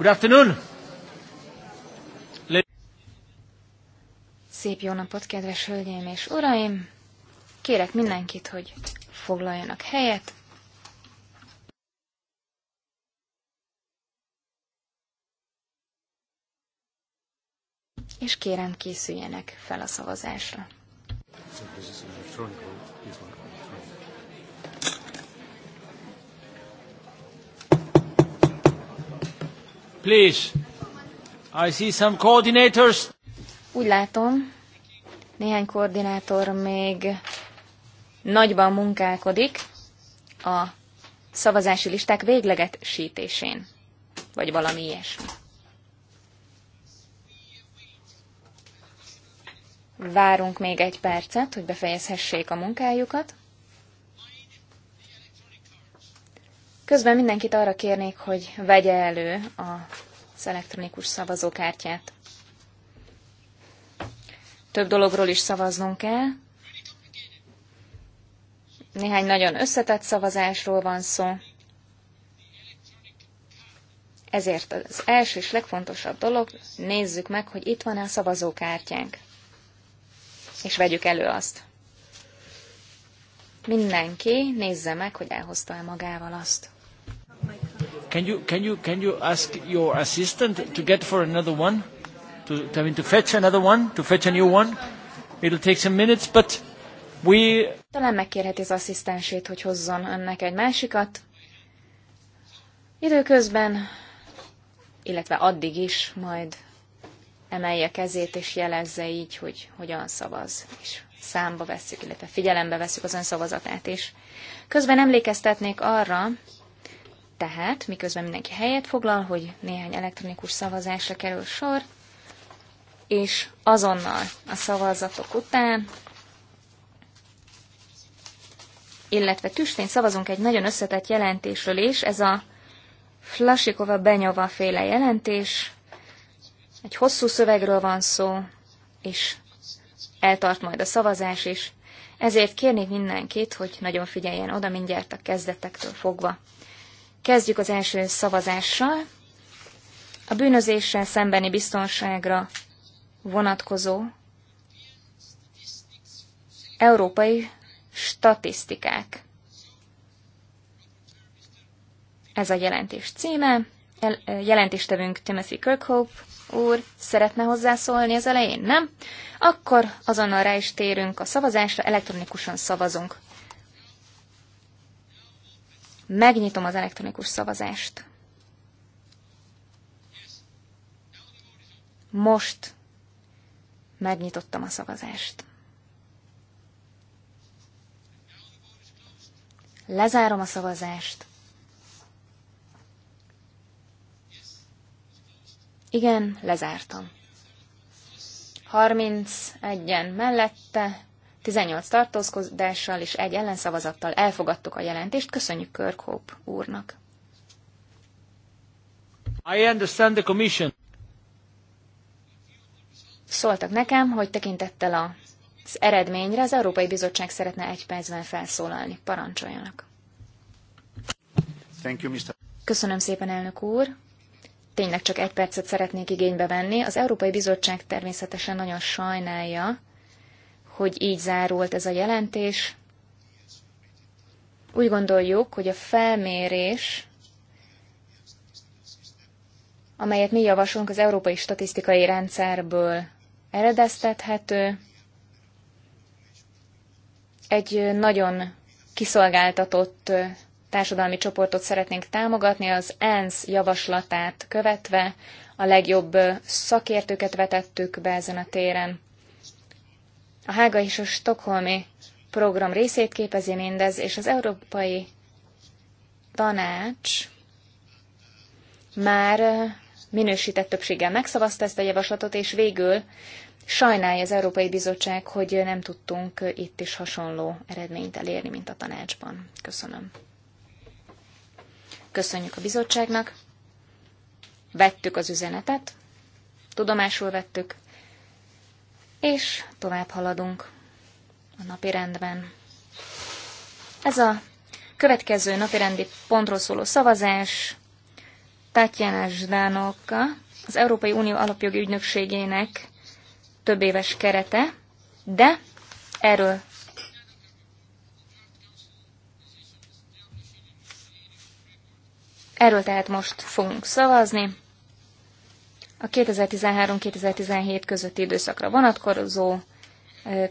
Good afternoon! Szép jó napot, kedves hölgyeim és uraim! Kérek mindenkit, hogy foglaljanak helyet. És kérem, készüljenek fel a szavazásra. Please. I see some coordinators. Úgy látom, néhány koordinátor még nagyban munkálkodik a szavazási listák véglegesítésén, vagy valami ilyesmi. Várunk még egy percet, hogy befejezhessék a munkájukat. Közben mindenkit arra kérnék, hogy vegye elő az elektronikus szavazókártyát. Több dologról is szavaznunk kell. Néhány nagyon összetett szavazásról van szó. Ezért az első és legfontosabb dolog, nézzük meg, hogy itt van-e a szavazókártyánk. És vegyük elő azt. Mindenki nézze meg, hogy elhozta-e magával azt. Can you, can, you, can you ask your assistant to get for another one? To, I mean, to fetch another one? To fetch a new one? It'll take some minutes, but we... Talán megkérheti az asszisztensét, hogy hozzon ennek egy másikat. Időközben, illetve addig is majd emelje kezét és jelezze így, hogy hogyan szavaz, és számba veszük, illetve figyelembe veszük az szavazatát is. Közben emlékeztetnék arra, tehát, miközben mindenki helyet foglal, hogy néhány elektronikus szavazásra kerül sor, és azonnal a szavazatok után, illetve tüstén szavazunk egy nagyon összetett jelentésről is, ez a Flasikova-Benyova féle jelentés, egy hosszú szövegről van szó, és eltart majd a szavazás is, ezért kérnék mindenkit, hogy nagyon figyeljen oda mindjárt a kezdetektől fogva. Kezdjük az első szavazással. A bűnözéssel szembeni biztonságra vonatkozó európai statisztikák. Ez a jelentés címe. jelentéstevünk Timothy Kirkhope úr szeretne hozzászólni az elején, nem? Akkor azonnal rá is térünk a szavazásra, elektronikusan szavazunk. Megnyitom az elektronikus szavazást. Most megnyitottam a szavazást. Lezárom a szavazást. Igen, lezártam. 31-en mellette, 18 tartózkodással és egy ellenszavazattal elfogadtuk a jelentést. Köszönjük Kirkhope úrnak. I understand the commission. Szóltak nekem, hogy tekintettel a az eredményre az Európai Bizottság szeretne egy percben felszólalni. Parancsoljanak. Thank you, Mr. Köszönöm szépen, elnök úr. Tényleg csak egy percet szeretnék igénybe venni. Az Európai Bizottság természetesen nagyon sajnálja, hogy így zárult ez a jelentés. Úgy gondoljuk, hogy a felmérés, amelyet mi javasolunk az európai statisztikai rendszerből eredeztethető, egy nagyon kiszolgáltatott társadalmi csoportot szeretnénk támogatni, az ENSZ javaslatát követve a legjobb szakértőket vetettük be ezen a téren. A Hága és a Stockholmi program részét képezi mindez, és az Európai Tanács már minősített többséggel megszavazta ezt a javaslatot, és végül sajnálja az Európai Bizottság, hogy nem tudtunk itt is hasonló eredményt elérni, mint a tanácsban. Köszönöm. Köszönjük a bizottságnak. Vettük az üzenetet, tudomásul vettük, és tovább haladunk a napi rendben. Ez a következő napirendi pontról szóló szavazás Tatjana Zsdánokka, az Európai Unió alapjogi ügynökségének több éves kerete, de erről Erről tehát most fogunk szavazni a 2013-2017 közötti időszakra vonatkozó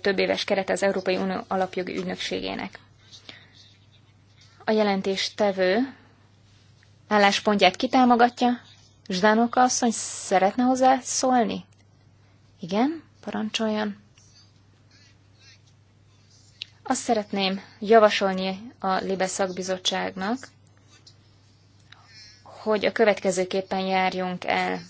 több éves keret az Európai Unió alapjogi ügynökségének. A jelentés tevő álláspontját kitámogatja. Zsdánóka asszony szeretne hozzá szólni? Igen, parancsoljon. Azt szeretném javasolni a Libe szakbizottságnak, hogy a következőképpen járjunk el –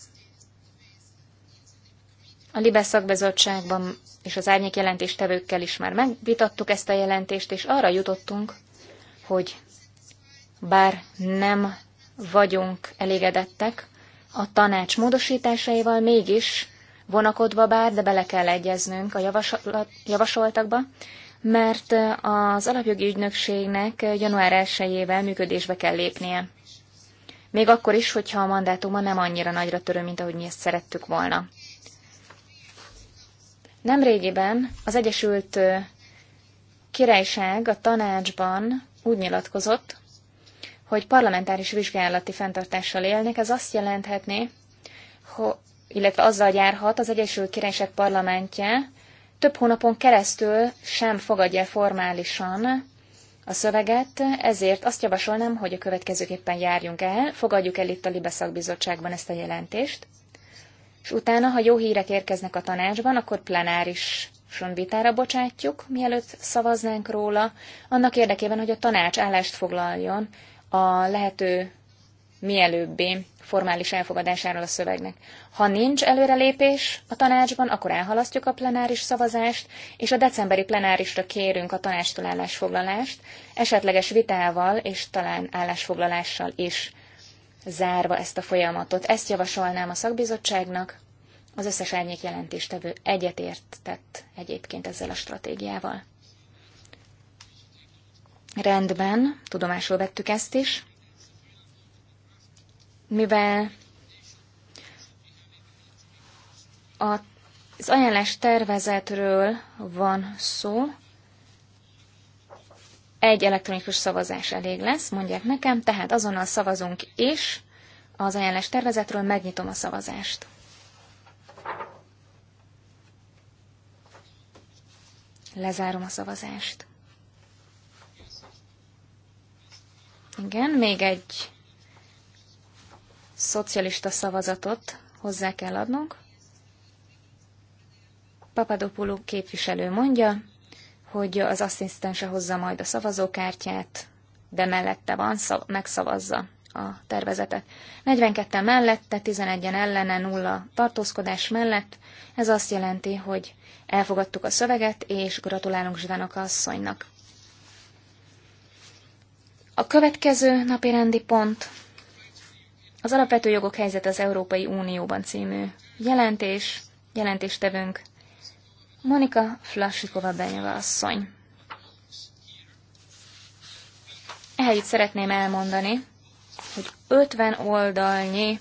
a Libes szakbizottságban és az árnyék jelentéstevőkkel is már megvitattuk ezt a jelentést, és arra jutottunk, hogy bár nem vagyunk elégedettek a tanács módosításaival, mégis vonakodva bár, de bele kell egyeznünk a javaslat, javasoltakba, mert az alapjogi ügynökségnek január 1-ével működésbe kell lépnie. Még akkor is, hogyha a mandátuma nem annyira nagyra törő, mint ahogy mi ezt szerettük volna. Nemrégiben az Egyesült Királyság a tanácsban úgy nyilatkozott, hogy parlamentáris vizsgálati fenntartással élnek, ez azt jelenthetné, hogy, illetve azzal járhat az Egyesült Királyság parlamentje, több hónapon keresztül sem fogadja formálisan a szöveget, ezért azt javasolnám, hogy a következőképpen járjunk el, fogadjuk el itt a Libe bizottságban ezt a jelentést, és utána, ha jó hírek érkeznek a tanácsban, akkor plenáris vitára bocsátjuk, mielőtt szavaznánk róla, annak érdekében, hogy a tanács állást foglaljon a lehető mielőbbi formális elfogadásáról a szövegnek. Ha nincs előrelépés a tanácsban, akkor elhalasztjuk a plenáris szavazást, és a decemberi plenárisra kérünk a tanácstól állásfoglalást, esetleges vitával és talán állásfoglalással is zárva ezt a folyamatot. Ezt javasolnám a szakbizottságnak, az összes árnyék jelentéstevő egyetértett egyébként ezzel a stratégiával. Rendben, tudomásul vettük ezt is. Mivel az ajánlás tervezetről van szó, egy elektronikus szavazás elég lesz, mondják nekem, tehát azonnal szavazunk és az ajánlás tervezetről megnyitom a szavazást. Lezárom a szavazást. Igen, még egy szocialista szavazatot hozzá kell adnunk. Papadopoulou képviselő mondja, hogy az asszisztense hozza majd a szavazókártyát, de mellette van, szav- megszavazza a tervezetet. 42 mellette, 11-en ellene, nulla tartózkodás mellett. Ez azt jelenti, hogy elfogadtuk a szöveget, és gratulálunk a asszonynak. A következő napi rendi pont az Alapvető Jogok Helyzet az Európai Unióban című jelentés, jelentéstevünk Monika Flasikova Benyova asszony. Ehelyütt szeretném elmondani, hogy 50 oldalnyi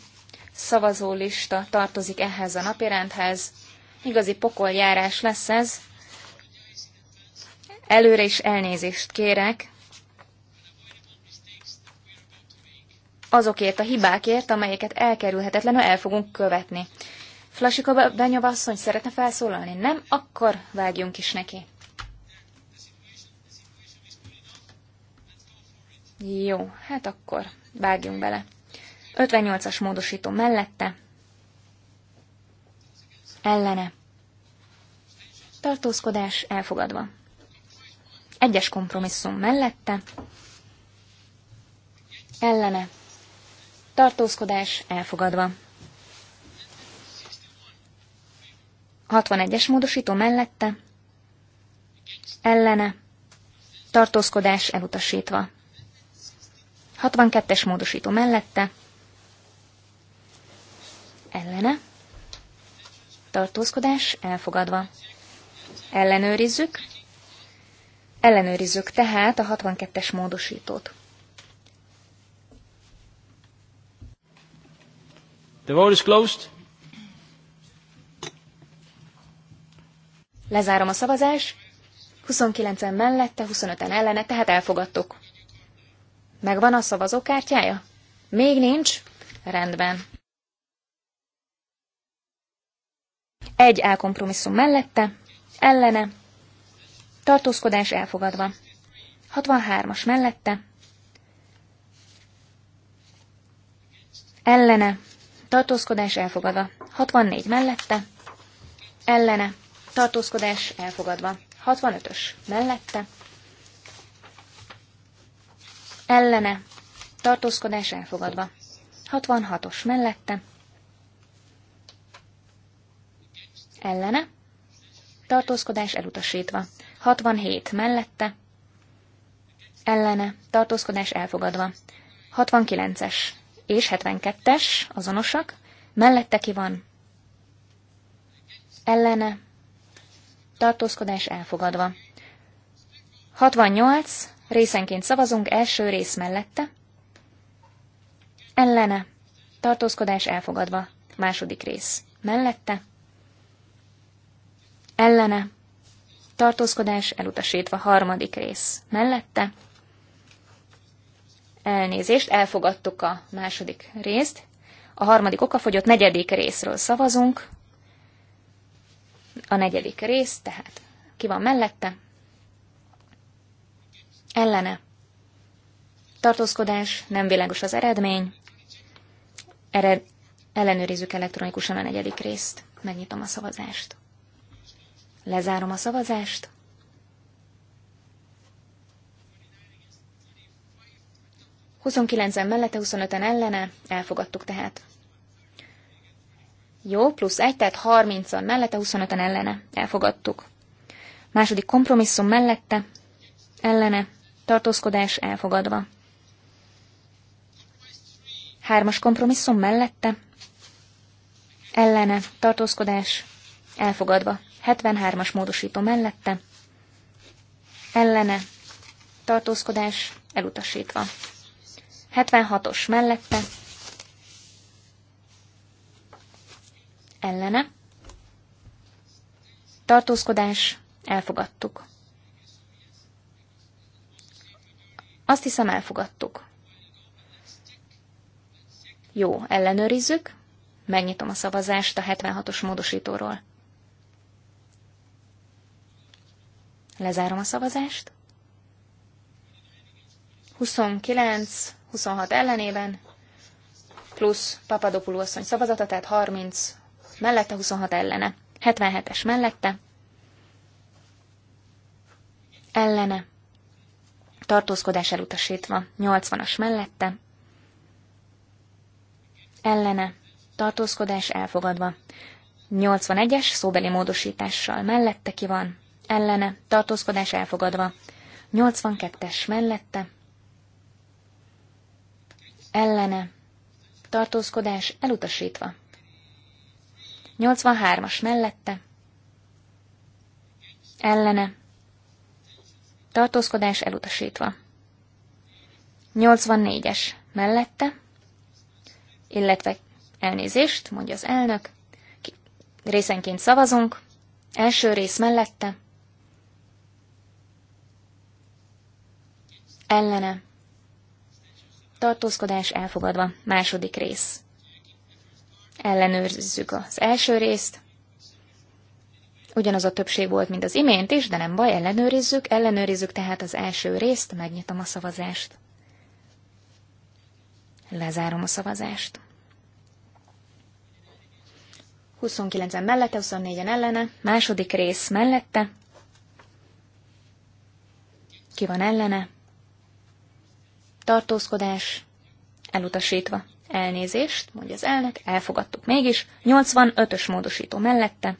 szavazólista tartozik ehhez a napirendhez. Igazi pokoljárás lesz ez. Előre is elnézést kérek azokért a hibákért, amelyeket elkerülhetetlenül el fogunk követni. Flasikova Benyova asszony szeretne felszólalni? Nem? Akkor vágjunk is neki. Jó, hát akkor vágjunk bele. 58-as módosító mellette. Ellene. Tartózkodás elfogadva. Egyes kompromisszum mellette. Ellene. Tartózkodás elfogadva. 61-es módosító mellette, ellene, tartózkodás elutasítva. 62-es módosító mellette, ellene, tartózkodás elfogadva. Ellenőrizzük, ellenőrizzük tehát a 62-es módosítót. The vote is closed. Lezárom a szavazást. 29-en mellette, 25-en ellene, tehát elfogadtuk. Megvan a szavazókártyája? Még nincs? Rendben. Egy elkompromisszum mellette, ellene, tartózkodás elfogadva. 63-as mellette, ellene, tartózkodás elfogadva. 64 mellette, ellene, tartózkodás elfogadva. 65-ös mellette, ellene, tartózkodás elfogadva. 66-os mellette, ellene, tartózkodás elutasítva. 67 mellette, ellene, tartózkodás elfogadva. 69-es és 72-es azonosak, mellette ki van, ellene, tartózkodás elfogadva. 68, részenként szavazunk, első rész mellette. Ellene, tartózkodás elfogadva, második rész mellette. Ellene, tartózkodás elutasítva, harmadik rész mellette. Elnézést, elfogadtuk a második részt. A harmadik okafogyott negyedik részről szavazunk, a negyedik rész, tehát ki van mellette? Ellene. Tartózkodás, nem világos az eredmény. Erre ellenőrizzük elektronikusan a negyedik részt. Megnyitom a szavazást. Lezárom a szavazást. 29 mellette, 25-en ellene, elfogadtuk tehát. Jó, plusz egy, tehát 30-an mellette, 25 an ellene. Elfogadtuk. Második kompromisszum mellette, ellene, tartózkodás elfogadva. Hármas kompromisszum mellette, ellene, tartózkodás elfogadva. 73-as módosító mellette, ellene, tartózkodás elutasítva. 76-os mellette, ellene. Tartózkodás, elfogadtuk. Azt hiszem, elfogadtuk. Jó, ellenőrizzük. Megnyitom a szavazást a 76-os módosítóról. Lezárom a szavazást. 29, 26 ellenében, plusz Papadopoulou szavazata, tehát 30, mellette, 26 ellene. 77-es mellette, ellene, tartózkodás elutasítva, 80-as mellette, ellene, tartózkodás elfogadva, 81-es szóbeli módosítással mellette ki van, ellene, tartózkodás elfogadva, 82-es mellette, ellene, tartózkodás elutasítva. 83-as mellette, ellene, tartózkodás elutasítva. 84-es mellette, illetve elnézést, mondja az elnök, részenként szavazunk, első rész mellette, ellene, tartózkodás elfogadva, második rész ellenőrzzük az első részt. Ugyanaz a többség volt, mint az imént is, de nem baj, ellenőrizzük. Ellenőrizzük tehát az első részt, megnyitom a szavazást. Lezárom a szavazást. 29-en mellette, 24-en ellene, második rész mellette. Ki van ellene? Tartózkodás elutasítva. Elnézést, mondja az elnök, elfogadtuk mégis. 85-ös módosító mellette.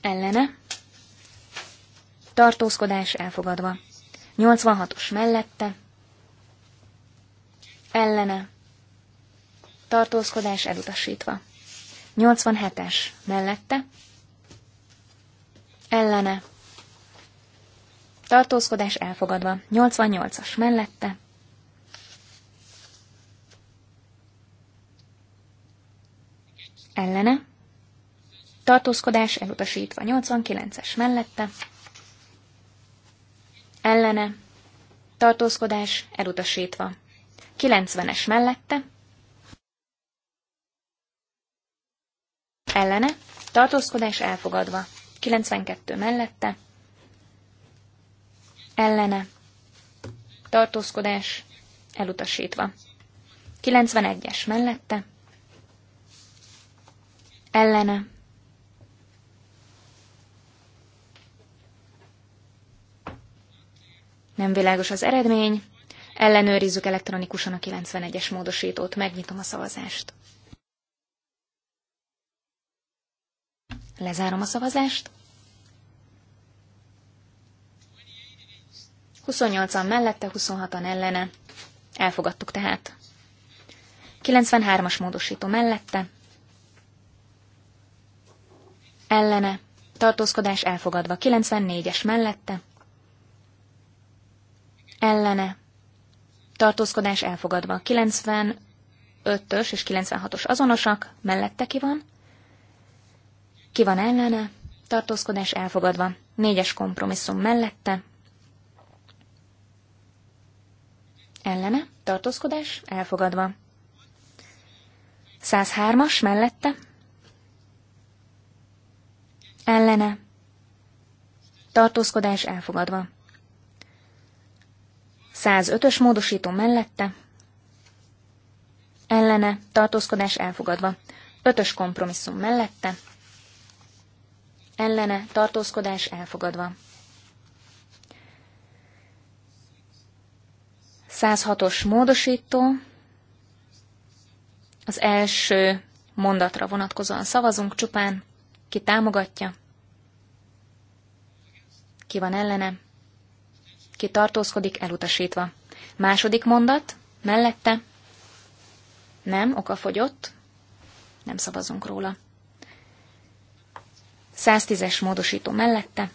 Ellene. Tartózkodás elfogadva. 86-os mellette. Ellene. Tartózkodás elutasítva. 87-es mellette. Ellene tartózkodás elfogadva. 88-as mellette, ellene, tartózkodás elutasítva. 89-es mellette, ellene, tartózkodás elutasítva. 90-es mellette, ellene, tartózkodás elfogadva. 92 mellette, ellene, tartózkodás elutasítva. 91-es mellette, ellene, nem világos az eredmény, ellenőrizzük elektronikusan a 91-es módosítót, megnyitom a szavazást. Lezárom a szavazást. 28-an mellette, 26-an ellene. Elfogadtuk tehát. 93-as módosító mellette. Ellene. Tartózkodás elfogadva. 94-es mellette. Ellene. Tartózkodás elfogadva. 95-ös és 96-os azonosak. Mellette ki van? Ki van ellene? Tartózkodás elfogadva. 4-es kompromisszum mellette. ellene, tartózkodás elfogadva. 103-as mellette, ellene, tartózkodás elfogadva. 105-ös módosító mellette, ellene, tartózkodás elfogadva. 5-ös kompromisszum mellette, ellene, tartózkodás elfogadva. 106-os módosító. Az első mondatra vonatkozóan szavazunk csupán. Ki támogatja? Ki van ellene? Ki tartózkodik elutasítva? Második mondat? Mellette? Nem, oka fogyott. Nem szavazunk róla. 110-es módosító mellette.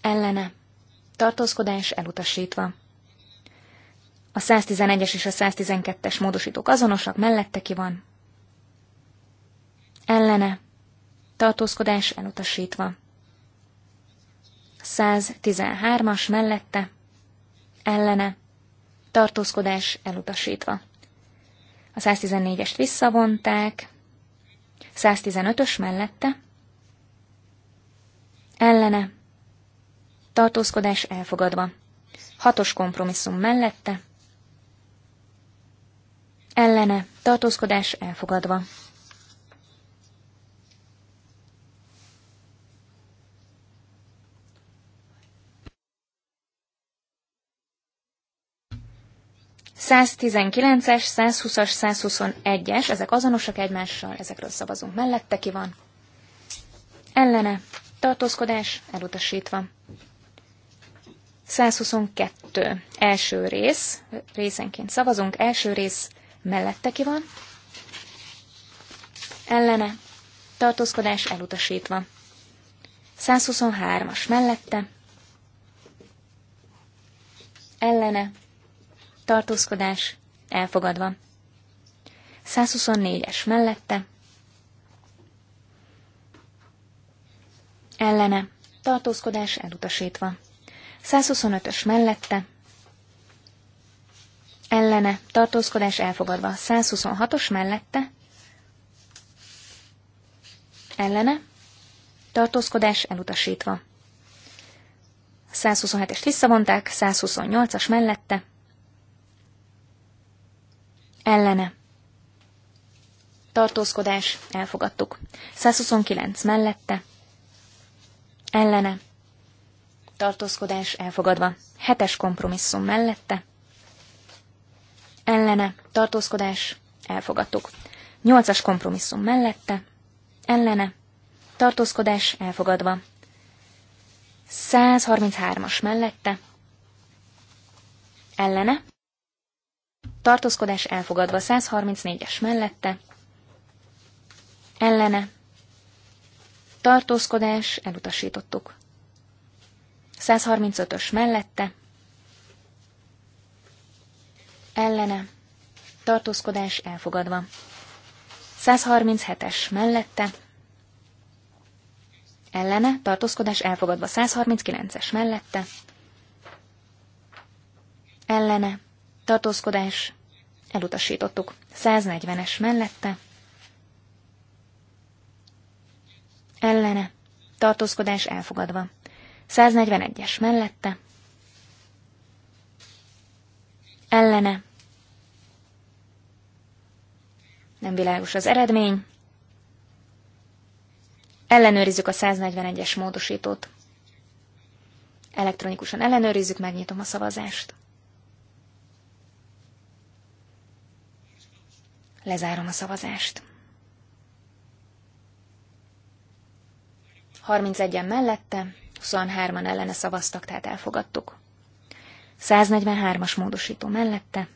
Ellene tartózkodás elutasítva. A 111-es és a 112-es módosítók azonosak, mellette ki van. Ellene. Tartózkodás elutasítva. 113-as mellette. Ellene. Tartózkodás elutasítva. A 114-est visszavonták. 115-ös mellette. Ellene tartózkodás elfogadva. Hatos kompromisszum mellette, ellene, tartózkodás elfogadva. Száz tizenkilences, száz huszas, száz huszonegyes, ezek azonosak egymással, ezekről szavazunk mellette, ki van. Ellene, tartózkodás elutasítva. 122. Első rész, részenként szavazunk. Első rész mellette ki van. Ellene. Tartózkodás elutasítva. 123-as mellette. Ellene. Tartózkodás elfogadva. 124-es mellette. Ellene. Tartózkodás elutasítva. 125-ös mellette, ellene, tartózkodás elfogadva. 126-os mellette, ellene, tartózkodás elutasítva. 127-est visszavonták, 128-as mellette, ellene, tartózkodás elfogadtuk. 129 mellette, ellene, tartózkodás elfogadva. Hetes kompromisszum mellette, ellene, tartózkodás elfogadtuk. Nyolcas kompromisszum mellette, ellene, tartózkodás elfogadva. 133-as mellette, ellene, tartózkodás elfogadva. 134-es mellette, ellene, tartózkodás elutasítottuk. 135-ös mellette, ellene, tartózkodás elfogadva. 137-es mellette, ellene, tartózkodás elfogadva. 139-es mellette, ellene, tartózkodás elutasítottuk. 140-es mellette, ellene, tartózkodás elfogadva. 141-es mellette, ellene, nem világos az eredmény, ellenőrizzük a 141-es módosítót. Elektronikusan ellenőrizzük, megnyitom a szavazást. Lezárom a szavazást. 31-en mellette, 23-an ellene szavaztak, tehát elfogadtuk. 143-as módosító mellette.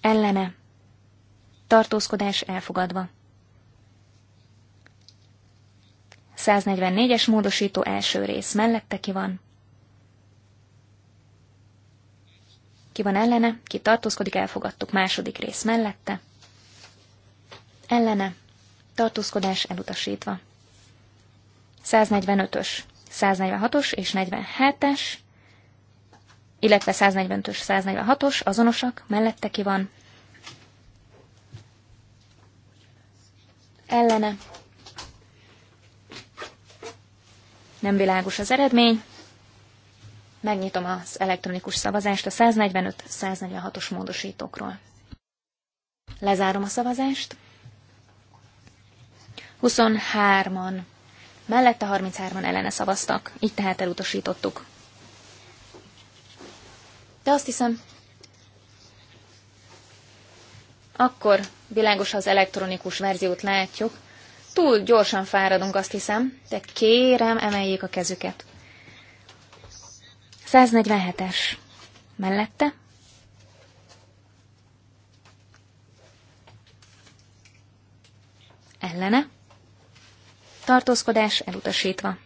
Ellene. Tartózkodás elfogadva. 144-es módosító első rész mellette ki van. Ki van ellene, ki tartózkodik, elfogadtuk második rész mellette. Ellene, tartózkodás elutasítva. 145-ös, 146-os és 47-es, illetve 145-ös, 146-os azonosak, mellette ki van, ellene. Nem világos az eredmény. Megnyitom az elektronikus szavazást a 145-146-os módosítókról. Lezárom a szavazást. 23-an mellette 33-an ellene szavaztak, így tehát elutasítottuk. De azt hiszem, akkor világos az elektronikus verziót látjuk. Túl gyorsan fáradunk, azt hiszem, de kérem, emeljék a kezüket. 147-es. Mellette? Ellene? tartózkodás elutasítva.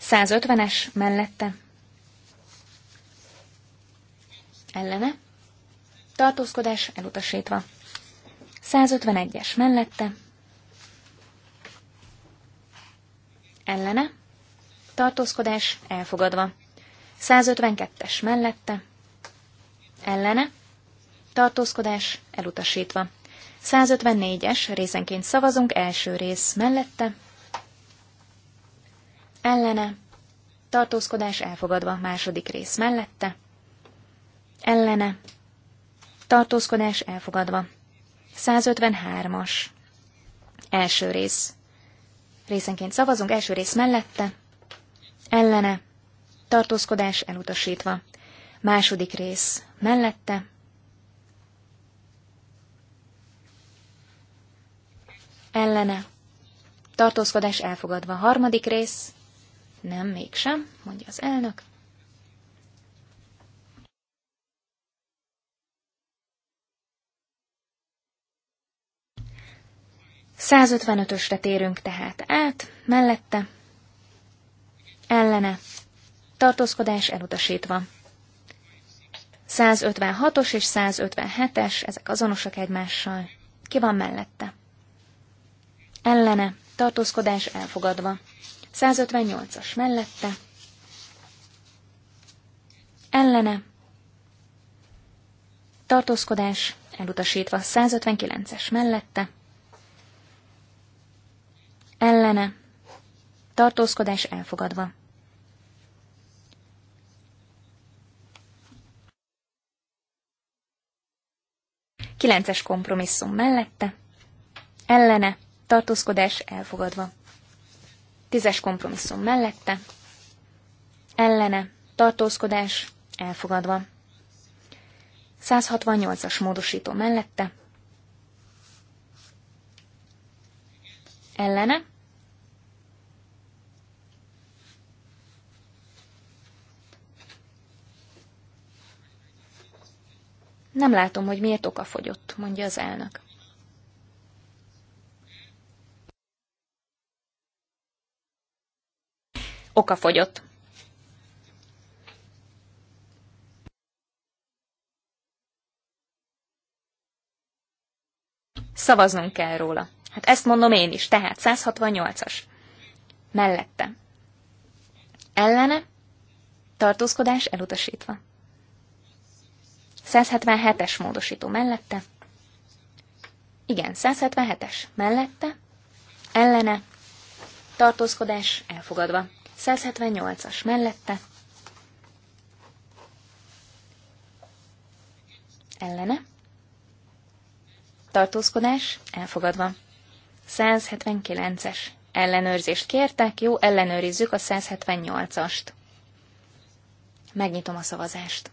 150-es mellette. Ellene. Tartózkodás elutasítva. 151-es mellette. Ellene. Tartózkodás elfogadva. 152-es mellette. Ellene. Tartózkodás elutasítva. 154-es részenként szavazunk, első rész mellette, ellene, tartózkodás elfogadva, második rész mellette, ellene, tartózkodás elfogadva, 153-as, első rész, részenként szavazunk, első rész mellette, ellene, tartózkodás elutasítva, második rész mellette, ellene, tartózkodás elfogadva. Harmadik rész, nem, mégsem, mondja az elnök. Százötvenötösre térünk tehát át, mellette, ellene, tartózkodás elutasítva. 156-os és 157-es, ezek azonosak egymással. Ki van mellette? ellene, tartózkodás elfogadva. 158-as mellette, ellene, tartózkodás elutasítva. 159-es mellette, ellene, tartózkodás elfogadva. Kilences kompromisszum mellette, ellene, tartózkodás elfogadva. Tízes kompromisszum mellette, ellene, tartózkodás elfogadva. 168-as módosító mellette, ellene, Nem látom, hogy miért fogyott, mondja az elnök. okafogyott. Szavaznunk kell róla. Hát ezt mondom én is, tehát 168-as. Mellette. Ellene, tartózkodás elutasítva. 177-es módosító mellette. Igen, 177-es mellette. Ellene, tartózkodás elfogadva. 178-as mellette, ellene, tartózkodás elfogadva. 179-es ellenőrzést kértek, jó, ellenőrizzük a 178-ast. Megnyitom a szavazást.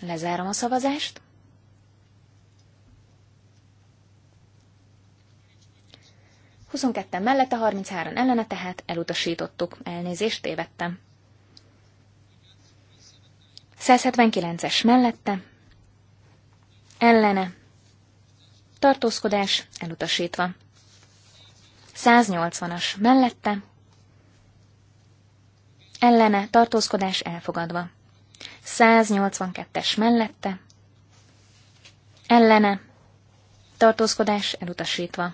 Lezárom a szavazást. 22-en mellette, 33 ellene, tehát elutasítottuk. Elnézést, tévedtem. 179-es mellette, ellene, tartózkodás elutasítva. 180-as mellette, ellene, tartózkodás elfogadva. 182-es mellette, ellene, tartózkodás elutasítva.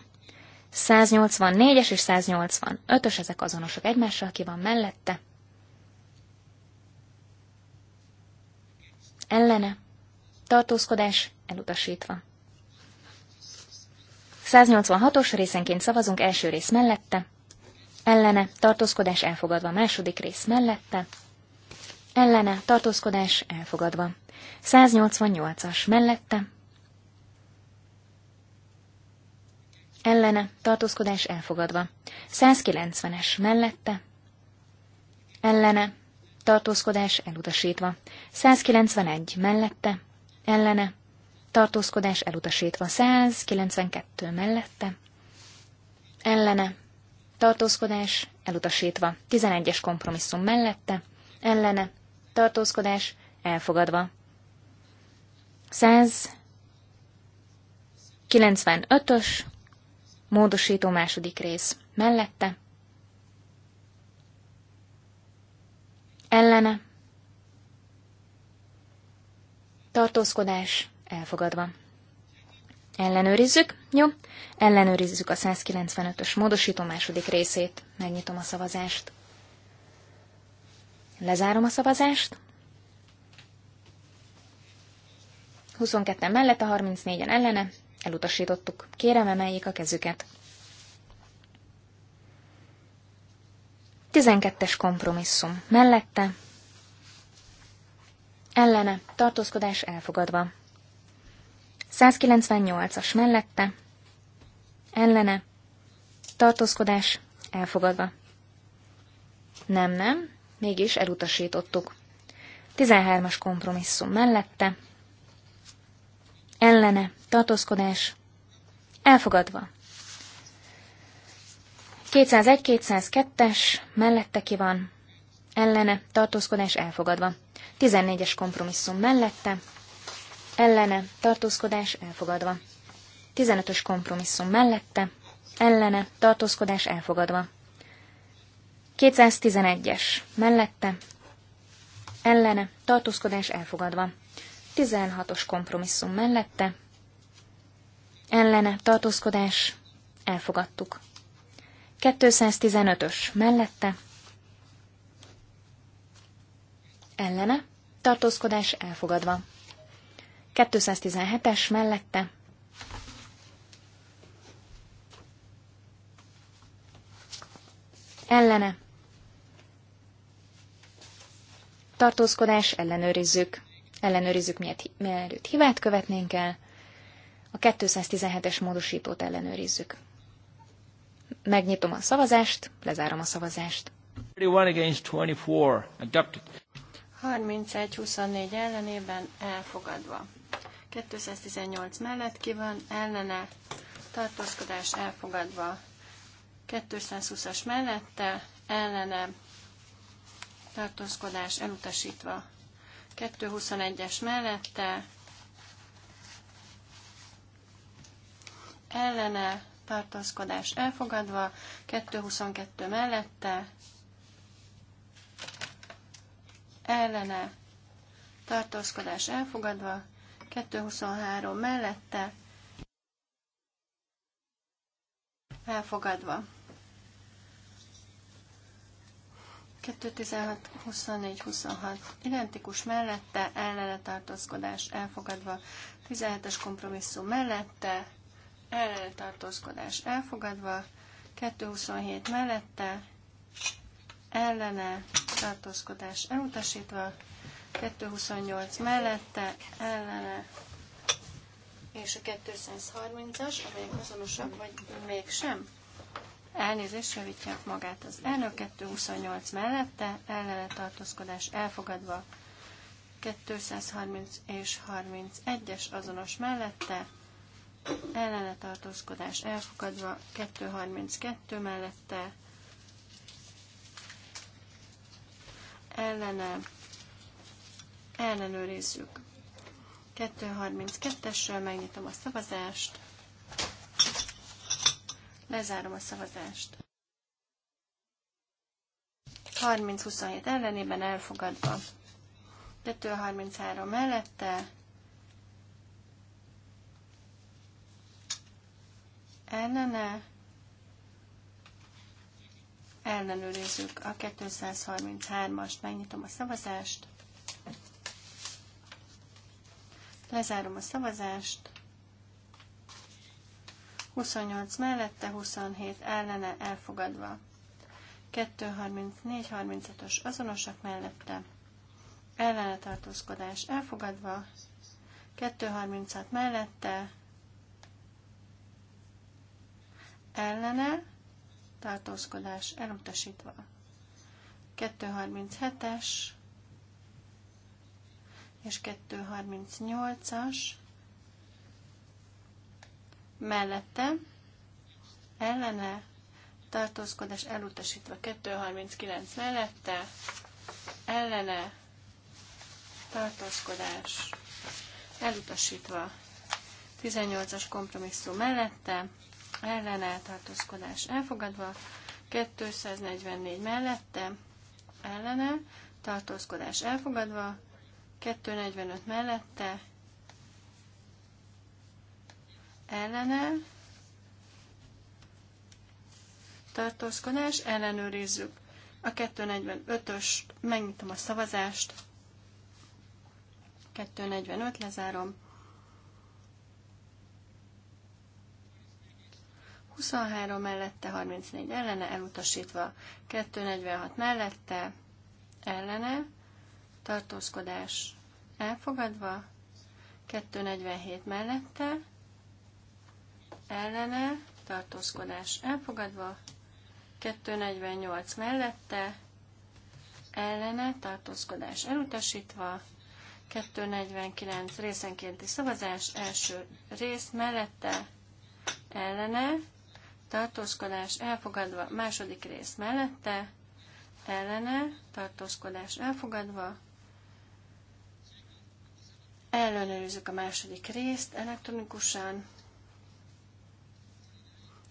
184-es és 185-ös, ezek azonosok, egymással, ki van mellette. Ellene. Tartózkodás elutasítva. 186-os részenként szavazunk első rész mellette. Ellene. Tartózkodás elfogadva második rész mellette. Ellene. Tartózkodás elfogadva. 188-as mellette ellene, tartózkodás elfogadva. 190-es mellette, ellene, tartózkodás elutasítva. 191 mellette, ellene, tartózkodás elutasítva. 192 mellette, ellene, tartózkodás elutasítva. 11-es kompromisszum mellette, ellene, tartózkodás elfogadva. 195-ös Módosító második rész. Mellette. Ellene. Tartózkodás elfogadva. Ellenőrizzük, jó? Ellenőrizzük a 195-ös módosító második részét. Megnyitom a szavazást. Lezárom a szavazást. 22-en mellette, 34-en ellene. Elutasítottuk. Kérem, emeljék a kezüket. 12-es kompromisszum. Mellette. Ellene. Tartózkodás elfogadva. 198-as mellette. Ellene. Tartózkodás elfogadva. Nem, nem, mégis elutasítottuk. 13-as kompromisszum mellette, ellene, tartózkodás, elfogadva. 201-202-es, mellette ki van, ellene, tartózkodás, elfogadva. 14-es kompromisszum mellette, ellene, tartózkodás, elfogadva. 15-ös kompromisszum mellette, ellene, tartózkodás, elfogadva. 211-es, mellette, ellene, tartózkodás, elfogadva. 16-os kompromisszum mellette, ellene tartózkodás, elfogadtuk. 215-ös mellette, ellene tartózkodás elfogadva. 217-es mellette, ellene tartózkodás ellenőrizzük ellenőrizzük, mielőtt hibát követnénk el. A 217-es módosítót ellenőrizzük. Megnyitom a szavazást, lezárom a szavazást. 31-24 ellenében elfogadva. 218 mellett ki van, ellene, tartózkodás elfogadva. 220-as mellette, ellene, tartózkodás elutasítva. 221-es mellette ellene tartózkodás elfogadva, 222 mellette ellene tartózkodás elfogadva, 223 mellette elfogadva. 216, 24, 26 identikus mellette, ellene tartózkodás elfogadva, 17-es kompromisszum mellette, ellene tartózkodás elfogadva, 227 mellette, ellene tartózkodás elutasítva, 228 mellette, ellene, és a 230-as, amelyek azonosak, vagy mégsem. Elnézést javítja magát az elnök, 228 mellette, ellene tartózkodás elfogadva, 230 és 31-es azonos mellette, ellene tartózkodás elfogadva, 232 mellette, ellene ellenőrizzük. 232-essel megnyitom a szavazást. Lezárom a szavazást. 30-27 ellenében elfogadva. 2-33 mellette. Ellene. Ellenőrizzük a 233-ast. Megnyitom a szavazást. Lezárom a szavazást. 28 mellette, 27 ellene elfogadva. 234-35-ös azonosak mellette, ellene tartózkodás elfogadva, 236 mellette, ellene tartózkodás elutasítva. 237-es és 238-as mellette, ellene, tartózkodás elutasítva 239 mellette, ellene, tartózkodás elutasítva 18-as kompromisszum mellette, ellene, tartózkodás elfogadva, 244 mellette, ellene, tartózkodás elfogadva, 245 mellette, ellene tartózkodás, ellenőrizzük. A 245 ös megnyitom a szavazást, 245, lezárom. 23 mellette, 34 ellene, elutasítva. 246 mellette, ellene, tartózkodás elfogadva. 247 mellette, ellene, tartózkodás elfogadva, 248 mellette, ellene, tartózkodás elutasítva, 249 részenkénti szavazás, első rész mellette, ellene, tartózkodás elfogadva, második rész mellette, ellene, tartózkodás elfogadva, ellenőrizzük a második részt elektronikusan,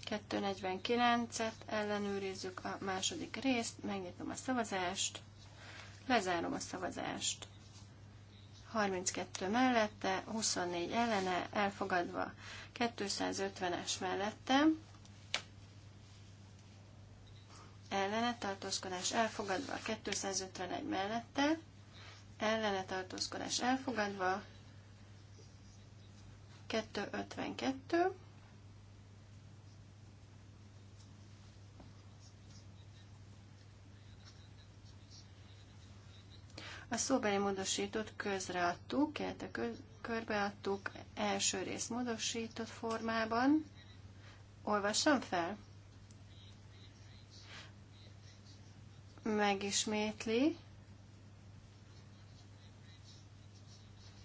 249-et ellenőrizzük a második részt, megnyitom a szavazást, lezárom a szavazást. 32 mellette, 24 ellene, elfogadva 250-es mellette, ellene tartózkodás elfogadva 251 mellette, ellene tartózkodás elfogadva 252, A szóbeli módosítót közreadtuk, illetve köz, körbeadtuk első rész módosított formában. Olvassam fel? Megismétli.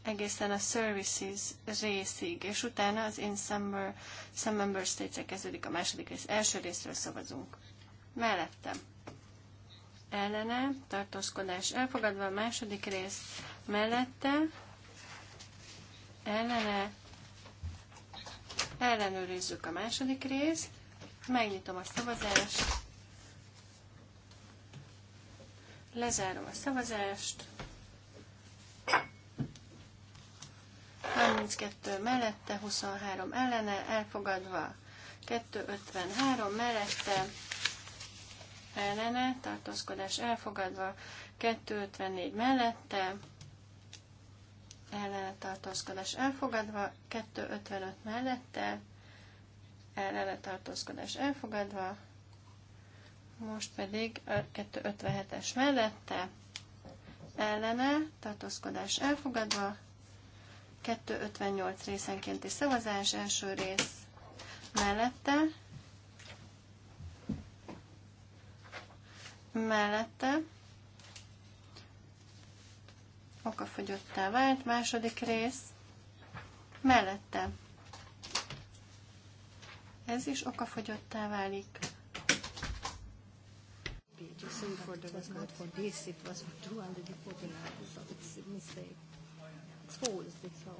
egészen a services részig, és utána az in some, some member states-re kezdődik a második rész. Első részről szavazunk. Mellettem ellene, tartózkodás elfogadva, a második rész mellette, ellene, ellenőrizzük a második részt, megnyitom a szavazást, lezárom a szavazást, 32 mellette, 23 ellene, elfogadva, 253 mellette, ellene, tartózkodás elfogadva, 254 mellette, ellene tartózkodás elfogadva, 255 mellette, ellene tartózkodás elfogadva, most pedig 257-es mellette, ellene tartózkodás elfogadva, 258 részenkénti szavazás első rész mellette, mellette okafogyottá vált, második rész mellette ez is okafogyottá válik.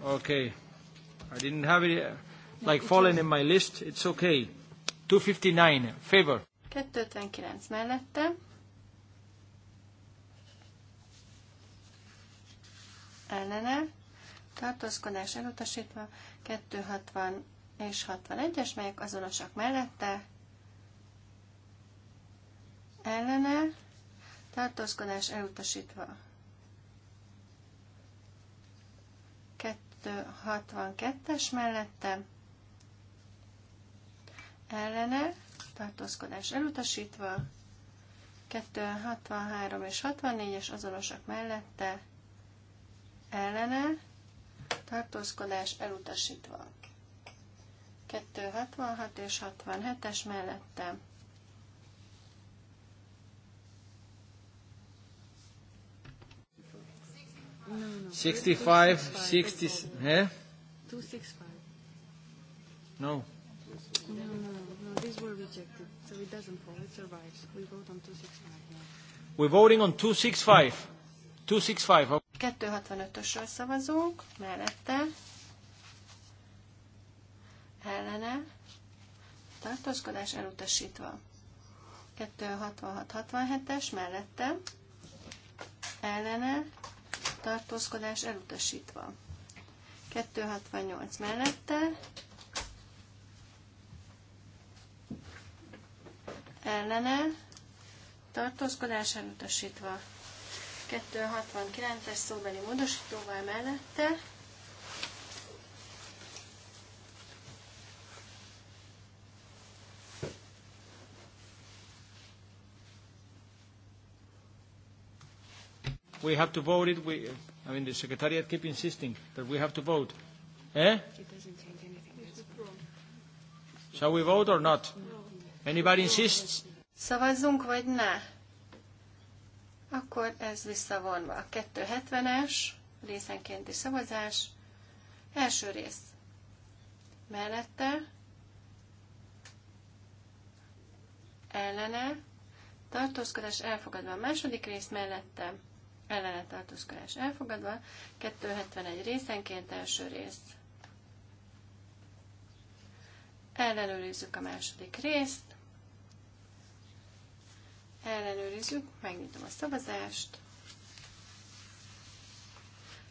Okay. I didn't have it uh, like fallen in my list. It's okay. 259 favor. 259 mellette ellene, tartózkodás elutasítva, 260 és 61-es, melyek azonosak mellette, ellene, tartózkodás elutasítva. 262-es mellette, ellene, tartózkodás elutasítva, 263 és 64-es azonosak mellette, ellene, tartózkodás elutasítva. 266 és 67-es mellette. No, no. 65, 60, eh? 265. No. No, no, no, these were rejected, so it doesn't fall, it survives. We vote on 265 now. We're voting on 265. 265. 265-ösről szavazunk, mellette, ellene, tartózkodás elutasítva. 266-67-es, mellette, ellene, tartózkodás elutasítva. 268 mellette, ellene, tartózkodás elutasítva. 269-es szóbeli módosítóval mellette. We have to vote it. We, I mean, the secretariat keep insisting that we have to vote. Eh? It doesn't change anything. Shall we vote or not? No. Anybody insists? Szavazzunk vagy ne? Akkor ez visszavonva. A 270-es részenkénti szavazás. Első rész. Mellette. Ellene. Tartózkodás elfogadva. A második rész mellette. Ellene tartózkodás elfogadva. 271 részenként első rész. Ellenőrizzük a második részt ellenőrizzük, megnyitom a szavazást,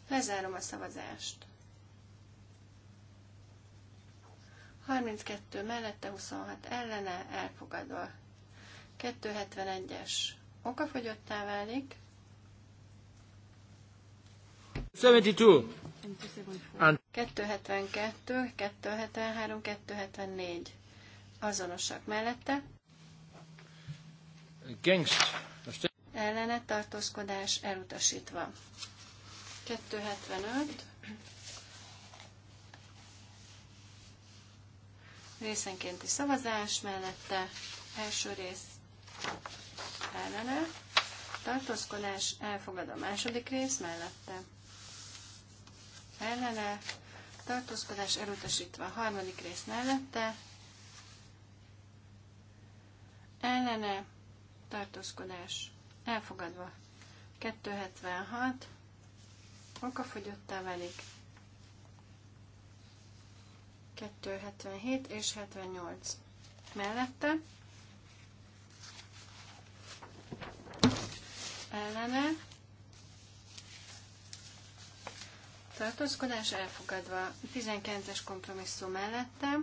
lezárom a szavazást. 32 mellette, 26 ellene, elfogadva. 271-es okafogyottá válik. 72. 272, 273, 274 azonosak mellette, Ellene tartózkodás elutasítva. 275. Részenkénti szavazás mellette első rész ellene. Tartózkodás elfogad a második rész mellette. Ellene. Tartózkodás elutasítva a harmadik rész mellette. Ellene tartózkodás elfogadva. 276 okafogyottá válik. 277 és 78 mellette. Ellene tartózkodás elfogadva 19-es kompromisszum mellette,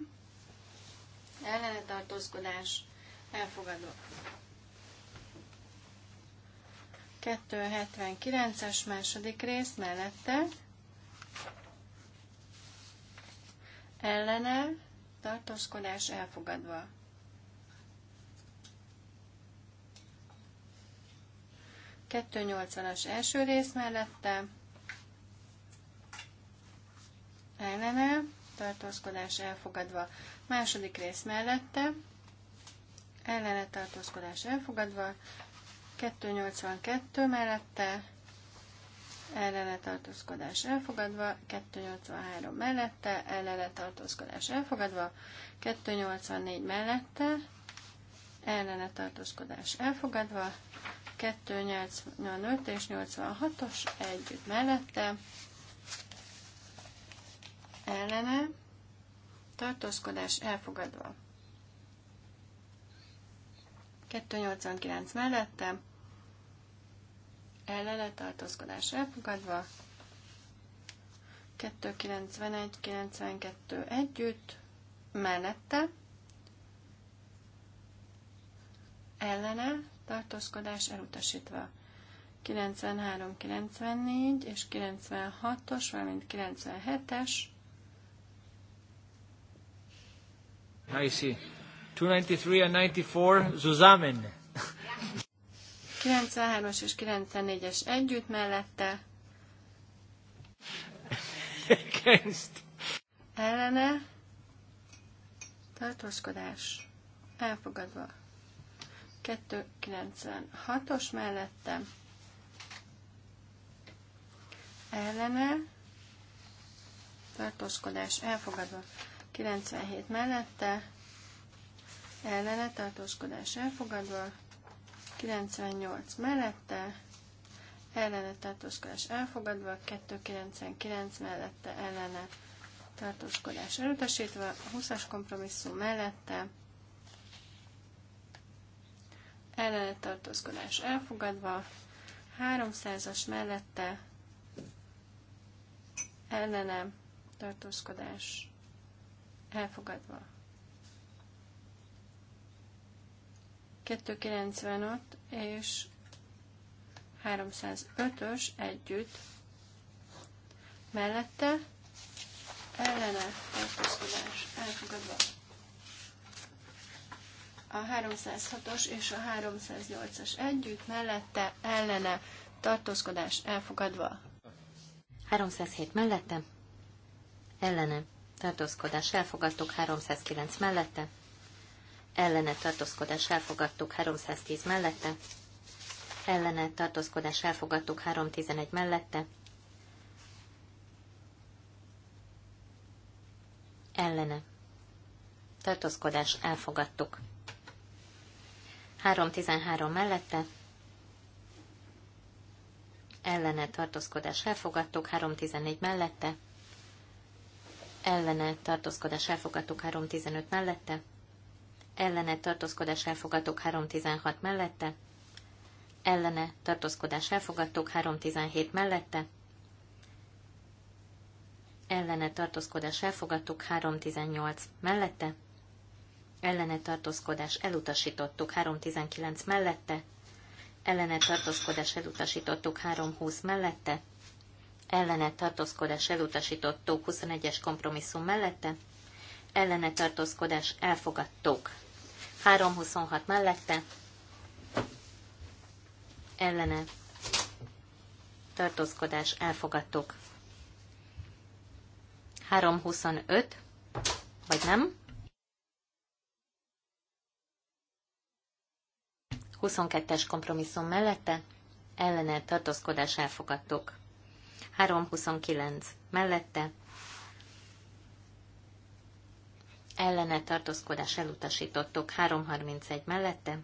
ellene tartózkodás elfogadva 279-es második rész mellette ellene tartózkodás elfogadva. Kettő nyolcvanas első rész mellette ellene tartózkodás elfogadva. Második rész mellette ellene tartózkodás elfogadva. 282 mellette ellene tartózkodás elfogadva, 283 mellette ellene tartózkodás elfogadva, 284 mellette ellene tartózkodás elfogadva, 285 és 86-os együtt mellette ellene tartózkodás elfogadva. 289 mellette, ellene tartózkodás elfogadva, 291-92 együtt, mellette, ellene tartózkodás elutasítva. 93, 94 és 96-os, valamint 97-es. I see. 293 and 94 zusammen. 93-as és 94-es együtt mellette. Against. Ellene. Tartózkodás. Elfogadva. 296-os mellette. Ellene. Tartózkodás elfogadva. 97 mellette ellene tartózkodás elfogadva, 98 mellette, ellene tartózkodás elfogadva, 299 mellette ellene tartózkodás elutasítva, 20-as kompromisszum mellette, ellene tartózkodás elfogadva, 300-as mellette ellene tartózkodás elfogadva. 295 és 305-ös együtt mellette ellene tartózkodás elfogadva. A 306-os és a 308-as együtt mellette ellene tartózkodás elfogadva. 307 mellette ellene tartózkodás elfogadtuk, 309 mellette ellene tartózkodás elfogadtuk 310 mellette, ellene tartózkodás elfogadtuk 311 mellette, ellene tartózkodás elfogadtuk 313 mellette, ellene tartózkodás elfogadtuk 314 mellette, ellene tartózkodás elfogadtuk 315 mellette, ellene tartózkodás elfogadók 316 mellette, ellene tartózkodás elfogadók 317 mellette, ellene tartózkodás elfogadtuk 318 mellette, ellene tartózkodás elutasítottuk 319 mellette, ellene tartózkodás elutasítottuk 320 mellette, ellene tartózkodás elutasítottuk 21-es kompromisszum mellette, ellene tartózkodás elfogadtuk 326 mellette, ellene, tartózkodás, elfogadtuk. 325, vagy nem? 22-es kompromisszum mellette, ellene, tartózkodás, elfogadtuk. 329 mellette, ellene tartózkodás elutasítottok 331 mellette,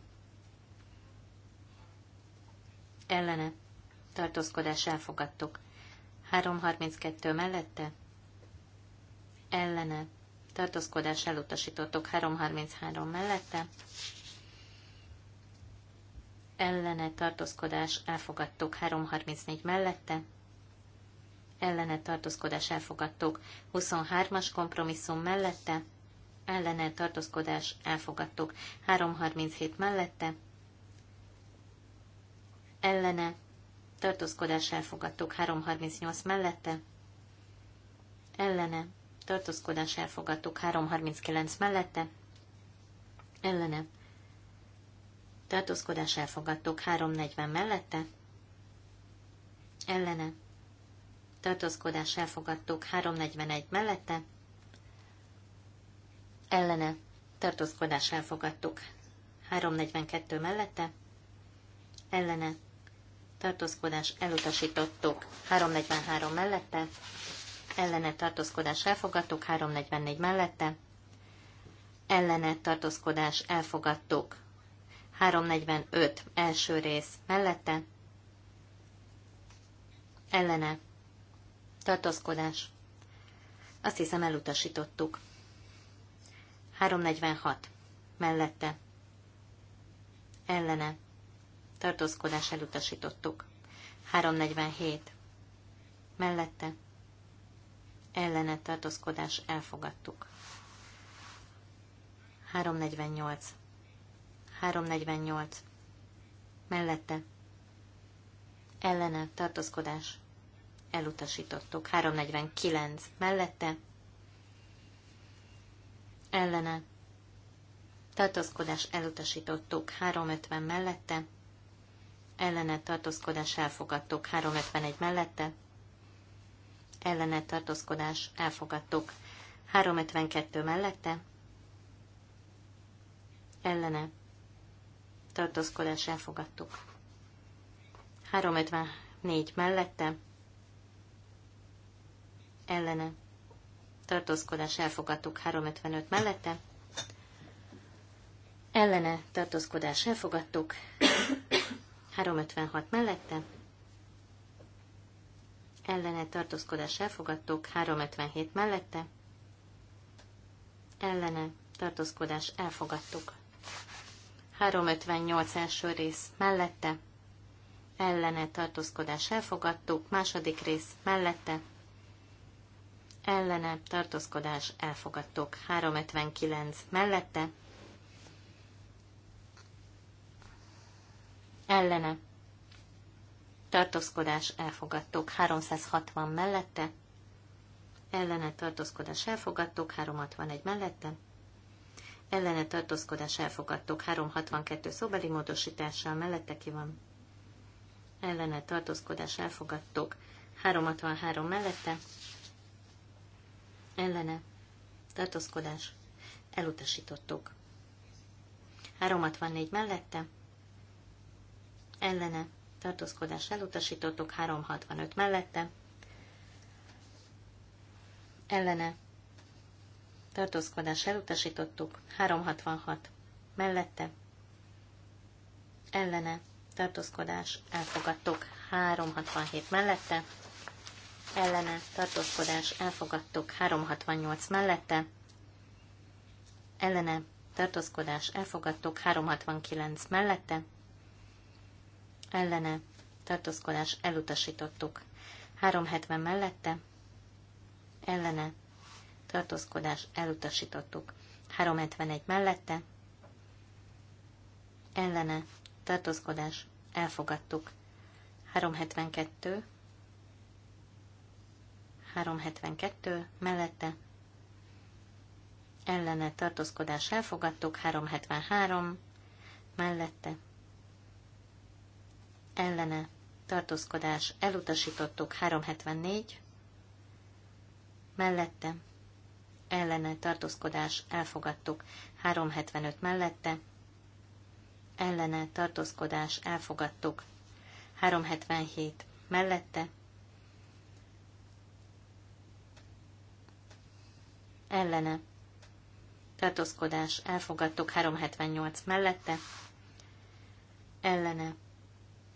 ellene tartózkodás elfogadtok 332 mellette, ellene tartózkodás elutasítottok 333 mellette, ellene tartózkodás elfogadtok 334 mellette, ellene tartózkodás elfogadtok 23-as kompromisszum mellette, ellene tartózkodás elfogadtuk. 337 mellette ellene tartózkodás elfogadtuk. 338 mellette ellene tartózkodás elfogadtuk. 339 mellette ellene tartózkodás elfogadtuk. 340 mellette ellene tartózkodás elfogadtuk. 341 mellette ellene tartózkodás elfogadtuk. 342 mellette ellene tartózkodás elutasítottuk. 343 mellette ellene tartózkodás elfogadtuk. 344 mellette ellene tartózkodás elfogadtuk. 345 első rész mellette ellene tartózkodás. Azt hiszem elutasítottuk. 346. Mellette. Ellene. Tartózkodás elutasítottuk. 347. Mellette. Ellene tartózkodás elfogadtuk. 348. 348. Mellette. Ellene tartózkodás elutasítottuk. 349. Mellette ellene, tartózkodás elutasítottuk 350 mellette, ellene tartózkodás elfogadtuk 351 mellette, ellene tartózkodás elfogadtuk 352 mellette, ellene tartózkodás elfogadtuk 354 mellette, ellene tartózkodás elfogadtuk 355 mellette, ellene tartózkodás elfogadtuk 356 mellette, ellene tartózkodás elfogadtuk 357 mellette, ellene tartózkodás elfogadtuk 358 első rész mellette, ellene tartózkodás elfogadtuk, második rész mellette, ellene tartózkodás elfogadtok. 359 mellette ellene tartózkodás elfogadtok. 360 mellette ellene tartózkodás elfogadtok. 361 mellette ellene tartózkodás elfogadtok. 362 szóbeli módosítással mellette ki van ellene tartózkodás elfogadtok. 363 mellette ellene, tartózkodás, elutasítottuk. 364 mellette, ellene, tartózkodás, elutasítottuk. 365 mellette, ellene, tartózkodás, elutasítottuk. 366 mellette, ellene, tartózkodás, elfogadtuk. 367 mellette, ellene tartózkodás elfogadtuk 368 mellette, ellene tartózkodás elfogadtuk 369 mellette, ellene tartózkodás elutasítottuk 370 mellette, ellene tartózkodás elutasítottuk 371 mellette, ellene tartózkodás elfogadtuk 372 372 mellette ellene tartózkodás elfogadtuk, 373 mellette ellene tartózkodás elutasítottuk, 374 mellette ellene tartózkodás elfogadtuk, 375 mellette ellene tartózkodás elfogadtuk, 377 mellette ellene, tartózkodás, elfogadtuk 378 mellette, ellene,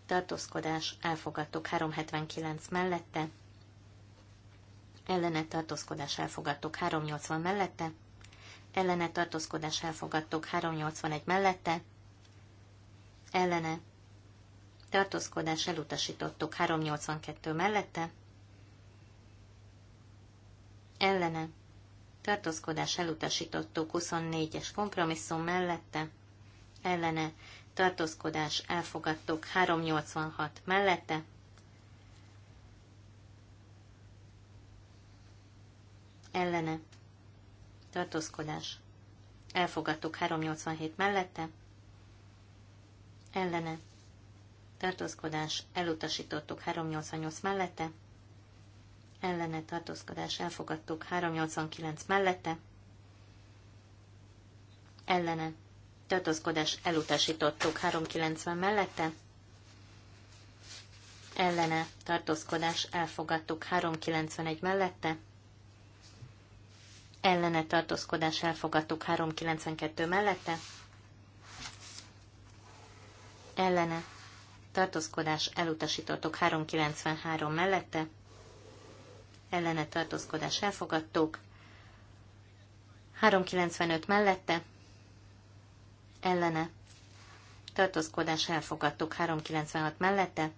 tartózkodás, elfogadtuk 379 mellette, ellene tartózkodás elfogadtuk 380 mellette, ellene tartózkodás elfogadtuk 381 mellette, ellene tartózkodás elutasítottuk 382 mellette, ellene tartózkodás elutasítottuk 24-es kompromisszum mellette, ellene tartózkodás elfogadtuk 386 mellette, ellene tartózkodás elfogadtuk 387 mellette, ellene tartózkodás elutasítottuk 388 mellette, ellene tartózkodás elfogadtuk 389 mellette, ellene tartózkodás elutasítottuk 390 mellette, ellene tartózkodás elfogadtuk 391 mellette, ellene tartózkodás elfogadtuk 392 mellette, ellene tartózkodás elutasítottuk 393 mellette, ellene tartózkodás elfogadtuk, 395 mellette, ellene tartózkodás elfogadtuk, 396 mellette,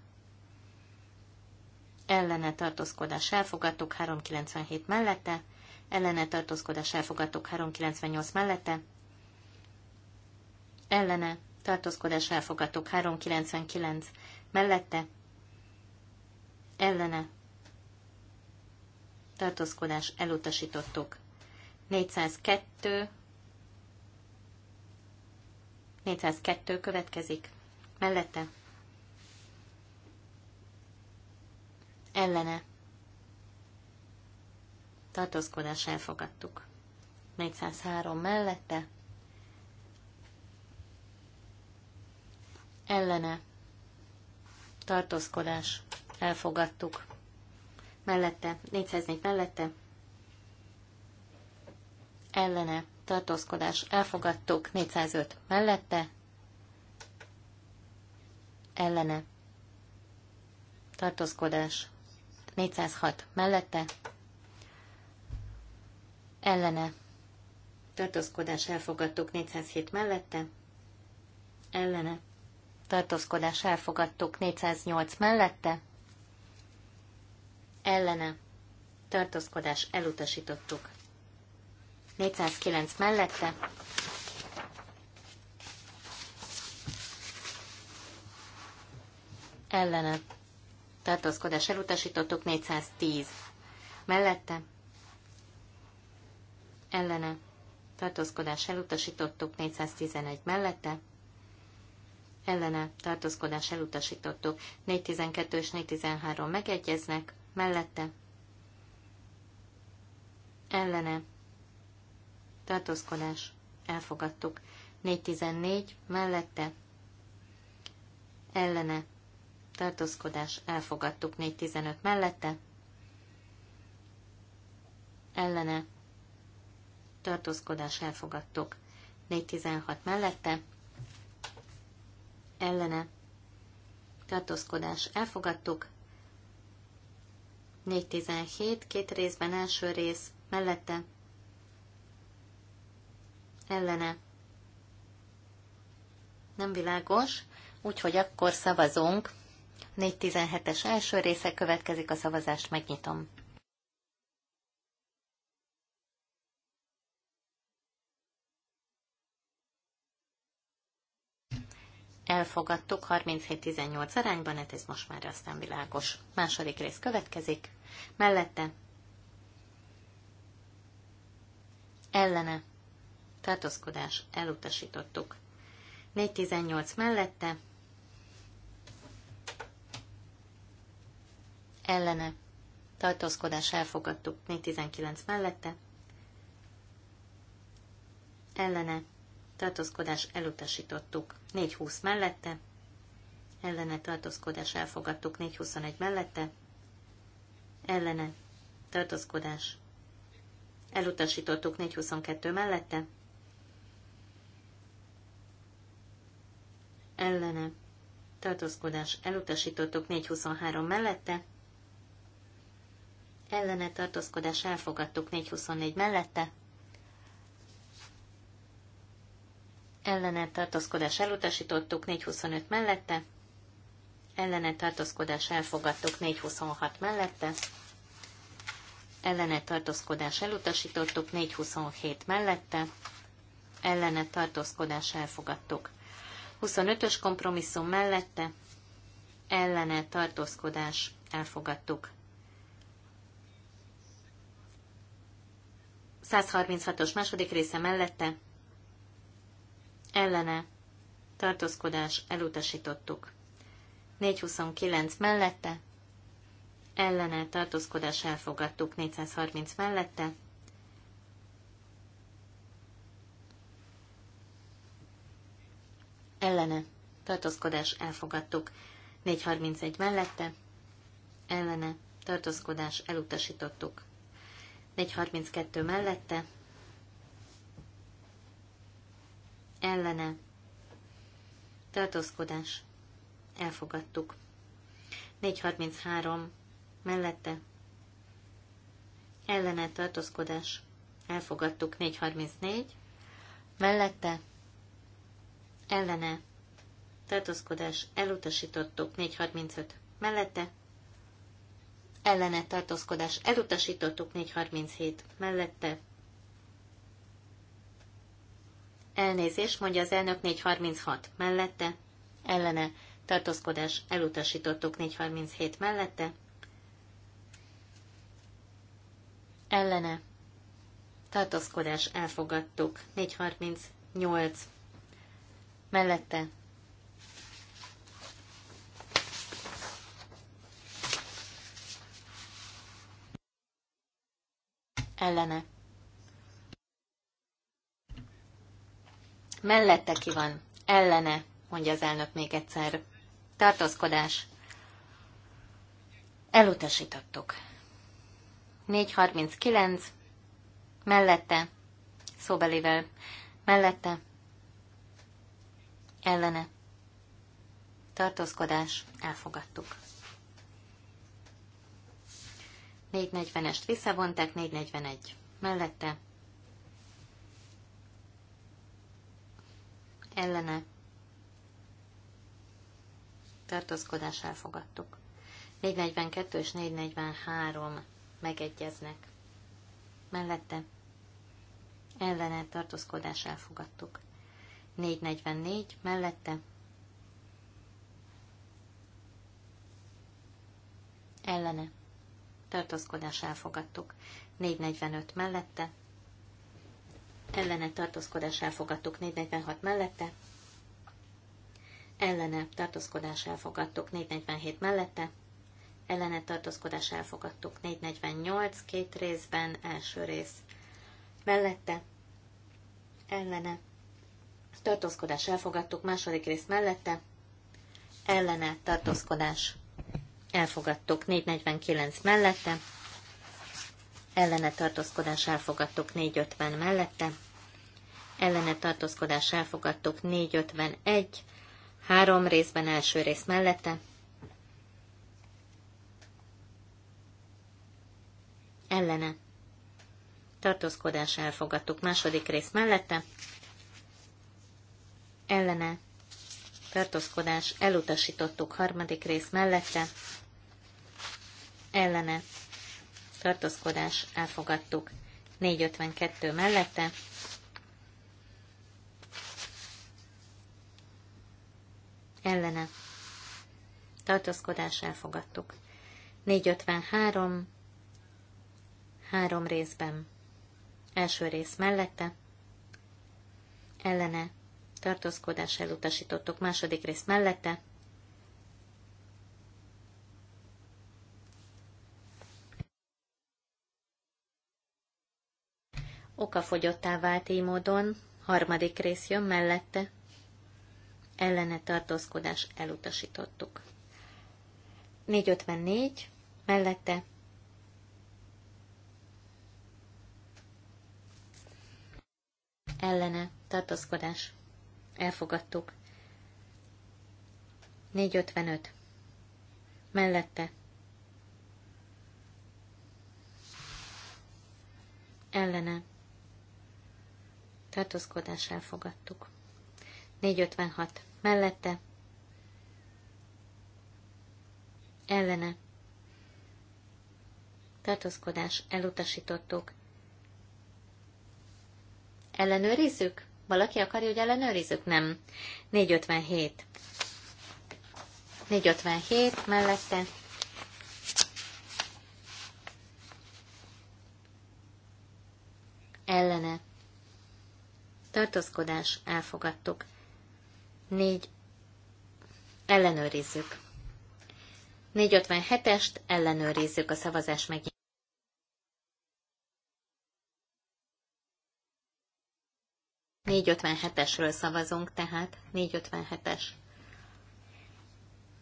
ellene tartózkodás elfogadtuk, 397 mellette, ellene tartózkodás elfogadtuk, 398 mellette, ellene tartózkodás elfogadtuk, 399 mellette, ellene tartózkodás elutasítottuk. 402, 402 következik, mellette, ellene, tartózkodás elfogadtuk. 403 mellette, ellene, tartózkodás elfogadtuk mellette, 404 mellette, ellene, tartózkodás, elfogadtuk, 405 mellette, ellene, tartózkodás, 406 mellette, ellene, tartózkodás, elfogadtuk, 407 mellette, ellene, tartózkodás, elfogadtuk, 408 mellette, ellene tartózkodás elutasítottuk. 409 mellette ellene tartózkodás elutasítottuk 410 mellette ellene tartózkodás elutasítottuk 411 mellette ellene tartózkodás elutasítottuk 412 és 413 megegyeznek mellette, ellene, tartózkodás, elfogadtuk. 414 mellette, ellene, tartózkodás, elfogadtuk. 415 mellette, ellene, tartózkodás, elfogadtuk. 416 mellette, ellene, tartózkodás, elfogadtuk. 417, két részben első rész, mellette, ellene. Nem világos, úgyhogy akkor szavazunk. 417-es első része következik, a szavazást megnyitom. elfogadtuk 37-18 arányban, hát ez most már aztán világos. Második rész következik, mellette ellene tartózkodás elutasítottuk. 4-18 mellette ellene tartózkodás elfogadtuk. 4-19 mellette ellene tartózkodás elutasítottuk. 420 mellette, ellene tartózkodás elfogadtuk. 421 mellette, ellene tartózkodás elutasítottuk. 422 mellette, ellene tartózkodás elutasítottuk. 423 mellette, ellene tartózkodás elfogadtuk 424 mellette, ellene tartózkodás elutasítottuk, 425 mellette, ellene tartózkodás elfogadtuk, 426 mellette, ellene tartózkodás elutasítottuk, 427 mellette, ellene tartózkodás elfogadtuk. 25-ös kompromisszum mellette, ellene tartózkodás elfogadtuk. 136-os második része mellette, ellene, tartózkodás, elutasítottuk. 429 mellette, ellene, tartózkodás, elfogadtuk. 430 mellette, ellene, tartózkodás, elfogadtuk. 431 mellette, ellene, tartózkodás, elutasítottuk. 432 mellette, ellene tartózkodás elfogadtuk. 433 mellette ellene tartózkodás elfogadtuk. 434 mellette ellene tartózkodás elutasítottuk. 435 mellette ellene tartózkodás elutasítottuk. 437 mellette Elnézés, mondja az elnök 436 mellette, ellene, tartózkodás, elutasítottuk 437 mellette, ellene, tartózkodás, elfogadtuk 438 mellette, ellene. Mellette ki van? Ellene, mondja az elnök még egyszer. Tartózkodás. Elutasítottuk. 439. Mellette. Szóbelivel. Mellette. Ellene. Tartózkodás. Elfogadtuk. 440-est visszavonták, 441. Mellette ellene tartózkodás elfogadtuk. 442 és 443 megegyeznek. Mellette ellene tartózkodás elfogadtuk. 444 mellette ellene tartózkodás elfogadtuk. 445 mellette ellene tartózkodás elfogadtuk 446 mellette, ellene tartózkodás elfogadtuk 447 mellette, ellene tartózkodás elfogadtuk 448 két részben, első rész mellette, ellene tartózkodás elfogadtuk második rész mellette, ellene tartózkodás elfogadtuk 449 mellette, ellene tartózkodás elfogadtuk 450 mellette, ellene tartózkodás elfogadtuk 451, három részben első rész mellette, ellene tartózkodás elfogadtuk második rész mellette, ellene tartózkodás elutasítottuk harmadik rész mellette, ellene tartózkodás elfogadtuk. 452 mellette. Ellene. Tartózkodás elfogadtuk. 453. Három részben. Első rész mellette. Ellene. Tartózkodás elutasítottuk. Második rész mellette. okafogyottá vált így módon, harmadik rész jön mellette, ellene tartózkodás elutasítottuk. 454, mellette ellene tartózkodás elfogadtuk. 455, mellette ellene tartózkodás elfogadtuk. 456 mellette, ellene, tartózkodás elutasítottuk. Ellenőrizzük? Valaki akarja, hogy ellenőrizzük? Nem. 457. 457 mellette. Ellene tartózkodás, elfogadtuk. 4. Ellenőrizzük. 457-est ellenőrizzük a szavazás meg. Négy esről szavazunk, tehát 457-es.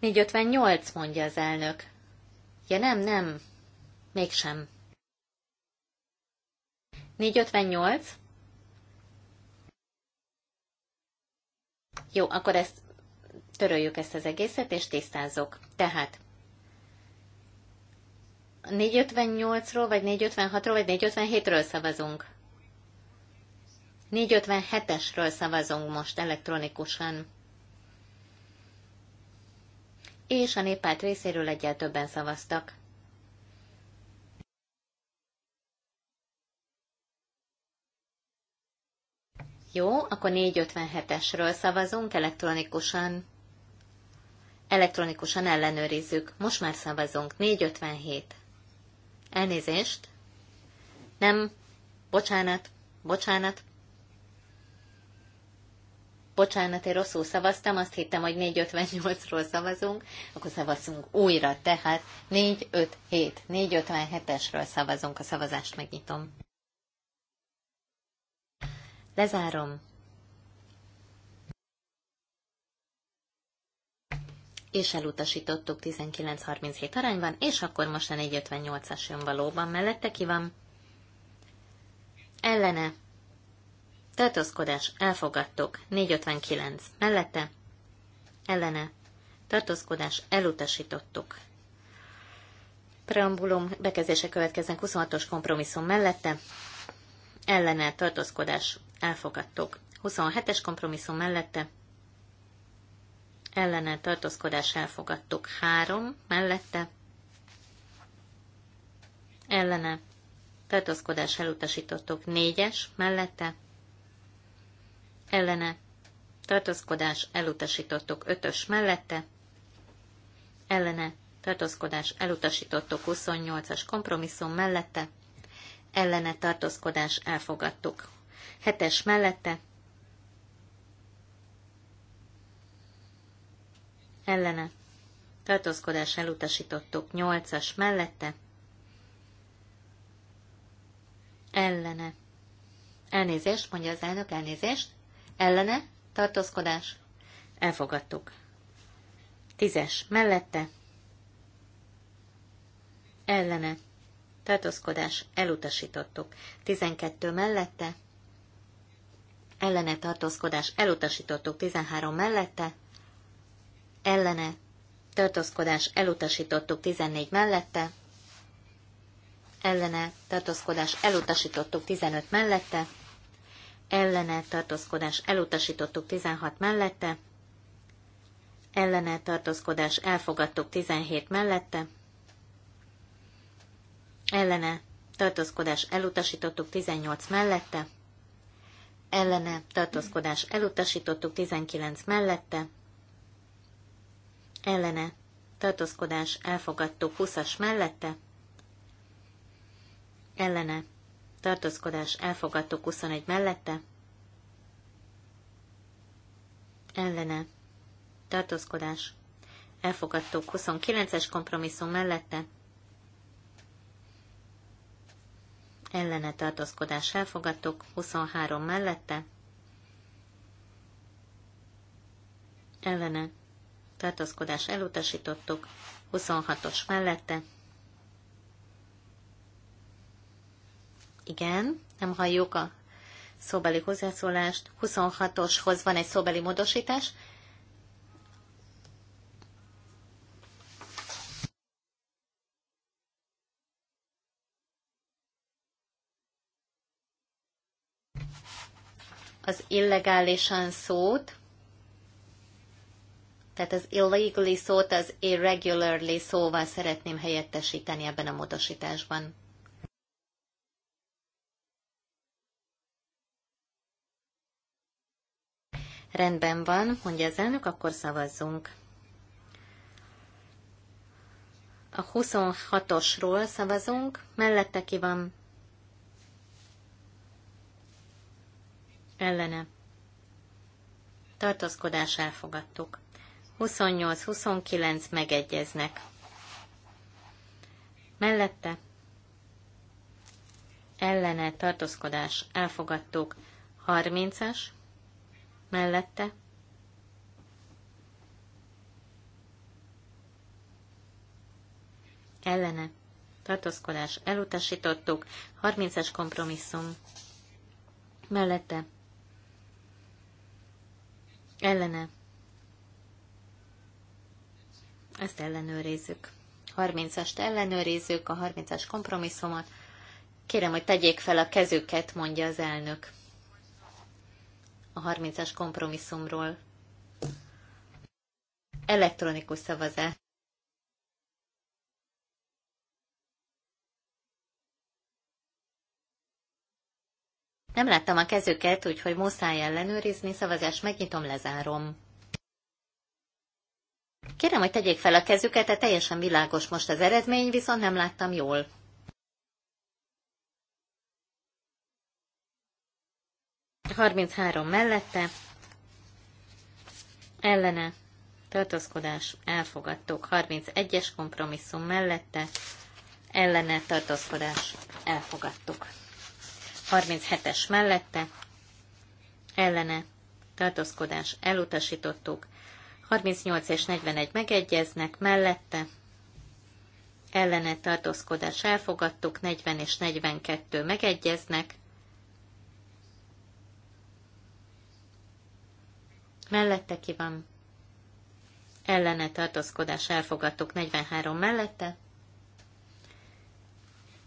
458, mondja az elnök. Ja nem, nem, mégsem. 458, Jó, akkor ezt töröljük ezt az egészet, és tisztázzuk. Tehát 458-ról, vagy 456-ról, vagy 457-ről szavazunk. 457-esről szavazunk most elektronikusan. És a néppárt részéről egyel többen szavaztak. Jó, akkor 457-esről szavazunk elektronikusan. Elektronikusan ellenőrizzük. Most már szavazunk. 457. Elnézést. Nem. Bocsánat. Bocsánat. Bocsánat, én rosszul szavaztam, azt hittem, hogy 458-ról szavazunk, akkor szavazunk újra, tehát 457, 457-esről szavazunk, a szavazást megnyitom. Lezárom. és elutasítottuk 19.37 arányban, és akkor most a 458-as jön valóban. Mellette ki van? Ellene. Tartózkodás. Elfogadtuk. 459. Mellette. Ellene. Tartózkodás. Elutasítottuk. Preambulum bekezdése következnek 26-os kompromisszum mellette. Ellene tartózkodás elfogadtuk. 27-es kompromisszum mellette ellene tartózkodás elfogadtuk. 3 mellette ellene tartózkodás elutasítottuk. 4-es mellette ellene tartózkodás elutasítottuk. 5-ös mellette ellene tartózkodás elutasítottuk. 28-as kompromisszum mellette ellene tartózkodás elfogadtuk. Hetes mellette. Ellene. Tartózkodás elutasítottuk. Nyolcas mellette. Ellene. Elnézést, mondja az elnök, elnézést. Ellene. Tartózkodás. Elfogadtuk. Tízes. Mellette. Ellene. Tartózkodás. Elutasítottuk. Tizenkettő mellette ellene tartózkodás elutasítottuk 13 mellette, ellene tartózkodás elutasítottuk 14 mellette, ellene tartózkodás elutasítottuk 15 mellette, ellene tartózkodás elutasítottuk 16 mellette, ellene tartózkodás elfogadtuk 17 mellette, ellene tartózkodás elutasítottuk 18 mellette, ellene tartózkodás elutasítottuk 19 mellette, ellene tartózkodás elfogadtuk 20-as mellette, ellene tartózkodás elfogadtuk 21 mellette, ellene tartózkodás elfogadtuk 29-es kompromisszum mellette, ellene tartózkodás elfogadtuk, 23 mellette, ellene tartózkodás elutasítottuk, 26-os mellette, igen, nem halljuk a szóbeli hozzászólást, 26-oshoz van egy szóbeli módosítás, az illegálisan szót, tehát az illegally szót az irregularly szóval szeretném helyettesíteni ebben a módosításban. Rendben van, mondja az elnök, akkor szavazzunk. A 26-osról szavazunk, mellette ki van ellene. Tartózkodás elfogadtuk. 28-29 megegyeznek. Mellette ellene tartózkodás elfogadtuk. 30-as mellette ellene tartózkodás elutasítottuk. 30 as kompromisszum mellette Ellene. Ezt ellenőrizzük. 30-ast ellenőrizzük, a 30-as kompromisszumot. Kérem, hogy tegyék fel a kezüket, mondja az elnök. A 30-as kompromisszumról. Elektronikus szavazás. Nem láttam a kezüket, úgyhogy muszáj ellenőrizni, szavazás megnyitom, lezárom. Kérem, hogy tegyék fel a kezüket, de teljesen világos most az eredmény, viszont nem láttam jól. Harminchárom mellette, ellene, tartózkodás, elfogadtuk. 31-es kompromisszum mellette, ellene, tartózkodás, elfogadtuk. 37-es mellette, ellene, tartózkodás elutasítottuk, 38 és 41 megegyeznek, mellette, ellene tartózkodás elfogadtuk, 40 és 42 megegyeznek, mellette ki van, ellene tartózkodás elfogadtuk, 43 mellette,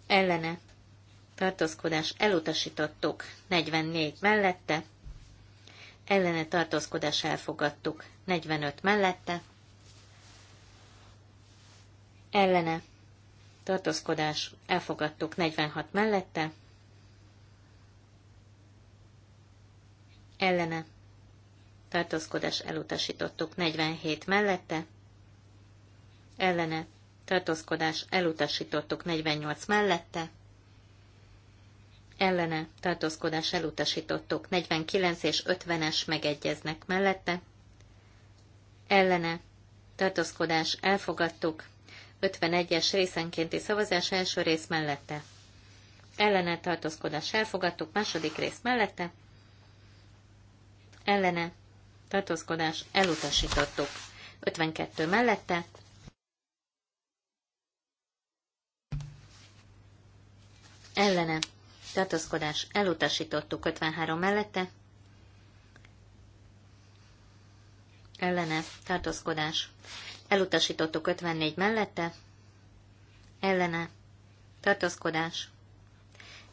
ellene tartózkodás elutasítottuk, 44 mellette, ellene tartózkodás elfogadtuk, 45 mellette, ellene tartózkodás elfogadtuk, 46 mellette, ellene tartózkodás elutasítottuk, 47 mellette, ellene tartózkodás elutasítottuk, 48 mellette, ellene tartózkodás elutasítottok 49 és 50-es megegyeznek mellette, ellene tartózkodás elfogadtuk, 51-es részenkénti szavazás első rész mellette, ellene tartózkodás elfogadtuk, második rész mellette, ellene tartózkodás elutasítottuk, 52 mellette, ellene tartózkodás elutasítottuk 53 mellette, ellene tartózkodás elutasítottuk 54 mellette, ellene tartózkodás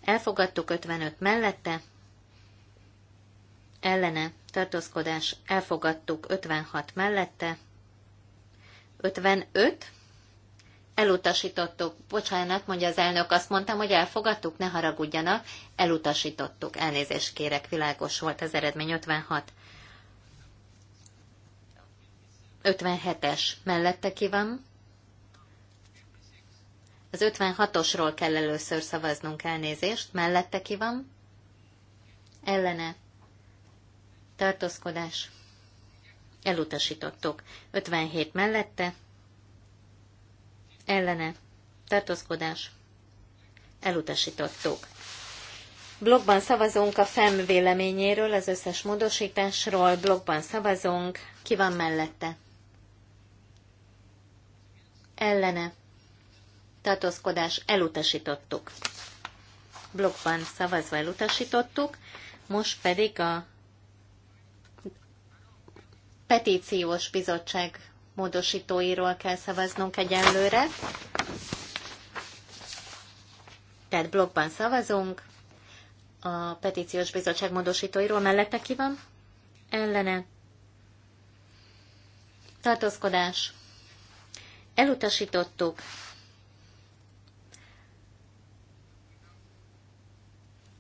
elfogadtuk 55 mellette, ellene tartózkodás elfogadtuk 56 mellette, 55 Elutasítottuk. Bocsánat, mondja az elnök, azt mondtam, hogy elfogadtuk, ne haragudjanak. Elutasítottuk. Elnézést kérek, világos volt az eredmény 56. 57-es mellette ki van. Az 56-osról kell először szavaznunk elnézést. Mellette ki van? Ellene. Tartózkodás. Elutasítottuk. 57 mellette ellene, tartózkodás, elutasítottuk. Blogban szavazunk a FEM véleményéről, az összes módosításról, blogban szavazunk, ki van mellette? Ellene, tartózkodás, elutasítottuk. Blogban szavazva elutasítottuk, most pedig a petíciós bizottság módosítóiról kell szavaznunk egyenlőre. Tehát blogban szavazunk. A petíciós bizottság módosítóiról mellette ki van? Ellene. Tartózkodás. Elutasítottuk.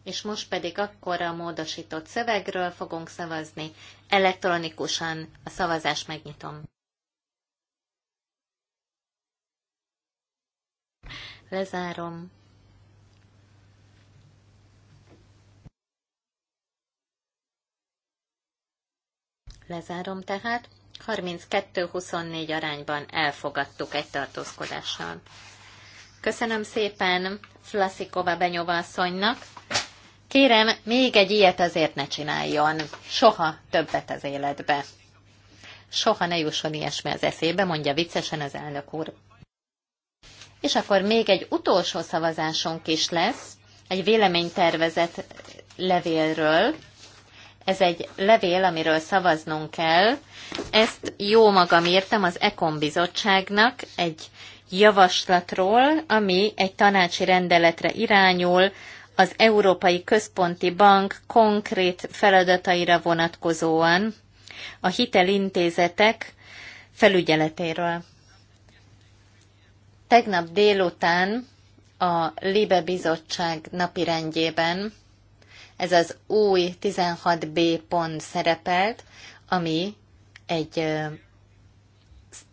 és most pedig akkor a módosított szövegről fogunk szavazni. Elektronikusan a szavazást megnyitom. Lezárom. Lezárom tehát. 32-24 arányban elfogadtuk egy tartózkodással. Köszönöm szépen Flaszikova Benyova asszonynak. Kérem, még egy ilyet azért ne csináljon. Soha többet az életbe. Soha ne jusson ilyesmi az eszébe, mondja viccesen az elnök úr. És akkor még egy utolsó szavazásunk is lesz, egy véleménytervezet levélről. Ez egy levél, amiről szavaznunk kell. Ezt jó magam írtam az Ekon bizottságnak egy javaslatról, ami egy tanácsi rendeletre irányul, az Európai Központi Bank konkrét feladataira vonatkozóan a hitelintézetek felügyeletéről. Tegnap délután a Libe Bizottság napirendjében ez az új 16B pont szerepelt, ami egy,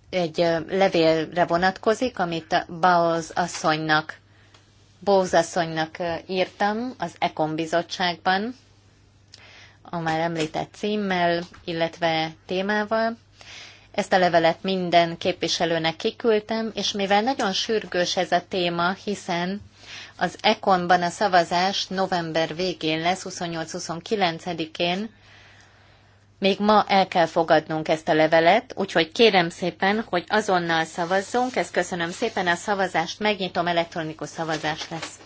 egy levélre vonatkozik, amit a Baoz asszonynak, Bóz asszonynak írtam az Ekon Bizottságban, a már említett címmel, illetve témával. Ezt a levelet minden képviselőnek kiküldtem, és mivel nagyon sürgős ez a téma, hiszen az Ekonban a szavazás november végén lesz, 28-29-én, még ma el kell fogadnunk ezt a levelet, úgyhogy kérem szépen, hogy azonnal szavazzunk. Ezt köszönöm szépen, a szavazást megnyitom, elektronikus szavazás lesz.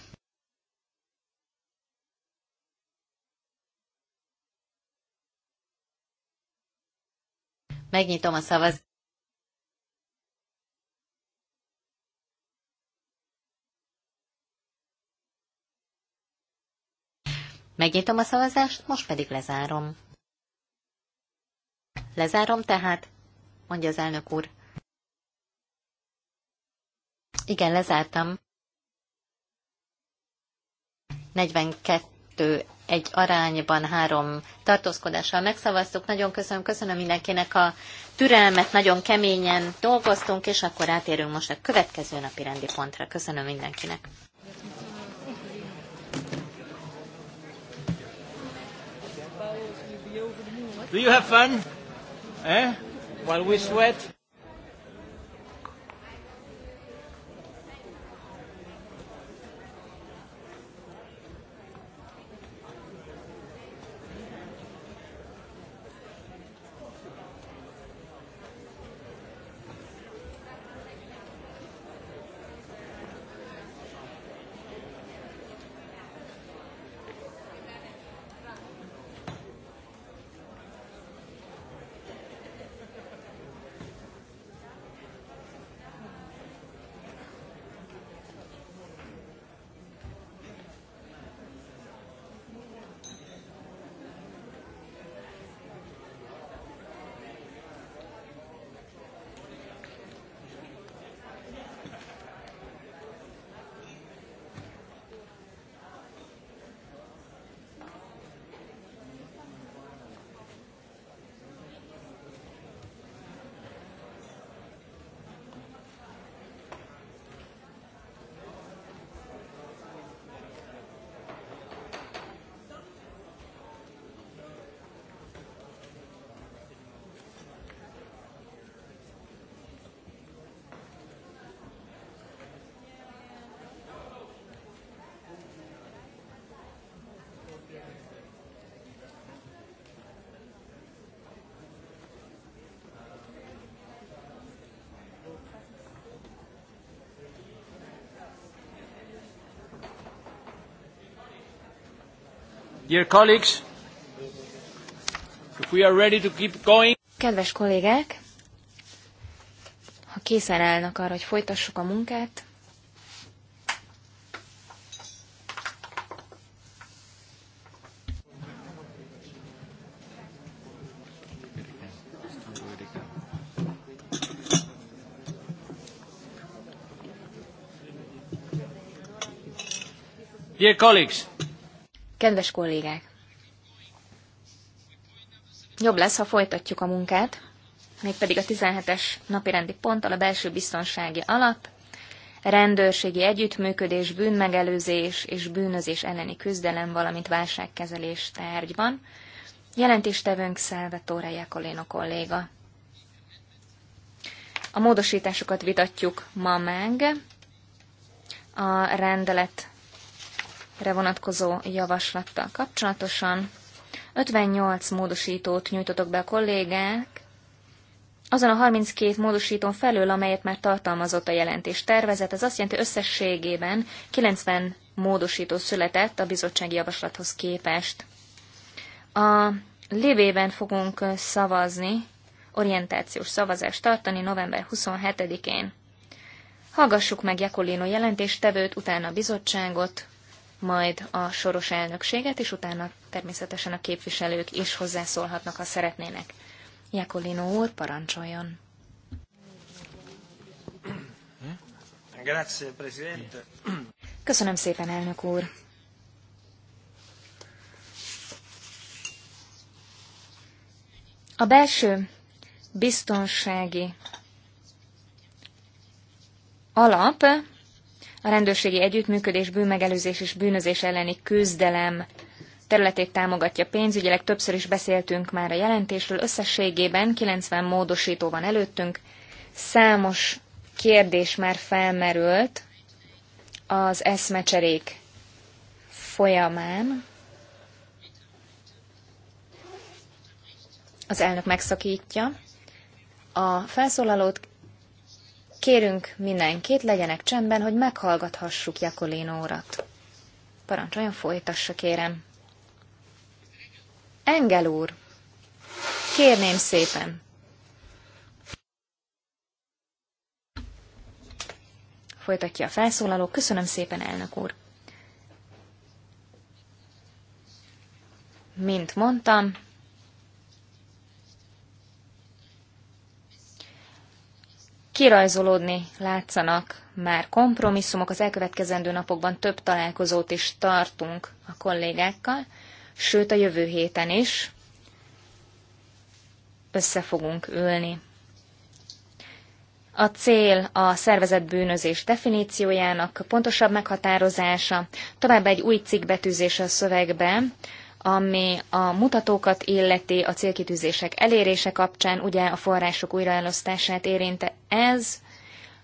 Megnyitom a szavazást. Megnyitom a szavazást, most pedig lezárom. Lezárom tehát, mondja az elnök úr. Igen, lezártam. 42 egy arányban három tartózkodással megszavaztuk. Nagyon köszönöm, köszönöm mindenkinek a türelmet, nagyon keményen dolgoztunk, és akkor átérünk most a következő napi rendi pontra. Köszönöm mindenkinek. Do you have fun? Eh? While we sweat? Dear colleagues, if we are ready to keep going. Kedves kollégák, ha készen állnak arra, hogy folytassuk a munkát, Dear colleagues, Kedves kollégák! Jobb lesz, ha folytatjuk a munkát, mégpedig a 17-es napirendi ponttal a belső biztonsági alap, rendőrségi együttműködés, bűnmegelőzés és bűnözés elleni küzdelem, valamint válságkezelés tárgyban. Jelentéstevőnk Salvatore Jakolino kolléga. A módosításokat vitatjuk ma meg. A rendelet re vonatkozó javaslattal kapcsolatosan. 58 módosítót nyújtottak be a kollégák, azon a 32 módosítón felül, amelyet már tartalmazott a jelentés tervezet, az azt jelenti, hogy összességében 90 módosító született a bizottsági javaslathoz képest. A lévében fogunk szavazni, orientációs szavazást tartani november 27-én. Hallgassuk meg Jakolino jelentéstevőt, utána a bizottságot, majd a soros elnökséget, és utána természetesen a képviselők is hozzászólhatnak, ha szeretnének. Jakolino úr, parancsoljon! Köszönöm szépen, elnök úr! A belső biztonsági alap a rendőrségi együttműködés, bűnmegelőzés és bűnözés elleni küzdelem területét támogatja pénzügyileg, többször is beszéltünk már a jelentésről, összességében 90 módosító van előttünk, számos kérdés már felmerült az eszmecserék folyamán. Az elnök megszakítja. A felszólalót Kérünk mindenkit, legyenek csendben, hogy meghallgathassuk Jakolino urat. Parancsoljon, folytassa, kérem. Engel úr, kérném szépen. Folytatja a felszólaló. Köszönöm szépen, elnök úr. Mint mondtam, kirajzolódni látszanak már kompromisszumok, az elkövetkezendő napokban több találkozót is tartunk a kollégákkal, sőt a jövő héten is össze fogunk ülni. A cél a szervezett bűnözés definíciójának pontosabb meghatározása, továbbá egy új cikk betűzése a szövegbe, ami a mutatókat illeti a célkitűzések elérése kapcsán, ugye a források újraelosztását érinte ez,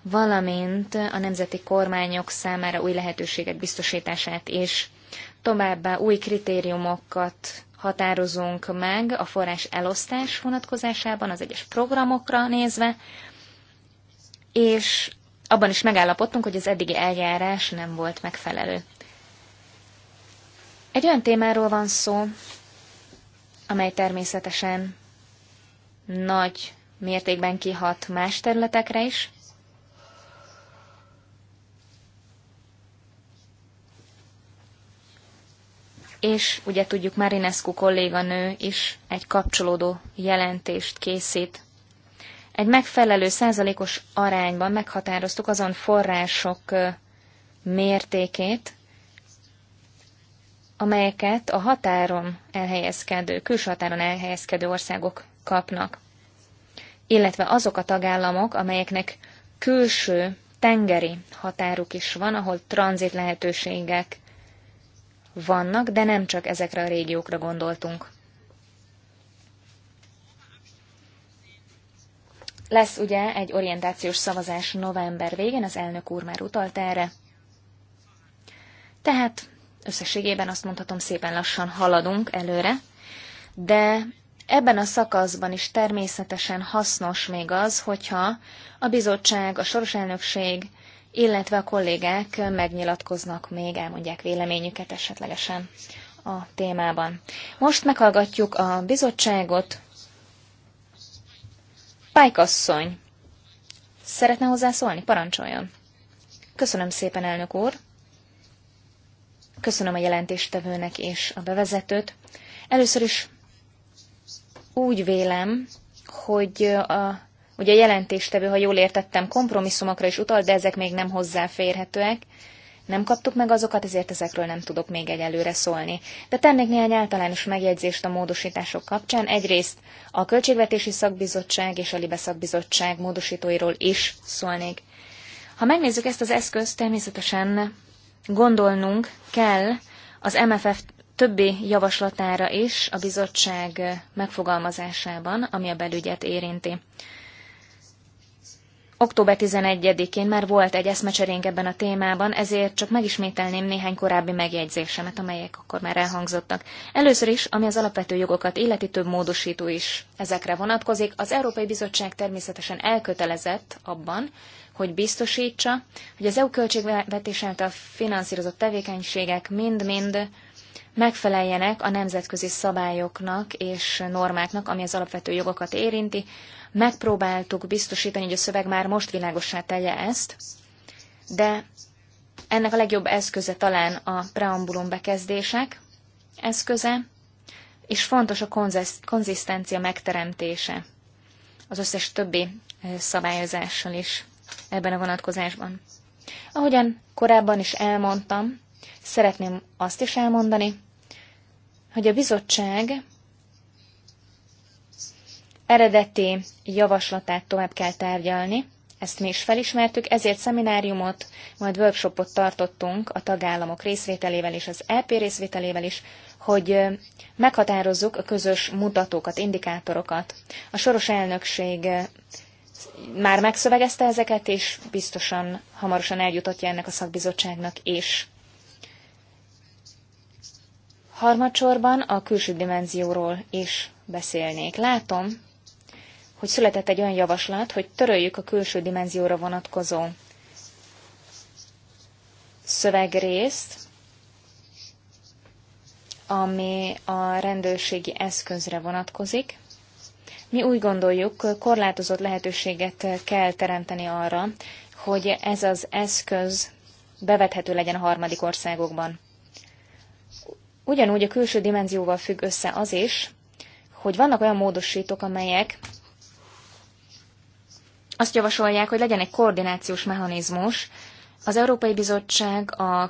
valamint a nemzeti kormányok számára új lehetőségek biztosítását is. Továbbá új kritériumokat határozunk meg a forrás elosztás vonatkozásában, az egyes programokra nézve, és abban is megállapodtunk, hogy az eddigi eljárás nem volt megfelelő. Egy olyan témáról van szó, amely természetesen nagy mértékben kihat más területekre is. És ugye tudjuk, Marinescu kolléganő is egy kapcsolódó jelentést készít. Egy megfelelő százalékos arányban meghatároztuk azon források mértékét, amelyeket a határon elhelyezkedő, külső határon elhelyezkedő országok kapnak, illetve azok a tagállamok, amelyeknek külső tengeri határuk is van, ahol tranzit lehetőségek vannak, de nem csak ezekre a régiókra gondoltunk. Lesz ugye egy orientációs szavazás november végén, az elnök úr már utalt erre. Tehát összességében azt mondhatom, szépen lassan haladunk előre, de ebben a szakaszban is természetesen hasznos még az, hogyha a bizottság, a soros elnökség, illetve a kollégák megnyilatkoznak még, elmondják véleményüket esetlegesen a témában. Most meghallgatjuk a bizottságot. Pájkasszony, szeretne hozzászólni? Parancsoljon! Köszönöm szépen, elnök úr! Köszönöm a jelentéstevőnek és a bevezetőt. Először is úgy vélem, hogy a, ugye a jelentéstevő, ha jól értettem, kompromisszumokra is utal, de ezek még nem hozzáférhetőek. Nem kaptuk meg azokat, ezért ezekről nem tudok még egyelőre szólni. De tennék néhány általános megjegyzést a módosítások kapcsán. Egyrészt a Költségvetési Szakbizottság és a Libe Szakbizottság módosítóiról is szólnék. Ha megnézzük ezt az eszközt, természetesen gondolnunk kell az MFF többi javaslatára is a bizottság megfogalmazásában, ami a belügyet érinti. Október 11-én már volt egy eszmecserénk ebben a témában, ezért csak megismételném néhány korábbi megjegyzésemet, amelyek akkor már elhangzottak. Először is, ami az alapvető jogokat illeti, több módosító is ezekre vonatkozik. Az Európai Bizottság természetesen elkötelezett abban, hogy biztosítsa, hogy az EU költségvetés által finanszírozott tevékenységek mind-mind megfeleljenek a nemzetközi szabályoknak és normáknak, ami az alapvető jogokat érinti. Megpróbáltuk biztosítani, hogy a szöveg már most világossá tegye ezt, de ennek a legjobb eszköze talán a preambulum bekezdések eszköze, és fontos a konzisztencia megteremtése az összes többi eh, szabályozással is ebben a vonatkozásban. Ahogyan korábban is elmondtam, szeretném azt is elmondani, hogy a bizottság eredeti javaslatát tovább kell tárgyalni, ezt mi is felismertük, ezért szemináriumot, majd workshopot tartottunk a tagállamok részvételével és az EP részvételével is, hogy meghatározzuk a közös mutatókat, indikátorokat. A soros elnökség már megszövegezte ezeket, és biztosan hamarosan eljutatja ennek a szakbizottságnak is. Harmadsorban a külső dimenzióról is beszélnék. Látom, hogy született egy olyan javaslat, hogy töröljük a külső dimenzióra vonatkozó szövegrészt, ami a rendőrségi eszközre vonatkozik, mi úgy gondoljuk, korlátozott lehetőséget kell teremteni arra, hogy ez az eszköz bevethető legyen a harmadik országokban. Ugyanúgy a külső dimenzióval függ össze az is, hogy vannak olyan módosítók, amelyek azt javasolják, hogy legyen egy koordinációs mechanizmus az Európai Bizottság, a,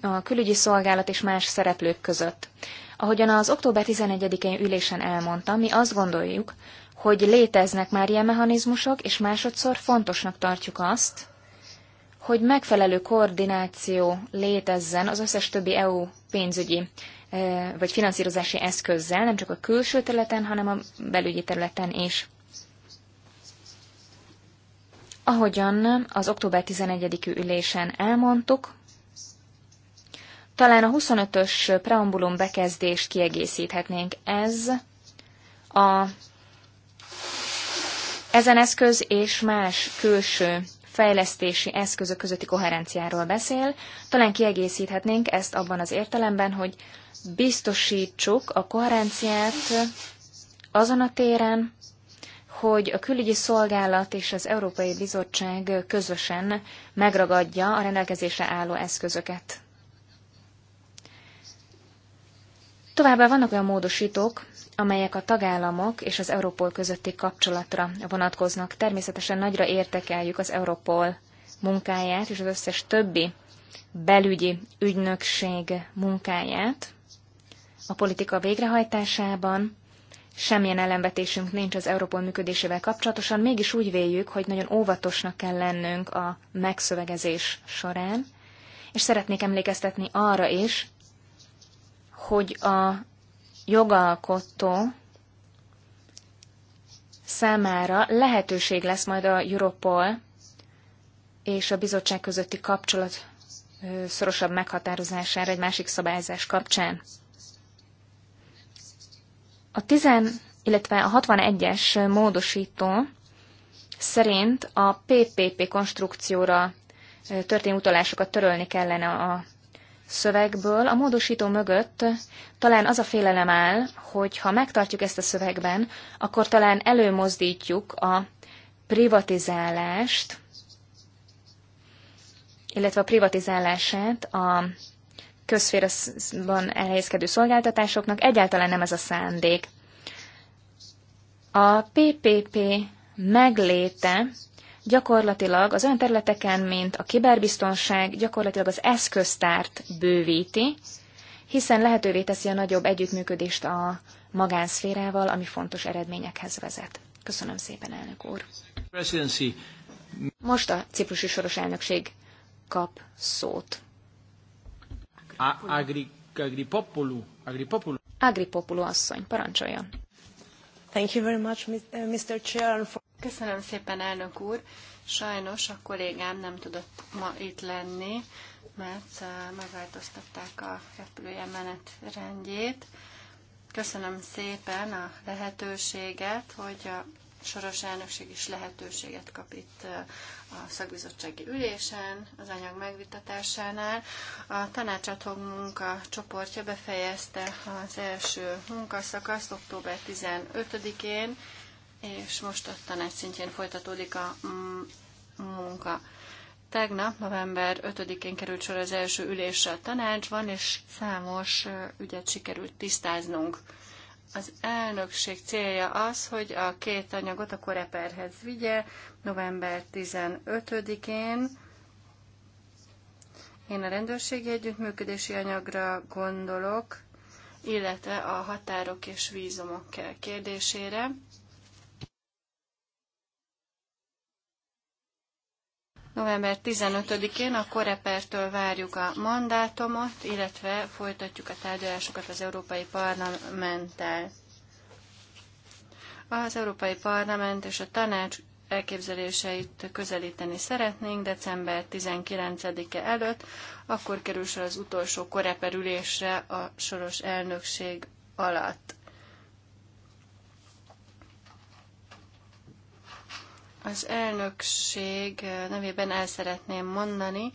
a külügyi szolgálat és más szereplők között. Ahogyan az október 11-én ülésen elmondtam, mi azt gondoljuk, hogy léteznek már ilyen mechanizmusok, és másodszor fontosnak tartjuk azt, hogy megfelelő koordináció létezzen az összes többi EU pénzügyi e, vagy finanszírozási eszközzel, nem csak a külső területen, hanem a belügyi területen is. Ahogyan az október 11 i ülésen elmondtuk, talán a 25-ös preambulum bekezdést kiegészíthetnénk. Ez a ezen eszköz és más külső fejlesztési eszközök közötti koherenciáról beszél. Talán kiegészíthetnénk ezt abban az értelemben, hogy biztosítsuk a koherenciát azon a téren, hogy a külügyi szolgálat és az Európai Bizottság közösen megragadja a rendelkezésre álló eszközöket. Továbbá vannak olyan módosítók, amelyek a tagállamok és az Europol közötti kapcsolatra vonatkoznak. Természetesen nagyra értekeljük az Europol munkáját és az összes többi belügyi ügynökség munkáját a politika végrehajtásában. Semmilyen ellenvetésünk nincs az Europol működésével kapcsolatosan, mégis úgy véljük, hogy nagyon óvatosnak kell lennünk a megszövegezés során, és szeretnék emlékeztetni arra is, hogy a jogalkotó számára lehetőség lesz majd a Europol és a bizottság közötti kapcsolat szorosabb meghatározására egy másik szabályzás kapcsán. A 10, illetve a 61-es módosító szerint a PPP konstrukcióra történő utalásokat törölni kellene a szövegből, a módosító mögött talán az a félelem áll, hogy ha megtartjuk ezt a szövegben, akkor talán előmozdítjuk a privatizálást, illetve a privatizálását a közféraban elhelyezkedő szolgáltatásoknak. Egyáltalán nem ez a szándék. A PPP megléte gyakorlatilag az olyan területeken, mint a kiberbiztonság, gyakorlatilag az eszköztárt bővíti, hiszen lehetővé teszi a nagyobb együttműködést a magánszférával, ami fontos eredményekhez vezet. Köszönöm szépen, elnök úr. Most a ciprusi soros elnökség kap szót. Agri, agripopulu, agripopulu. Agripopulu asszony, parancsoljon. Thank you very much, Mr. Uh, Chair. Köszönöm szépen, elnök úr. Sajnos a kollégám nem tudott ma itt lenni, mert uh, megváltoztatták a repülője menetrendjét. Köszönöm szépen a lehetőséget, hogy a soros elnökség is lehetőséget kap itt a szakbizottsági ülésen, az anyag megvitatásánál. A tanácsadhog munka csoportja befejezte az első munkaszakaszt október 15-én, és most a tanács szintjén folytatódik a munka. Tegnap, november 5-én került sor az első ülésre a tanácsban, és számos ügyet sikerült tisztáznunk. Az elnökség célja az, hogy a két anyagot a koreperhez vigye november 15-én. Én a rendőrségi együttműködési anyagra gondolok, illetve a határok és vízumok kérdésére. November 15-én a Korepertől várjuk a mandátumot, illetve folytatjuk a tárgyalásokat az Európai Parlamenttel. Az Európai Parlament és a Tanács elképzeléseit közelíteni szeretnénk december 19-e előtt, akkor kerül sor az utolsó koreperülésre a soros elnökség alatt. Az elnökség nevében el szeretném mondani,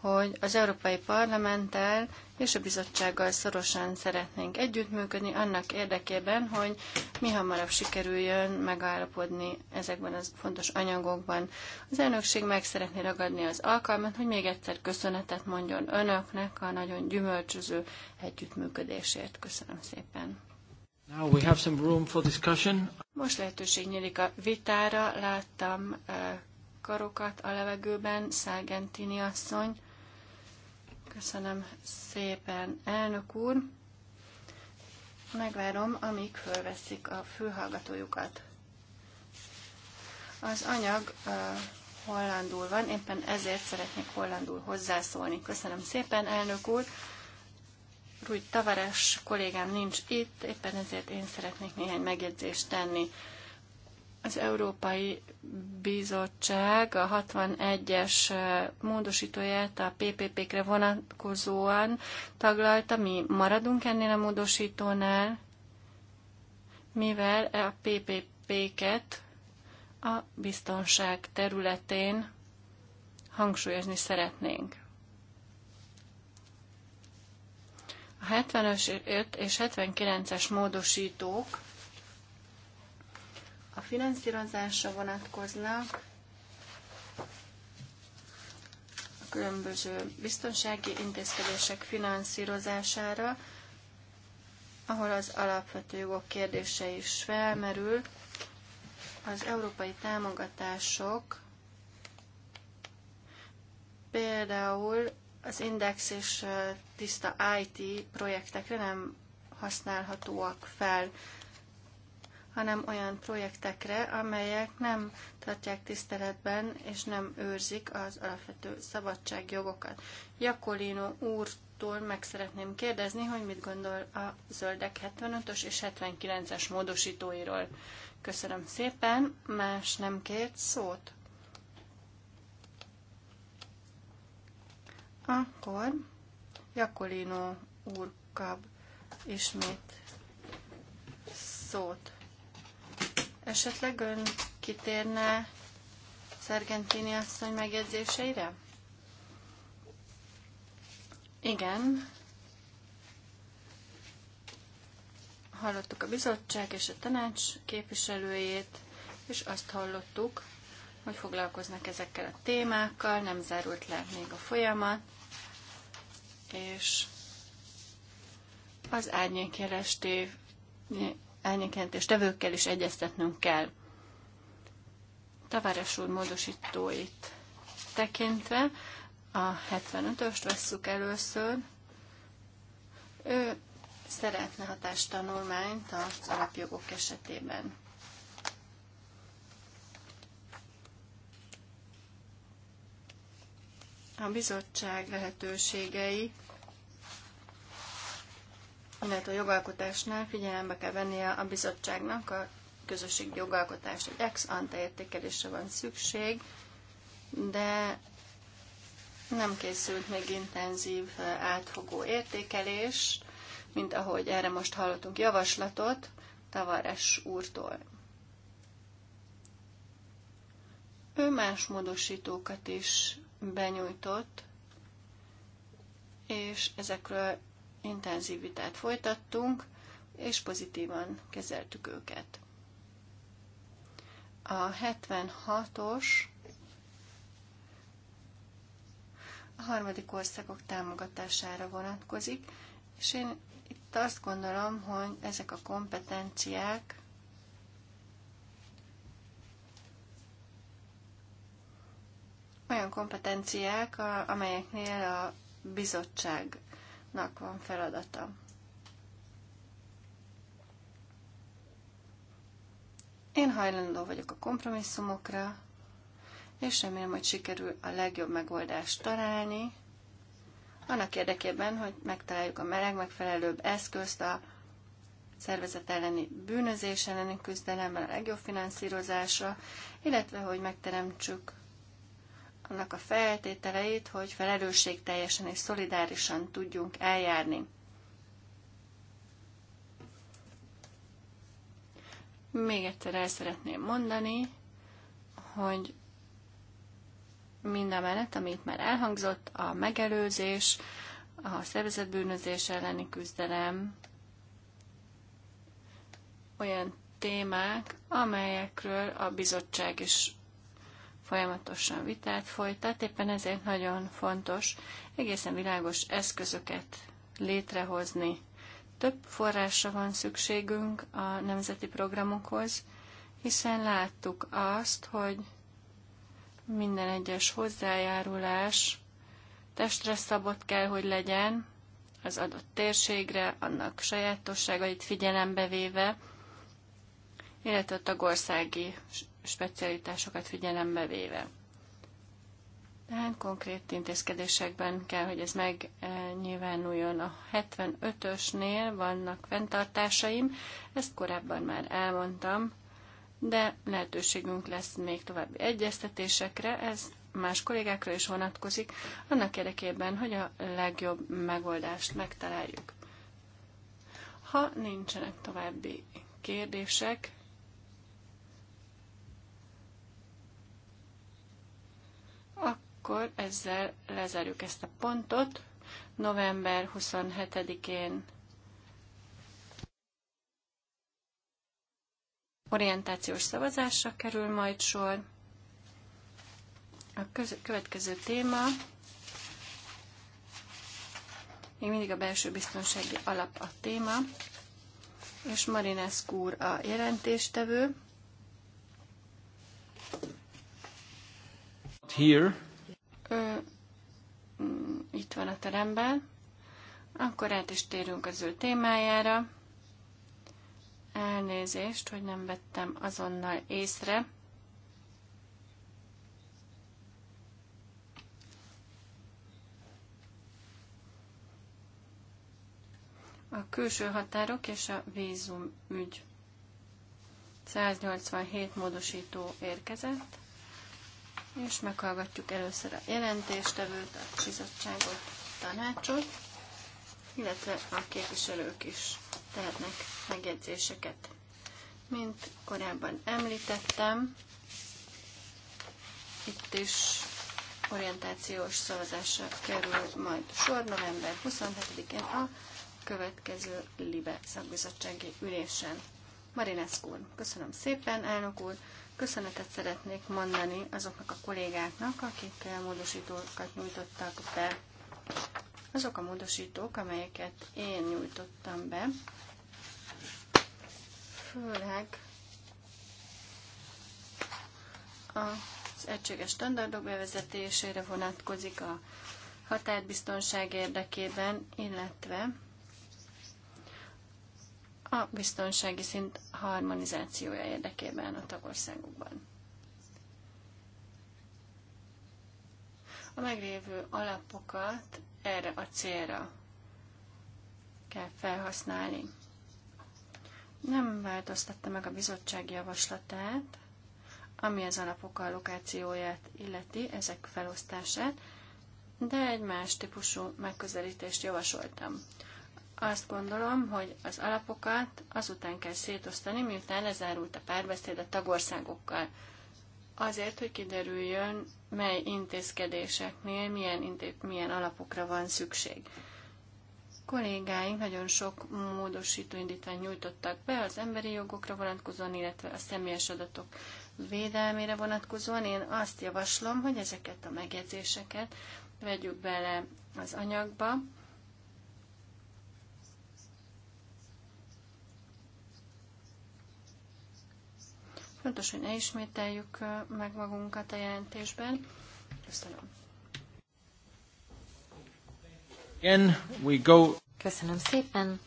hogy az Európai Parlamenttel és a bizottsággal szorosan szeretnénk együttműködni annak érdekében, hogy mi hamarabb sikerüljön megállapodni ezekben az fontos anyagokban. Az elnökség meg szeretné ragadni az alkalmat, hogy még egyszer köszönetet mondjon önöknek a nagyon gyümölcsöző együttműködésért. Köszönöm szépen! Now we have some room for discussion. Most lehetőség nyílik a vitára. Láttam karokat a levegőben, Szágentini asszony. Köszönöm szépen, elnök úr. Megvárom, amíg fölveszik a fülhallgatójukat. Az anyag uh, hollandul van, éppen ezért szeretnék hollandul hozzászólni. Köszönöm szépen, elnök úr. Rúj Tavares kollégám nincs itt, éppen ezért én szeretnék néhány megjegyzést tenni. Az Európai Bizottság a 61-es módosítóját a PPP-kre vonatkozóan taglalta. Mi maradunk ennél a módosítónál, mivel a PPP-ket a biztonság területén hangsúlyozni szeretnénk. 75 és 79-es módosítók a finanszírozásra vonatkoznak, a különböző biztonsági intézkedések finanszírozására, ahol az alapvető jogok kérdése is felmerül, az európai támogatások például az index és tiszta IT projektekre nem használhatóak fel, hanem olyan projektekre, amelyek nem tartják tiszteletben és nem őrzik az alapvető szabadságjogokat. Jakolino úrtól meg szeretném kérdezni, hogy mit gondol a zöldek 75-ös és 79-es módosítóiról. Köszönöm szépen, más nem kért szót. Akkor Jakolino úr kap ismét szót. Esetleg ön kitérne Szergentini asszony megjegyzéseire? Igen. Hallottuk a bizottság és a tanács képviselőjét, és azt hallottuk, hogy foglalkoznak ezekkel a témákkal, nem zárult le még a folyamat és az árnyékjelentés tevőkkel is egyeztetnünk kell. Tavares úr módosítóit tekintve a 75-öst vesszük először. Ő szeretne hatástanulmányt az alapjogok esetében. A bizottság lehetőségei illetve a jogalkotásnál figyelembe kell vennie a bizottságnak a közösségi jogalkotást. Egy ex ante értékelésre van szükség, de nem készült még intenzív, átfogó értékelés, mint ahogy erre most hallottunk javaslatot Tavares úrtól. Ő más módosítókat is benyújtott, és ezekről intenzív vitát folytattunk, és pozitívan kezeltük őket. A 76-os a harmadik országok támogatására vonatkozik, és én itt azt gondolom, hogy ezek a kompetenciák olyan kompetenciák, amelyeknél a bizottság Nak van feladata. Én hajlandó vagyok a kompromisszumokra, és remélem, hogy sikerül a legjobb megoldást találni, annak érdekében, hogy megtaláljuk a meleg megfelelőbb eszközt a szervezet elleni bűnözés elleni küzdelemben, a legjobb finanszírozásra, illetve hogy megteremtsük annak a feltételeit, hogy teljesen és szolidárisan tudjunk eljárni. Még egyszer el szeretném mondani, hogy mind a mellett, amit már elhangzott, a megelőzés, a szervezetbűnözés elleni küzdelem, olyan témák, amelyekről a bizottság is folyamatosan vitát folytat, éppen ezért nagyon fontos egészen világos eszközöket létrehozni. Több forrásra van szükségünk a nemzeti programokhoz, hiszen láttuk azt, hogy minden egyes hozzájárulás testre szabott kell, hogy legyen, az adott térségre, annak sajátosságait figyelembe véve, illetve a tagországi specialitásokat figyelembe véve. Tehát konkrét intézkedésekben kell, hogy ez megnyilvánuljon. A 75-ösnél vannak fenntartásaim, ezt korábban már elmondtam, de lehetőségünk lesz még további egyeztetésekre, ez más kollégákra is vonatkozik, annak érdekében, hogy a legjobb megoldást megtaláljuk. Ha nincsenek további kérdések, akkor ezzel lezárjuk ezt a pontot. November 27-én orientációs szavazásra kerül majd sor. A következő téma még mindig a belső biztonsági alap a téma, és Marinescu úr a jelentéstevő. Here ő mm, itt van a teremben, akkor át is térünk az ő témájára. Elnézést, hogy nem vettem azonnal észre. A külső határok és a vízum ügy. 187 módosító érkezett és meghallgatjuk először a jelentéstevőt, a bizottságot, tanácsot, illetve a képviselők is tehetnek megjegyzéseket. Mint korábban említettem, itt is orientációs szavazásra kerül majd sor november 27-én a következő LIBE szakbizottsági ülésen. Marinesz úr, köszönöm szépen, elnök úr, Köszönetet szeretnék mondani azoknak a kollégáknak, akik módosítókat nyújtottak be. Azok a módosítók, amelyeket én nyújtottam be, főleg az egységes standardok bevezetésére vonatkozik a határbiztonság érdekében, illetve a biztonsági szint harmonizációja érdekében a tagországokban. A meglévő alapokat erre a célra kell felhasználni. Nem változtatta meg a bizottság javaslatát, ami az alapok allokációját illeti, ezek felosztását, de egy más típusú megközelítést javasoltam. Azt gondolom, hogy az alapokat azután kell szétosztani, miután lezárult a párbeszéd a tagországokkal. Azért, hogy kiderüljön, mely intézkedéseknél milyen, milyen alapokra van szükség. Kollégáink nagyon sok módosító indítványt nyújtottak be az emberi jogokra vonatkozóan, illetve a személyes adatok védelmére vonatkozóan. Én azt javaslom, hogy ezeket a megjegyzéseket vegyük bele az anyagba, Fontos, hogy ne ismételjük meg magunkat a jelentésben. Köszönöm. Again, we go. Köszönöm szépen.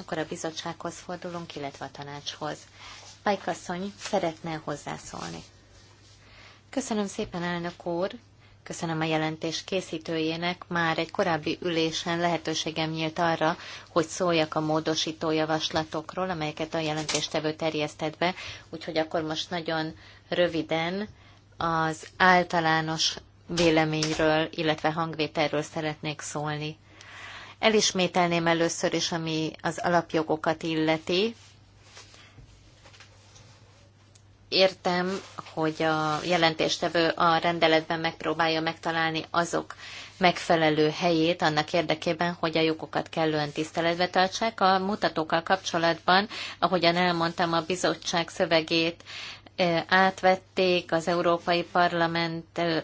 Akkor a bizottsághoz fordulunk, illetve a tanácshoz. Pajkasszony szeretne hozzászólni. Köszönöm szépen, elnök úr. Köszönöm a jelentés készítőjének. Már egy korábbi ülésen lehetőségem nyílt arra, hogy szóljak a módosító javaslatokról, amelyeket a jelentéstevő terjesztett be, úgyhogy akkor most nagyon röviden az általános véleményről, illetve hangvételről szeretnék szólni. Elismételném először is, ami az alapjogokat illeti, értem, hogy a jelentéstevő a rendeletben megpróbálja megtalálni azok megfelelő helyét annak érdekében, hogy a jogokat kellően tiszteletbe tartsák. A mutatókkal kapcsolatban, ahogyan elmondtam, a bizottság szövegét eh, átvették az Európai Parlament eh,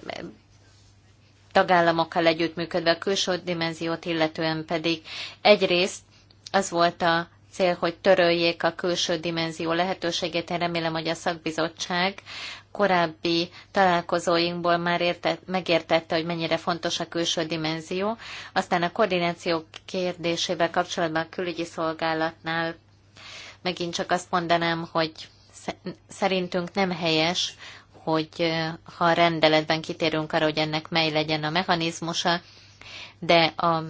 tagállamokkal együttműködve a külső dimenziót, illetően pedig egyrészt az volt a cél, hogy töröljék a külső dimenzió lehetőségét. Én remélem, hogy a szakbizottság korábbi találkozóinkból már értett, megértette, hogy mennyire fontos a külső dimenzió. Aztán a koordináció kérdésével kapcsolatban a külügyi szolgálatnál megint csak azt mondanám, hogy szerintünk nem helyes, hogy ha a rendeletben kitérünk arra, hogy ennek mely legyen a mechanizmusa, de a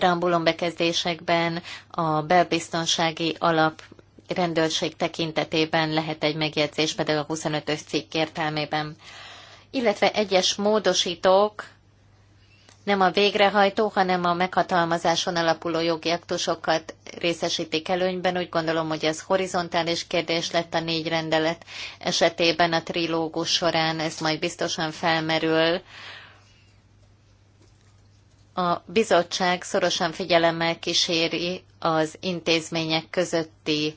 preambulum bekezdésekben a belbiztonsági alap rendőrség tekintetében lehet egy megjegyzés, pedig a 25-ös cikk értelmében. Illetve egyes módosítók nem a végrehajtó, hanem a meghatalmazáson alapuló jogi aktusokat részesítik előnyben. Úgy gondolom, hogy ez horizontális kérdés lett a négy rendelet esetében a trilógus során, ez majd biztosan felmerül a bizottság szorosan figyelemmel kíséri az intézmények közötti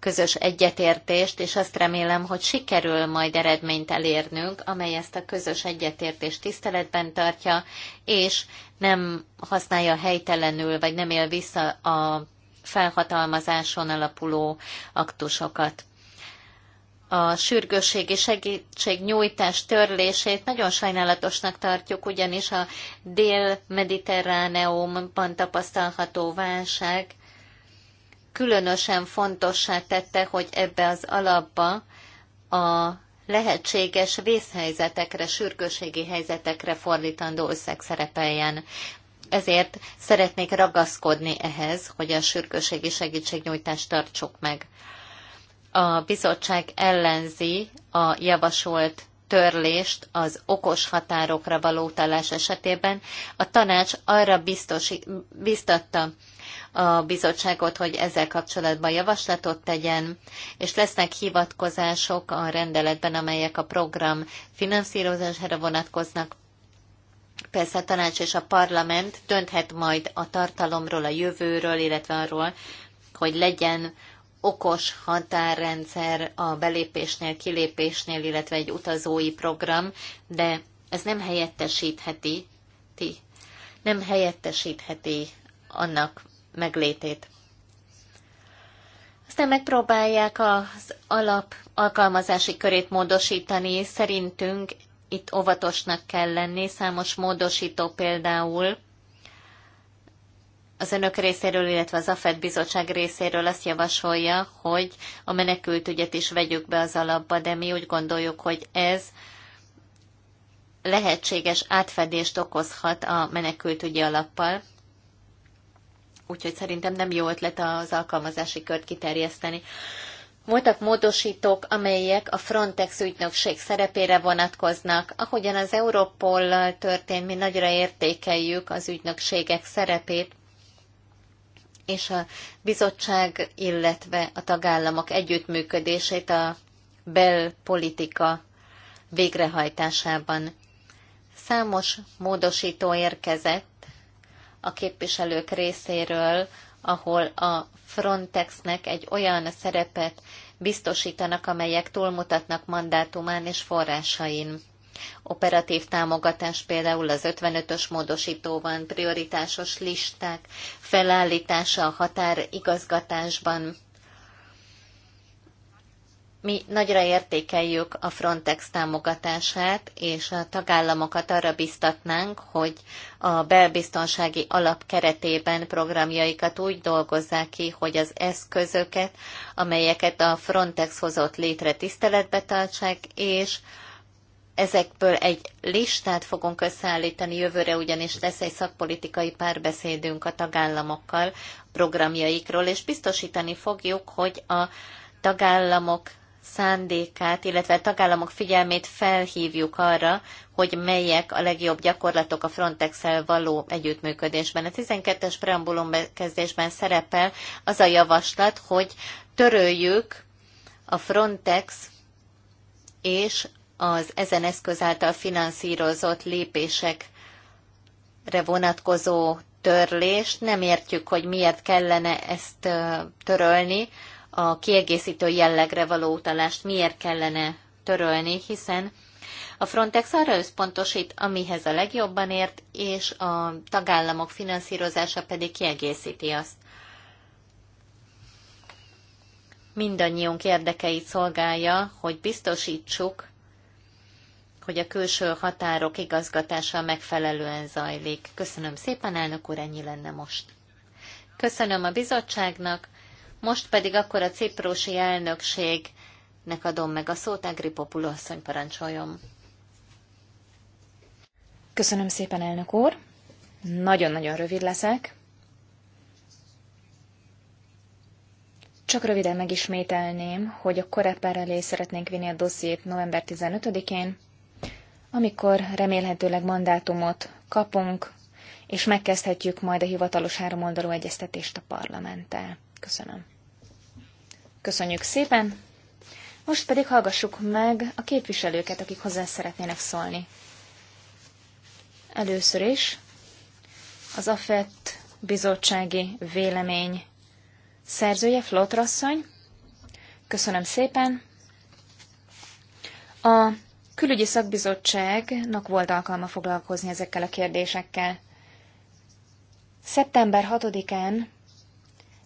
közös egyetértést, és azt remélem, hogy sikerül majd eredményt elérnünk, amely ezt a közös egyetértést tiszteletben tartja, és nem használja helytelenül, vagy nem él vissza a felhatalmazáson alapuló aktusokat a sürgősségi segítségnyújtás törlését nagyon sajnálatosnak tartjuk, ugyanis a dél-mediterráneumban tapasztalható válság különösen fontossá tette, hogy ebbe az alapba a lehetséges vészhelyzetekre, sürgőségi helyzetekre fordítandó összeg szerepeljen. Ezért szeretnék ragaszkodni ehhez, hogy a sürgőségi segítségnyújtást tartsuk meg a bizottság ellenzi a javasolt törlést az okos határokra való utalás esetében. A tanács arra biztosi, biztatta a bizottságot, hogy ezzel kapcsolatban javaslatot tegyen, és lesznek hivatkozások a rendeletben, amelyek a program finanszírozására vonatkoznak. Persze a tanács és a parlament dönthet majd a tartalomról, a jövőről, illetve arról, hogy legyen okos határrendszer a belépésnél, kilépésnél, illetve egy utazói program, de ez nem helyettesítheti, ti, nem helyettesítheti annak meglétét. Aztán megpróbálják az alap alkalmazási körét módosítani. Szerintünk itt óvatosnak kell lenni. Számos módosító például az önök részéről, illetve az AFED bizottság részéről azt javasolja, hogy a menekültügyet is vegyük be az alapba, de mi úgy gondoljuk, hogy ez lehetséges átfedést okozhat a menekültügyi alappal. Úgyhogy szerintem nem jó ötlet az alkalmazási kört kiterjeszteni. Voltak módosítók, amelyek a Frontex ügynökség szerepére vonatkoznak. Ahogyan az Európol történt, mi nagyra értékeljük az ügynökségek szerepét, és a bizottság, illetve a tagállamok együttműködését a belpolitika végrehajtásában. Számos módosító érkezett a képviselők részéről, ahol a Frontexnek egy olyan szerepet biztosítanak, amelyek túlmutatnak mandátumán és forrásain operatív támogatás például az 55-ös módosítóban, prioritásos listák felállítása a határigazgatásban. Mi nagyra értékeljük a Frontex támogatását, és a tagállamokat arra biztatnánk, hogy a belbiztonsági alap keretében programjaikat úgy dolgozzák ki, hogy az eszközöket, amelyeket a Frontex hozott létre tiszteletbe tartsák, és Ezekből egy listát fogunk összeállítani jövőre, ugyanis lesz egy szakpolitikai párbeszédünk a tagállamokkal programjaikról, és biztosítani fogjuk, hogy a tagállamok szándékát, illetve a tagállamok figyelmét felhívjuk arra, hogy melyek a legjobb gyakorlatok a frontex való együttműködésben. A 12-es preambulum kezdésben szerepel az a javaslat, hogy töröljük a Frontex és az ezen eszköz által finanszírozott lépésekre vonatkozó törlést. Nem értjük, hogy miért kellene ezt törölni, a kiegészítő jellegre való utalást miért kellene törölni, hiszen a Frontex arra összpontosít, amihez a legjobban ért, és a tagállamok finanszírozása pedig kiegészíti azt. Mindannyiunk érdekeit szolgálja, hogy biztosítsuk, hogy a külső határok igazgatása megfelelően zajlik. Köszönöm szépen, elnök úr, ennyi lenne most. Köszönöm a bizottságnak, most pedig akkor a ciprusi elnökségnek adom meg a szót, Agripopulu asszony parancsoljon. Köszönöm szépen, elnök úr. Nagyon-nagyon rövid leszek. Csak röviden megismételném, hogy a elé szeretnénk vinni a dossziét november 15-én, amikor remélhetőleg mandátumot kapunk, és megkezdhetjük majd a hivatalos háromoldalú egyeztetést a parlamenttel. Köszönöm. Köszönjük szépen! Most pedig hallgassuk meg a képviselőket, akik hozzá szeretnének szólni. Először is az AFET bizottsági vélemény szerzője, Flótrasszony. Köszönöm szépen! A külügyi szakbizottságnak volt alkalma foglalkozni ezekkel a kérdésekkel. Szeptember 6-án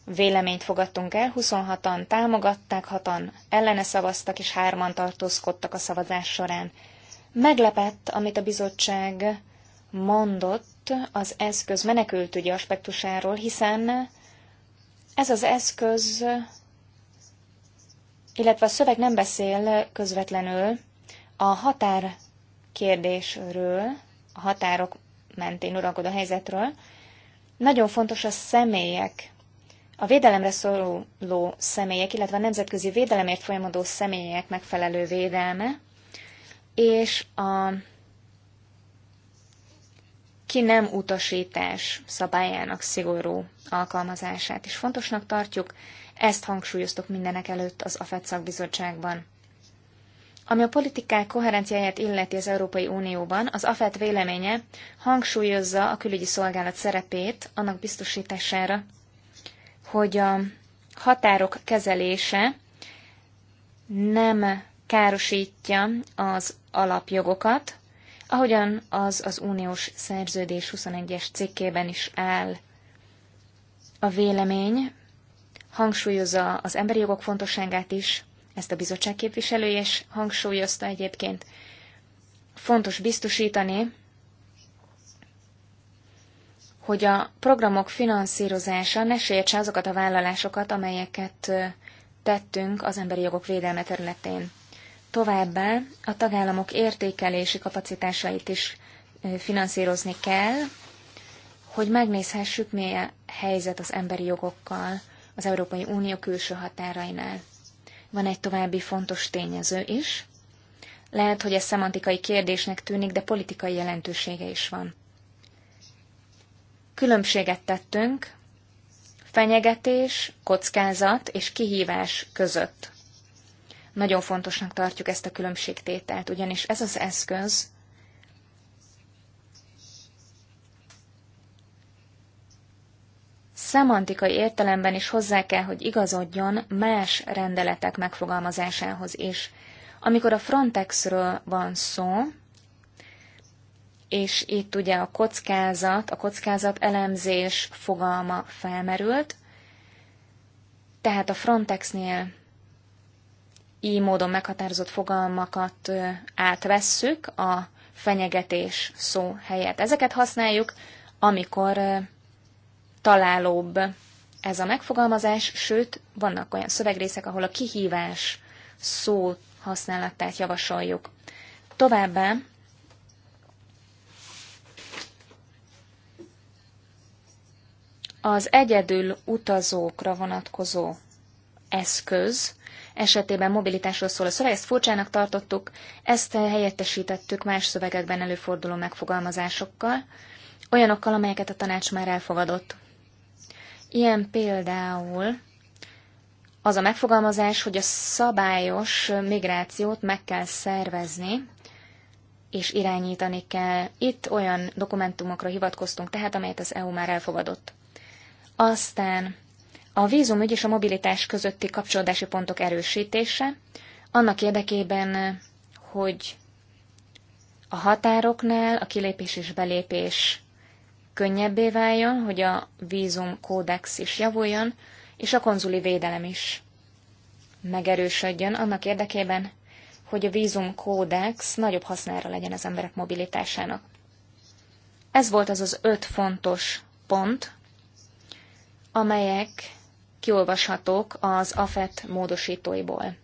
véleményt fogadtunk el, 26-an támogatták, 6-an ellene szavaztak, és 3-an tartózkodtak a szavazás során. Meglepett, amit a bizottság mondott az eszköz menekültügyi aspektusáról, hiszen ez az eszköz, illetve a szöveg nem beszél közvetlenül a határ kérdésről, a határok mentén uralkodó helyzetről, nagyon fontos a személyek, a védelemre szóló személyek, illetve a nemzetközi védelemért folyamodó személyek megfelelő védelme, és a ki nem utasítás szabályának szigorú alkalmazását is fontosnak tartjuk. Ezt hangsúlyoztuk mindenek előtt az AFET szakbizottságban. Ami a politikák koherenciáját illeti az Európai Unióban, az AFET véleménye hangsúlyozza a külügyi szolgálat szerepét annak biztosítására, hogy a határok kezelése nem károsítja az alapjogokat, ahogyan az az uniós szerződés 21-es cikkében is áll. A vélemény hangsúlyozza az emberi jogok fontosságát is, ezt a bizottság képviselője is hangsúlyozta egyébként. Fontos biztosítani, hogy a programok finanszírozása ne sértse azokat a vállalásokat, amelyeket tettünk az emberi jogok védelme területén. Továbbá a tagállamok értékelési kapacitásait is finanszírozni kell, hogy megnézhessük, milyen helyzet az emberi jogokkal az Európai Unió külső határainál. Van egy további fontos tényező is. Lehet, hogy ez szemantikai kérdésnek tűnik, de politikai jelentősége is van. Különbséget tettünk fenyegetés, kockázat és kihívás között. Nagyon fontosnak tartjuk ezt a különbségtételt, ugyanis ez az eszköz szemantikai értelemben is hozzá kell, hogy igazodjon más rendeletek megfogalmazásához is. Amikor a Frontexről van szó, és itt ugye a kockázat, a kockázat elemzés fogalma felmerült, tehát a Frontexnél így módon meghatározott fogalmakat átvesszük a fenyegetés szó helyett. Ezeket használjuk, amikor találóbb ez a megfogalmazás, sőt, vannak olyan szövegrészek, ahol a kihívás szó használatát javasoljuk. Továbbá az egyedül utazókra vonatkozó eszköz esetében mobilitásról szól a szöveg, ezt furcsának tartottuk, ezt helyettesítettük más szövegekben előforduló megfogalmazásokkal, olyanokkal, amelyeket a tanács már elfogadott. Ilyen például az a megfogalmazás, hogy a szabályos migrációt meg kell szervezni, és irányítani kell. Itt olyan dokumentumokra hivatkoztunk tehát, amelyet az EU már elfogadott. Aztán a vízumügy és a mobilitás közötti kapcsolódási pontok erősítése, annak érdekében, hogy a határoknál a kilépés és belépés könnyebbé váljon, hogy a vízum kódex is javuljon, és a konzuli védelem is megerősödjön annak érdekében, hogy a vízum kódex nagyobb hasznára legyen az emberek mobilitásának. Ez volt az az öt fontos pont, amelyek kiolvashatók az AFET módosítóiból.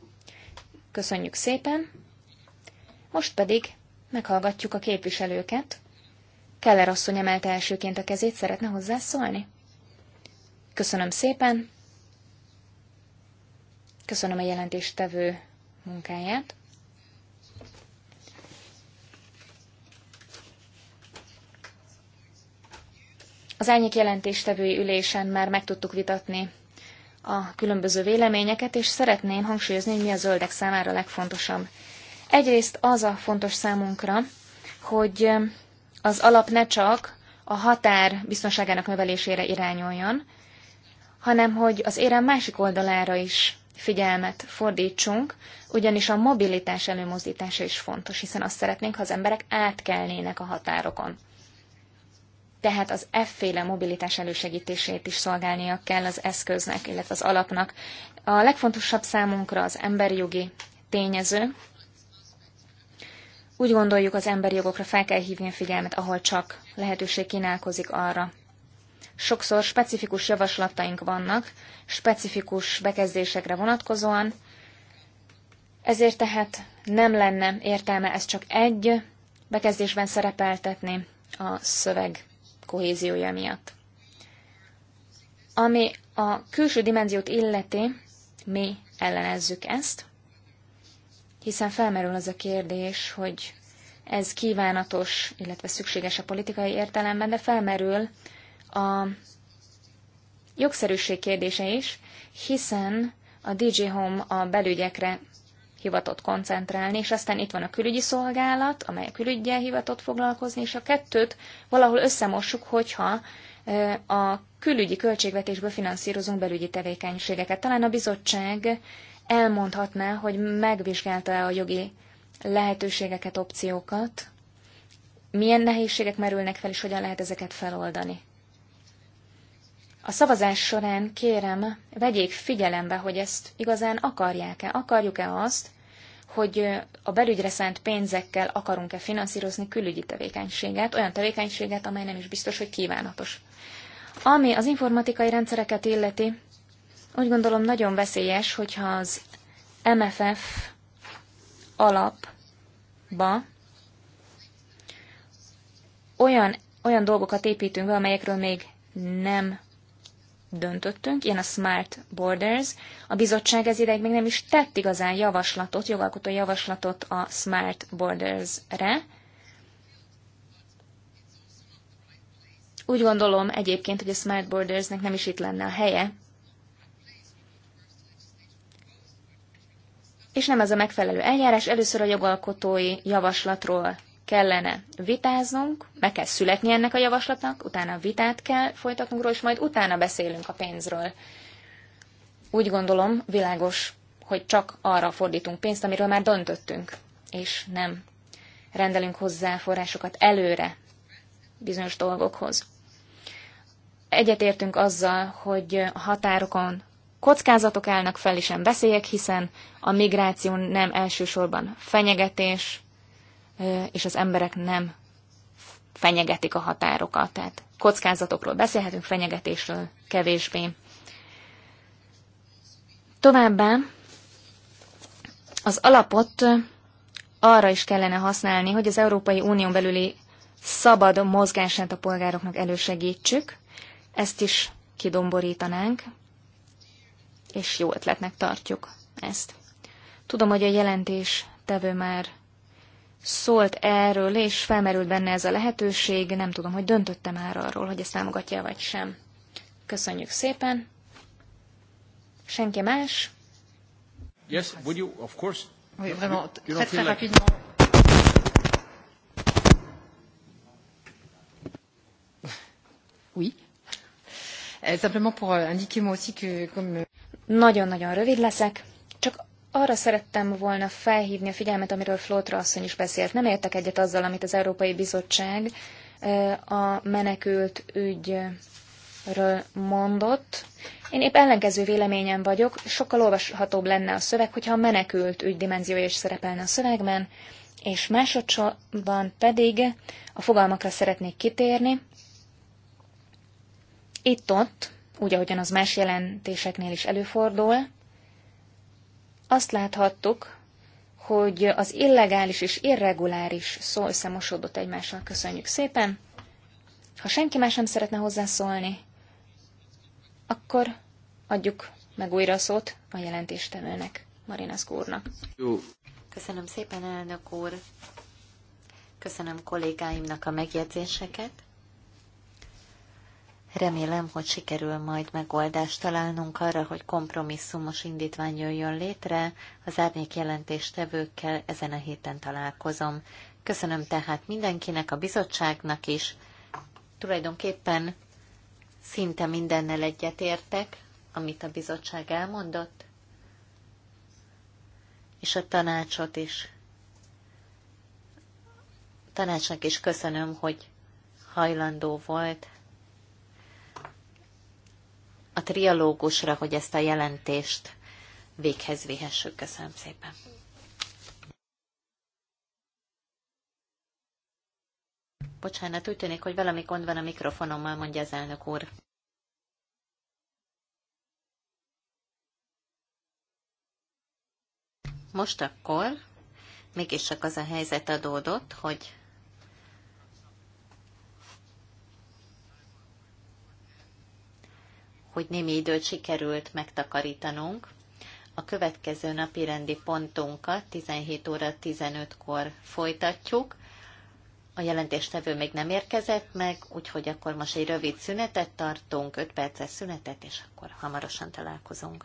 Köszönjük szépen! Most pedig meghallgatjuk a képviselőket, Keller asszony emelte elsőként a kezét, szeretne hozzászólni? Köszönöm szépen. Köszönöm a jelentéstevő munkáját. Az elnyék jelentéstevői ülésen már meg tudtuk vitatni a különböző véleményeket, és szeretném hangsúlyozni, hogy mi a zöldek számára legfontosabb. Egyrészt az a fontos számunkra, hogy az alap ne csak a határ biztonságának növelésére irányuljon, hanem hogy az érem másik oldalára is figyelmet fordítsunk, ugyanis a mobilitás előmozdítása is fontos, hiszen azt szeretnénk, ha az emberek átkelnének a határokon. Tehát az efféle mobilitás elősegítését is szolgálnia kell az eszköznek, illetve az alapnak. A legfontosabb számunkra az emberi jogi tényező, úgy gondoljuk, az emberi jogokra fel kell hívni a figyelmet, ahol csak lehetőség kínálkozik arra. Sokszor specifikus javaslataink vannak, specifikus bekezdésekre vonatkozóan, ezért tehát nem lenne értelme ezt csak egy bekezdésben szerepeltetni a szöveg kohéziója miatt. Ami a külső dimenziót illeti, mi ellenezzük ezt hiszen felmerül az a kérdés, hogy ez kívánatos, illetve szükséges a politikai értelemben, de felmerül a jogszerűség kérdése is, hiszen a DG Home a belügyekre hivatott koncentrálni, és aztán itt van a külügyi szolgálat, amely a külügyel hivatott foglalkozni, és a kettőt valahol összemossuk, hogyha a külügyi költségvetésből finanszírozunk belügyi tevékenységeket. Talán a bizottság elmondhatná, hogy megvizsgálta-e a jogi lehetőségeket, opciókat, milyen nehézségek merülnek fel, és hogyan lehet ezeket feloldani. A szavazás során kérem, vegyék figyelembe, hogy ezt igazán akarják-e. Akarjuk-e azt, hogy a belügyre szánt pénzekkel akarunk-e finanszírozni külügyi tevékenységet, olyan tevékenységet, amely nem is biztos, hogy kívánatos. Ami az informatikai rendszereket illeti, úgy gondolom nagyon veszélyes, hogyha az MFF alapba olyan, olyan dolgokat építünk be, amelyekről még nem döntöttünk, ilyen a Smart Borders. A bizottság ez ideig még nem is tett igazán javaslatot, jogalkotó javaslatot a Smart Borders-re. Úgy gondolom egyébként, hogy a Smart Bordersnek nem is itt lenne a helye, és nem ez a megfelelő eljárás. Először a jogalkotói javaslatról kellene vitáznunk, meg kell születni ennek a javaslatnak, utána vitát kell folytatnunk róla, és majd utána beszélünk a pénzről. Úgy gondolom, világos, hogy csak arra fordítunk pénzt, amiről már döntöttünk, és nem rendelünk hozzá forrásokat előre bizonyos dolgokhoz. Egyetértünk azzal, hogy a határokon kockázatok állnak fel, és nem veszélyek, hiszen a migráció nem elsősorban fenyegetés, és az emberek nem fenyegetik a határokat. Tehát kockázatokról beszélhetünk, fenyegetésről kevésbé. Továbbá az alapot arra is kellene használni, hogy az Európai Unión belüli szabad mozgását a polgároknak elősegítsük. Ezt is kidomborítanánk, és jó ötletnek tartjuk ezt. Tudom, hogy a jelentés tevő már szólt erről, és felmerült benne ez a lehetőség, nem tudom, hogy döntöttem már arról, hogy ezt támogatja vagy sem. Köszönjük szépen. Senki más? Yes, would you, of course. Oui, vraiment, très très rapidement. Oui. Simplement pour euh, indiquer moi aussi que comme euh, nagyon-nagyon rövid leszek, csak arra szerettem volna felhívni a figyelmet, amiről Flótra asszony is beszélt. Nem értek egyet azzal, amit az Európai Bizottság eh, a menekült ügyről mondott. Én épp ellenkező véleményen vagyok, sokkal olvashatóbb lenne a szöveg, hogyha a menekült ügy dimenziója is szerepelne a szövegben, és másodszorban pedig a fogalmakra szeretnék kitérni. Itt-ott úgy ahogyan az más jelentéseknél is előfordul, azt láthattuk, hogy az illegális és irreguláris szó összemosódott egymással. Köszönjük szépen! Ha senki más nem szeretne hozzászólni, akkor adjuk meg újra a szót a jelentéstevőnek, Marinaszkó úrnak. Jó. Köszönöm szépen, elnök úr! Köszönöm kollégáimnak a megjegyzéseket. Remélem, hogy sikerül majd megoldást találnunk arra, hogy kompromisszumos indítvány jöjjön létre. Az árnyék jelentéstevőkkel ezen a héten találkozom. Köszönöm tehát mindenkinek, a bizottságnak is. Tulajdonképpen szinte mindennel egyetértek, amit a bizottság elmondott, és a tanácsot is. A tanácsnak is köszönöm, hogy hajlandó volt a trialógusra, hogy ezt a jelentést véghez vihessük. Köszönöm szépen. Bocsánat, úgy tűnik, hogy valami gond van a mikrofonommal, mondja az elnök úr. Most akkor mégiscsak az a helyzet adódott, hogy hogy némi időt sikerült megtakarítanunk. A következő napi rendi pontunkat 17 óra 15-kor folytatjuk. A jelentéstevő még nem érkezett meg, úgyhogy akkor most egy rövid szünetet tartunk, 5 perces szünetet, és akkor hamarosan találkozunk.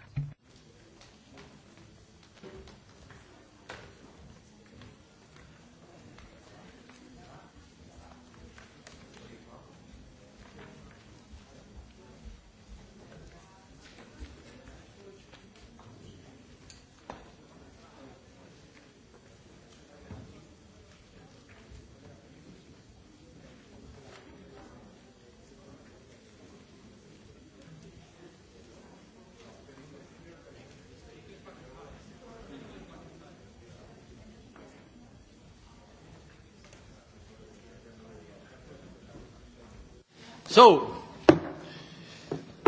So,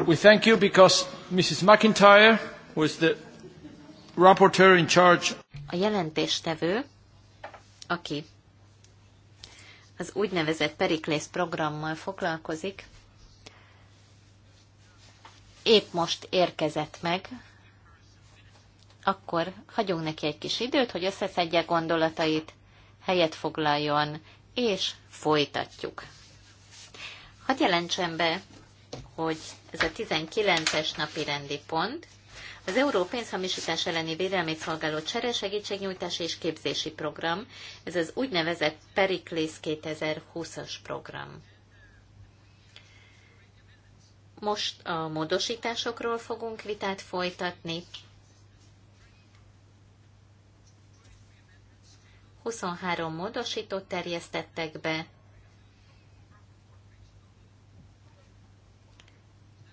we thank you because Mrs. McIntyre was the rapporteur in charge. A jelentéstevő, aki az úgynevezett Periklész programmal foglalkozik, épp most érkezett meg, akkor hagyunk neki egy kis időt, hogy összeszedje gondolatait, helyet foglaljon, és folytatjuk. Hadd jelentsen be, hogy ez a 19-es napi rendi pont, az Euró pénzhamisítás elleni védelmi szolgáló csere segítségnyújtási és képzési program, ez az úgynevezett Periklész 2020-as program. Most a módosításokról fogunk vitát folytatni. 23 módosítót terjesztettek be,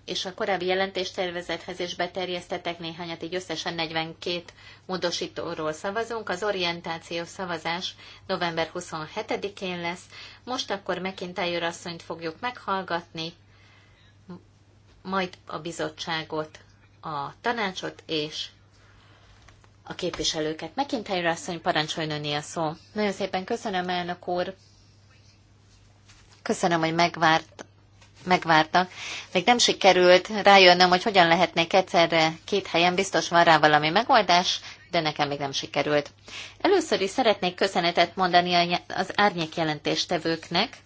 és a korábbi jelentéstervezethez is beterjesztetek néhányat, így összesen 42 módosítóról szavazunk. Az orientáció szavazás november 27-én lesz. Most akkor McIntyre asszonyt fogjuk meghallgatni, majd a bizottságot, a tanácsot és a képviselőket. McIntyre asszony parancsoljon öné a szó. Nagyon szépen köszönöm, elnök úr. Köszönöm, hogy megvárt megvártak. Még nem sikerült rájönnöm, hogy hogyan lehetnék egyszerre két helyen, biztos van rá valami megoldás, de nekem még nem sikerült. Először is szeretnék köszönetet mondani az árnyék jelentéstevőknek,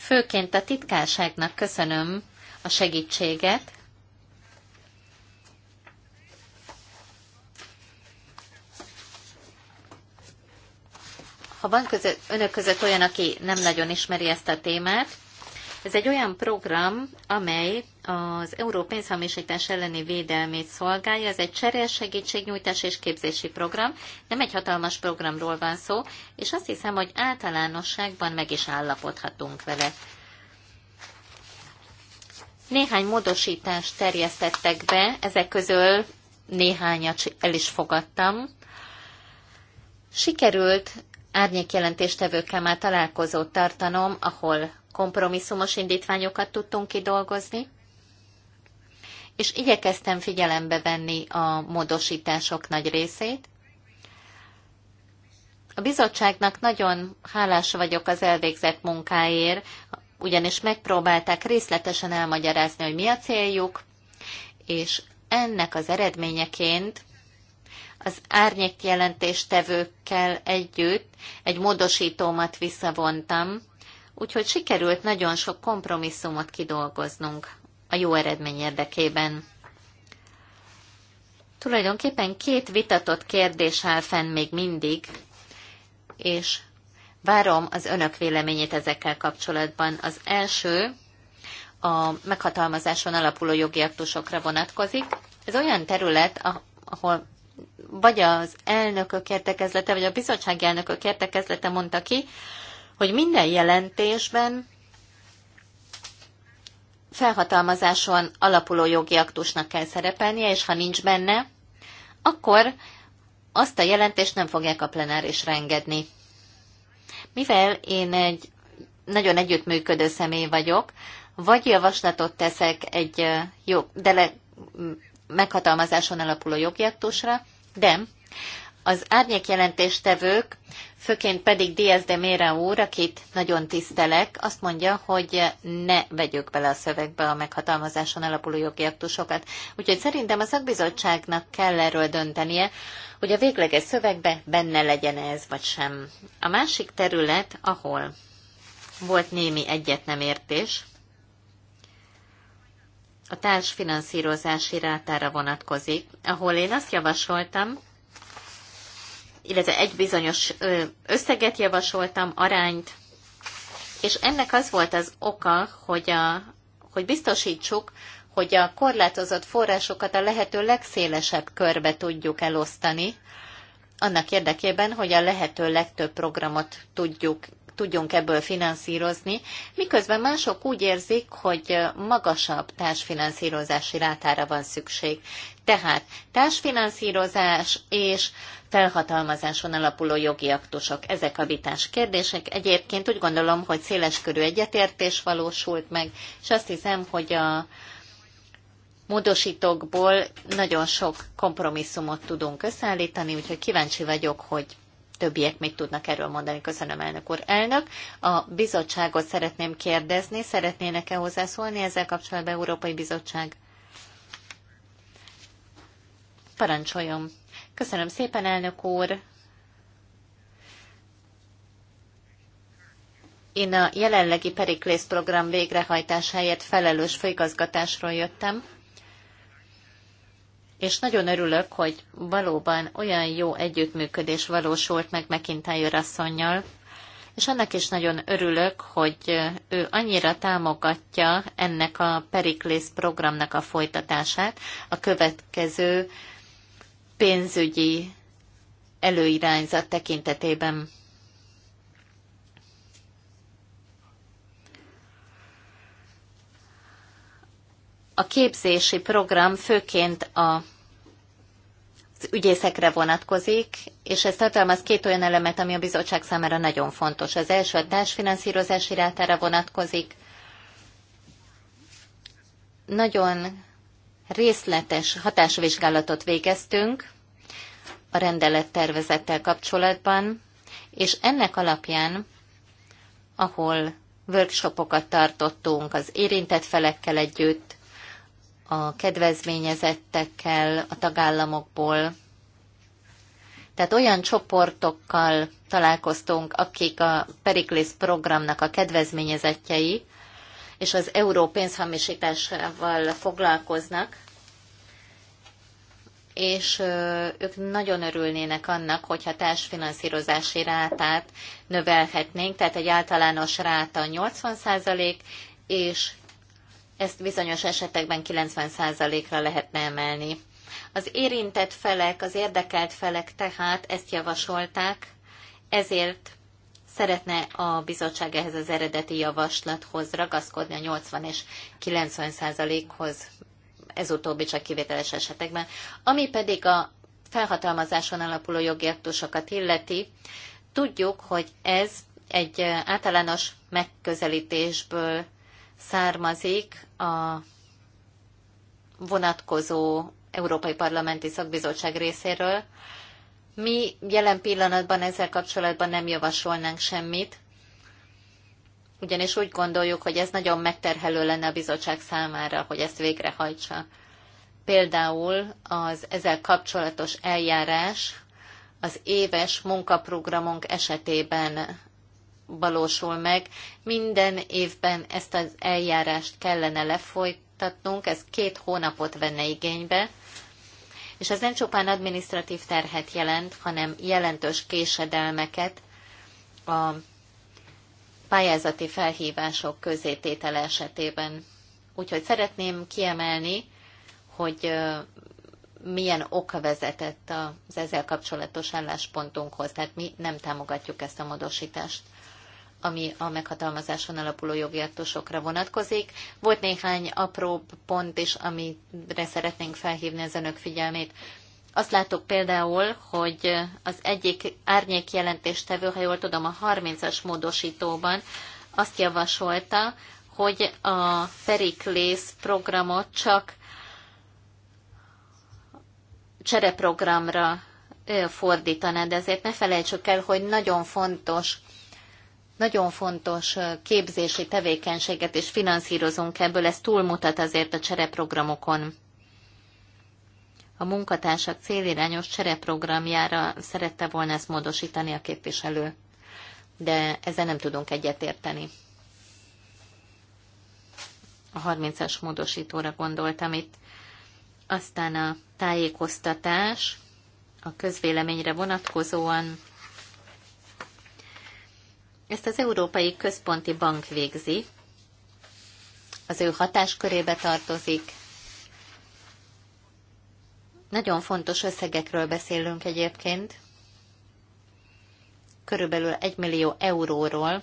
főként a titkárságnak köszönöm a segítséget, van között, önök között olyan, aki nem nagyon ismeri ezt a témát, ez egy olyan program, amely az euró pénzhamisítás elleni védelmét szolgálja, ez egy cserél segítségnyújtás és képzési program, nem egy hatalmas programról van szó, és azt hiszem, hogy általánosságban meg is állapodhatunk vele. Néhány módosítást terjesztettek be, ezek közül néhányat el is fogadtam. Sikerült árnyék jelentéstevőkkel már találkozót tartanom, ahol kompromisszumos indítványokat tudtunk kidolgozni, és igyekeztem figyelembe venni a módosítások nagy részét. A bizottságnak nagyon hálás vagyok az elvégzett munkáért, ugyanis megpróbálták részletesen elmagyarázni, hogy mi a céljuk, és ennek az eredményeként az árnyék együtt egy módosítómat visszavontam, úgyhogy sikerült nagyon sok kompromisszumot kidolgoznunk a jó eredmény érdekében. Tulajdonképpen két vitatott kérdés áll fenn még mindig, és várom az önök véleményét ezekkel kapcsolatban. Az első a meghatalmazáson alapuló jogi aktusokra vonatkozik. Ez olyan terület, ahol vagy az elnökök értekezlete, vagy a bizottság elnökök értekezlete mondta ki, hogy minden jelentésben felhatalmazáson alapuló jogi aktusnak kell szerepelnie, és ha nincs benne, akkor azt a jelentést nem fogják a plenárisra engedni. Mivel én egy nagyon együttműködő személy vagyok, vagy javaslatot teszek egy jó dele, meghatalmazáson alapuló jogi aktusra, de az árnyék jelentéstevők, főként pedig Diaz de Mera úr, akit nagyon tisztelek, azt mondja, hogy ne vegyük bele a szövegbe a meghatalmazáson alapuló jogi aktusokat. Úgyhogy szerintem a szakbizottságnak kell erről döntenie, hogy a végleges szövegbe benne legyen -e ez, vagy sem. A másik terület, ahol volt némi egyetnemértés, a társfinanszírozási rátára vonatkozik, ahol én azt javasoltam, illetve egy bizonyos összeget javasoltam, arányt, és ennek az volt az oka, hogy, a, hogy biztosítsuk, hogy a korlátozott forrásokat a lehető legszélesebb körbe tudjuk elosztani, annak érdekében, hogy a lehető legtöbb programot tudjuk tudjunk ebből finanszírozni, miközben mások úgy érzik, hogy magasabb társfinanszírozási rátára van szükség. Tehát társfinanszírozás és felhatalmazáson alapuló jogi aktusok, ezek a vitás kérdések. Egyébként úgy gondolom, hogy széleskörű egyetértés valósult meg, és azt hiszem, hogy a módosítókból nagyon sok kompromisszumot tudunk összeállítani, úgyhogy kíváncsi vagyok, hogy többiek mit tudnak erről mondani. Köszönöm, elnök úr. Elnök, a bizottságot szeretném kérdezni, szeretnének-e hozzászólni ezzel kapcsolatban Európai Bizottság? Parancsoljon. Köszönöm szépen, elnök úr. Én a jelenlegi Periklész program végrehajtásáért felelős főigazgatásról jöttem és nagyon örülök, hogy valóban olyan jó együttműködés valósult meg McIntyre asszonynal, és annak is nagyon örülök, hogy ő annyira támogatja ennek a Periklész programnak a folytatását a következő pénzügyi előirányzat tekintetében. A képzési program főként a az ügyészekre vonatkozik, és ez tartalmaz két olyan elemet, ami a bizottság számára nagyon fontos. Az első a társfinanszírozási rátára vonatkozik. Nagyon részletes hatásvizsgálatot végeztünk a rendelettervezettel kapcsolatban, és ennek alapján, ahol workshopokat tartottunk az érintett felekkel együtt, a kedvezményezettekkel a tagállamokból. Tehát olyan csoportokkal találkoztunk, akik a Periklész programnak a kedvezményezettjei, és az euró pénzhamisításával foglalkoznak, és ők nagyon örülnének annak, hogyha társfinanszírozási rátát növelhetnénk, tehát egy általános ráta 80% és ezt bizonyos esetekben 90%-ra lehetne emelni. Az érintett felek, az érdekelt felek tehát ezt javasolták, ezért szeretne a bizottság ehhez az eredeti javaslathoz ragaszkodni a 80 és 90 százalékhoz, ez utóbbi csak kivételes esetekben. Ami pedig a felhatalmazáson alapuló jogi aktusokat illeti, tudjuk, hogy ez egy általános megközelítésből származik, a vonatkozó Európai Parlamenti Szakbizottság részéről. Mi jelen pillanatban ezzel kapcsolatban nem javasolnánk semmit, ugyanis úgy gondoljuk, hogy ez nagyon megterhelő lenne a bizottság számára, hogy ezt végrehajtsa. Például az ezzel kapcsolatos eljárás az éves munkaprogramunk esetében valósul meg. Minden évben ezt az eljárást kellene lefolytatnunk, ez két hónapot venne igénybe, és ez nem csupán administratív terhet jelent, hanem jelentős késedelmeket a pályázati felhívások közététele esetében. Úgyhogy szeretném kiemelni, hogy milyen oka vezetett az ezzel kapcsolatos álláspontunkhoz. Tehát mi nem támogatjuk ezt a módosítást ami a meghatalmazáson alapuló jogi vonatkozik. Volt néhány apró pont is, amire szeretnénk felhívni az önök figyelmét. Azt látok például, hogy az egyik árnyék jelentéstevő, ha jól tudom, a 30-as módosítóban azt javasolta, hogy a Periklész programot csak csereprogramra fordítaná, de ezért ne felejtsük el, hogy nagyon fontos nagyon fontos képzési tevékenységet is finanszírozunk ebből, ez túlmutat azért a csereprogramokon. A munkatársak célirányos csereprogramjára szerette volna ezt módosítani a képviselő, de ezzel nem tudunk egyetérteni. A 30-as módosítóra gondoltam itt. Aztán a tájékoztatás a közvéleményre vonatkozóan ezt az Európai Központi Bank végzi, az ő hatáskörébe tartozik. Nagyon fontos összegekről beszélünk egyébként, körülbelül 1 millió euróról,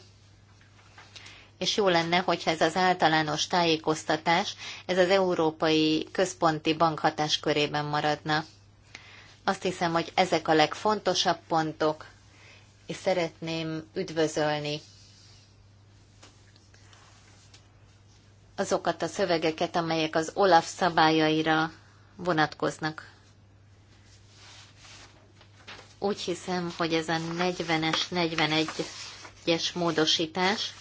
és jó lenne, hogyha ez az általános tájékoztatás, ez az Európai Központi Bank hatáskörében maradna. Azt hiszem, hogy ezek a legfontosabb pontok, és szeretném üdvözölni azokat a szövegeket, amelyek az Olaf szabályaira vonatkoznak. Úgy hiszem, hogy ez a 40-es, 41-es módosítás,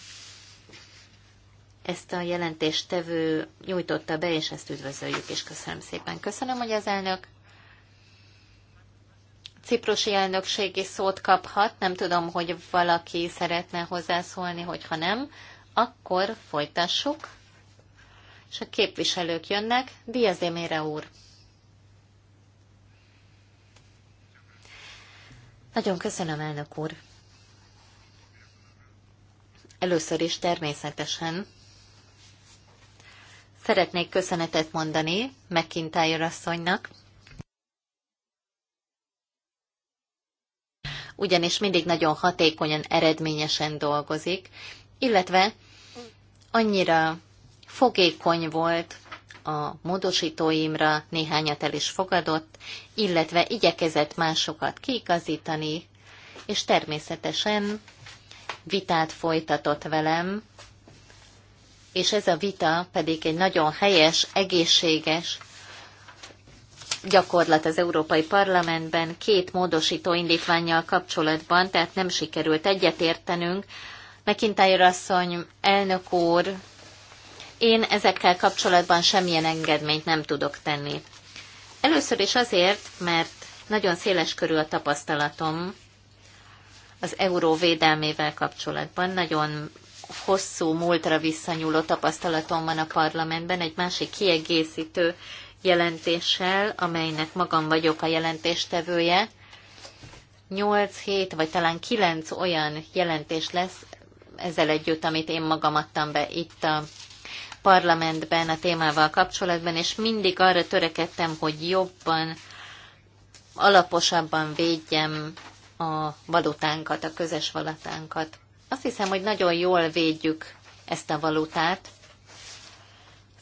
ezt a jelentéstevő nyújtotta be, és ezt üdvözöljük, és köszönöm szépen. Köszönöm, hogy az elnök ciprusi elnökség is szót kaphat, nem tudom, hogy valaki szeretne hozzászólni, hogyha nem, akkor folytassuk, és a képviselők jönnek. Diazémére úr! Nagyon köszönöm, elnök úr! Először is természetesen szeretnék köszönetet mondani McIntyre asszonynak, ugyanis mindig nagyon hatékonyan, eredményesen dolgozik, illetve annyira fogékony volt a módosítóimra, néhányat el is fogadott, illetve igyekezett másokat kiigazítani, és természetesen vitát folytatott velem, és ez a vita pedig egy nagyon helyes, egészséges gyakorlat az Európai Parlamentben két módosító indítványjal kapcsolatban, tehát nem sikerült egyetértenünk. McIntyre asszony, elnök úr, én ezekkel kapcsolatban semmilyen engedményt nem tudok tenni. Először is azért, mert nagyon széles körül a tapasztalatom az euró védelmével kapcsolatban. Nagyon hosszú múltra visszanyúló tapasztalatom van a parlamentben. Egy másik kiegészítő jelentéssel, amelynek magam vagyok a jelentéstevője. 8-7 vagy talán 9 olyan jelentés lesz ezzel együtt, amit én magam adtam be itt a parlamentben a témával kapcsolatban, és mindig arra törekedtem, hogy jobban, alaposabban védjem a valutánkat, a közös valutánkat. Azt hiszem, hogy nagyon jól védjük ezt a valutát,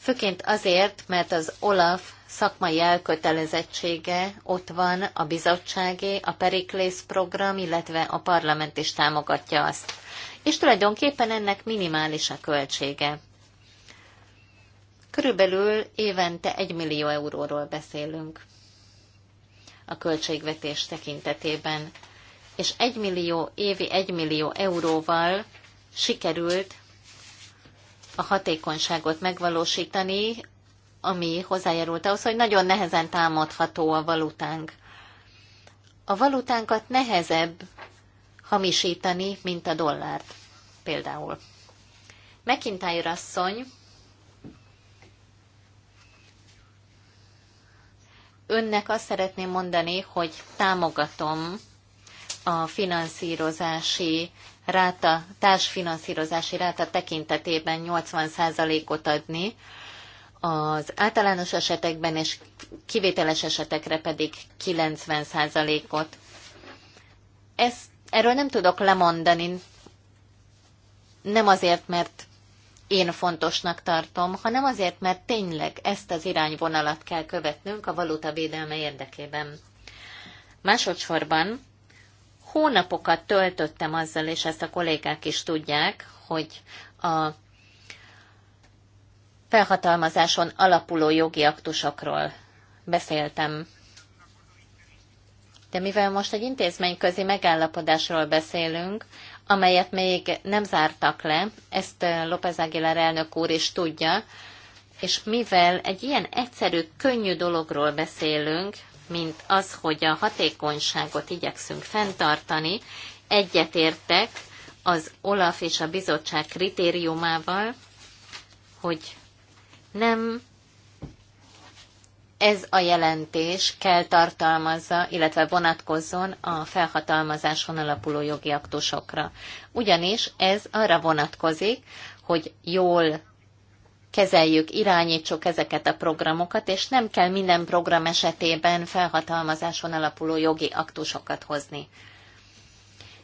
főként azért, mert az OLAF szakmai elkötelezettsége ott van a bizottságé, a Periklész program, illetve a parlament is támogatja azt. És tulajdonképpen ennek minimális a költsége. Körülbelül évente 1 millió euróról beszélünk a költségvetés tekintetében. És 1 millió, évi 1 millió euróval sikerült a hatékonyságot megvalósítani, ami hozzájárult ahhoz, hogy nagyon nehezen támadható a valutánk. A valutánkat nehezebb hamisítani, mint a dollárt például. McIntyre asszony önnek azt szeretném mondani, hogy támogatom a finanszírozási ráta, társfinanszírozási ráta tekintetében 80%-ot adni, az általános esetekben és kivételes esetekre pedig 90%-ot. Ezt, erről nem tudok lemondani, nem azért, mert én fontosnak tartom, hanem azért, mert tényleg ezt az irányvonalat kell követnünk a valuta védelme érdekében. Másodszorban hónapokat töltöttem azzal, és ezt a kollégák is tudják, hogy a felhatalmazáson alapuló jogi aktusokról beszéltem. De mivel most egy intézményközi megállapodásról beszélünk, amelyet még nem zártak le, ezt López Aguilar elnök úr is tudja, és mivel egy ilyen egyszerű, könnyű dologról beszélünk, mint az, hogy a hatékonyságot igyekszünk fenntartani, egyetértek az Olaf és a bizottság kritériumával, hogy nem ez a jelentés kell tartalmazza, illetve vonatkozzon a felhatalmazáson alapuló jogi aktusokra. Ugyanis ez arra vonatkozik, hogy jól kezeljük, irányítsuk ezeket a programokat, és nem kell minden program esetében felhatalmazáson alapuló jogi aktusokat hozni.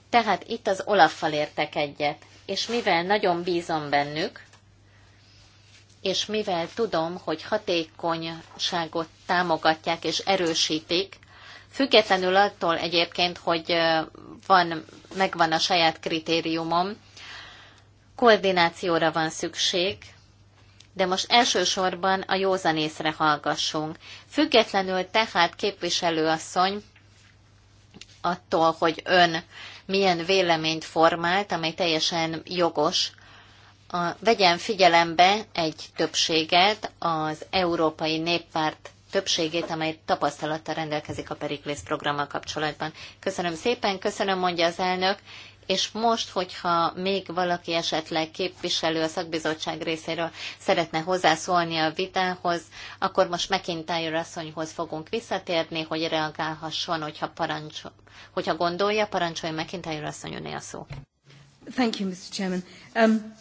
Tehát itt az Olaffal értek egyet, és mivel nagyon bízom bennük, és mivel tudom, hogy hatékonyságot támogatják és erősítik, függetlenül attól egyébként, hogy van, megvan a saját kritériumom, koordinációra van szükség, de most elsősorban a józanészre hallgassunk. Függetlenül tehát képviselőasszony attól, hogy ön milyen véleményt formált, amely teljesen jogos, a, vegyen figyelembe egy többséget, az Európai Néppárt többségét, amely tapasztalattal rendelkezik a Periklész programmal kapcsolatban. Köszönöm szépen, köszönöm, mondja az elnök, és most, hogyha még valaki esetleg képviselő a szakbizottság részéről szeretne hozzászólni a vitához, akkor most McIntyre asszonyhoz fogunk visszatérni, hogy reagálhasson, hogyha, parancs, hogyha gondolja, parancsolja McIntyre asszony a szó. Thank you, Mr. Chairman. Um,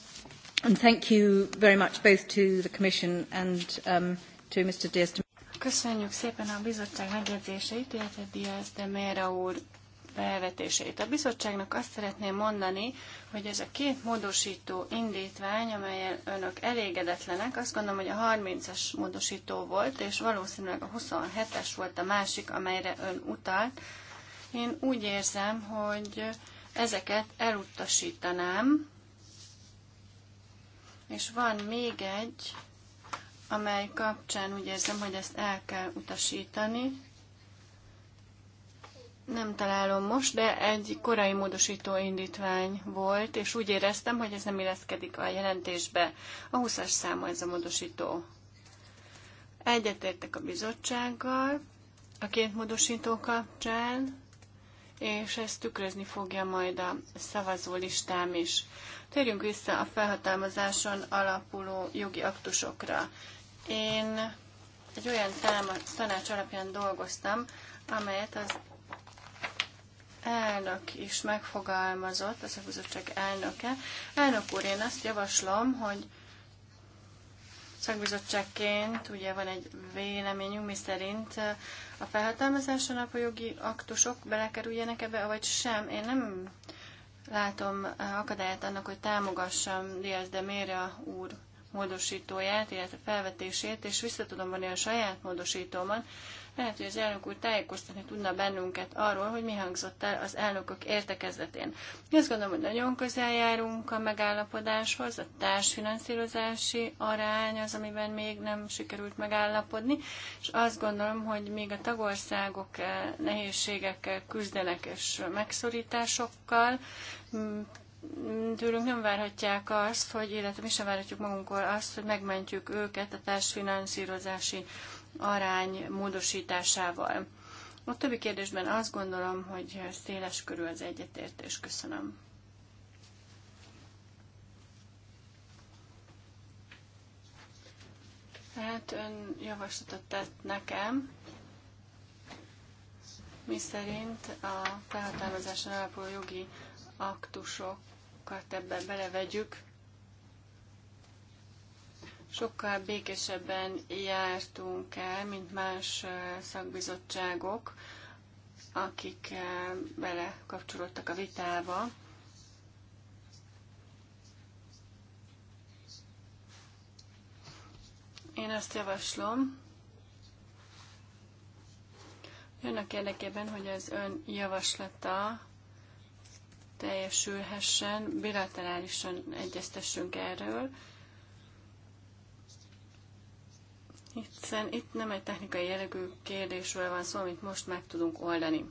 and thank you very much both to the Commission and um, to Mr. Diaz. Köszönjük szépen a bizottság megjegyzéseit, illetve Diaz de Mera úr felvetéseit. A bizottságnak azt szeretném mondani, hogy ez a két módosító indítvány, amelyen önök elégedetlenek, azt gondolom, hogy a 30-as módosító volt, és valószínűleg a 27-es volt a másik, amelyre ön utalt. Én úgy érzem, hogy ezeket elutasítanám, és van még egy, amely kapcsán úgy érzem, hogy ezt el kell utasítani nem találom most, de egy korai módosító indítvány volt, és úgy éreztem, hogy ez nem illeszkedik a jelentésbe. A 20-as száma ez a módosító. Egyetértek a bizottsággal, a két módosító kapcsán, és ez tükrözni fogja majd a szavazó listám is. Térjünk vissza a felhatalmazáson alapuló jogi aktusokra. Én egy olyan tanács alapján dolgoztam, amelyet az elnök is megfogalmazott, a bizottság elnöke. Elnök úr, én azt javaslom, hogy szakbizottságként ugye van egy véleményünk, mi szerint a felhatalmazáson alapú jogi aktusok belekerüljenek ebbe, vagy sem. Én nem látom akadályát annak, hogy támogassam Diaz de Mérja úr módosítóját, illetve felvetését, és visszatudom tudom vonni a saját módosítómat, lehet, hogy az elnök úr tájékoztatni tudna bennünket arról, hogy mi hangzott el az elnökök értekezletén. Azt gondolom, hogy nagyon közel járunk a megállapodáshoz, a társfinanszírozási arány az, amiben még nem sikerült megállapodni, és azt gondolom, hogy még a tagországok eh, nehézségekkel küzdenek és megszorításokkal, mm, tőlünk nem várhatják azt, hogy, illetve mi sem várhatjuk magunktól azt, hogy megmentjük őket a társfinanszírozási arány módosításával. A többi kérdésben azt gondolom, hogy széles körül az egyetértés. Köszönöm. Tehát ön javaslatot tett nekem, mi szerint a felhatalmazáson alapuló jogi aktusokat ebbe belevegyük, sokkal békésebben jártunk el, mint más szakbizottságok, akik bele kapcsolódtak a vitába. Én azt javaslom, önnek érdekében, hogy az ön javaslata teljesülhessen, bilaterálisan egyeztessünk erről, hiszen itt nem egy technikai jellegű kérdésről van szó, amit most meg tudunk oldani.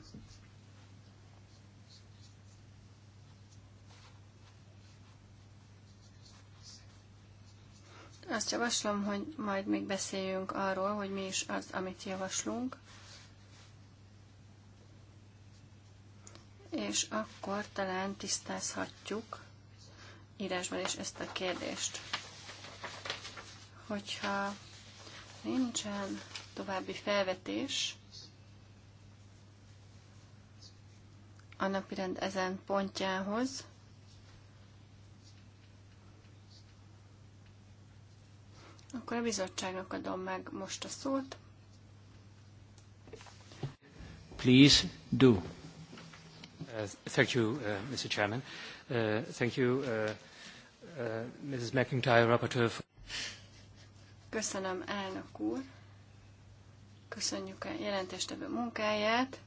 Azt javaslom, hogy majd még beszéljünk arról, hogy mi is az, amit javaslunk. És akkor talán tisztázhatjuk írásban is ezt a kérdést. Hogyha nincsen további felvetés. A napirend ezen pontjához. Akkor a bizottságnak adom meg most a szót. Please do. Uh, thank you, uh, Mr. Chairman. Uh, thank you, uh, uh, Mrs. McIntyre, Rapporteur. For Köszönöm, elnök úr. Köszönjük a jelentéstevő munkáját.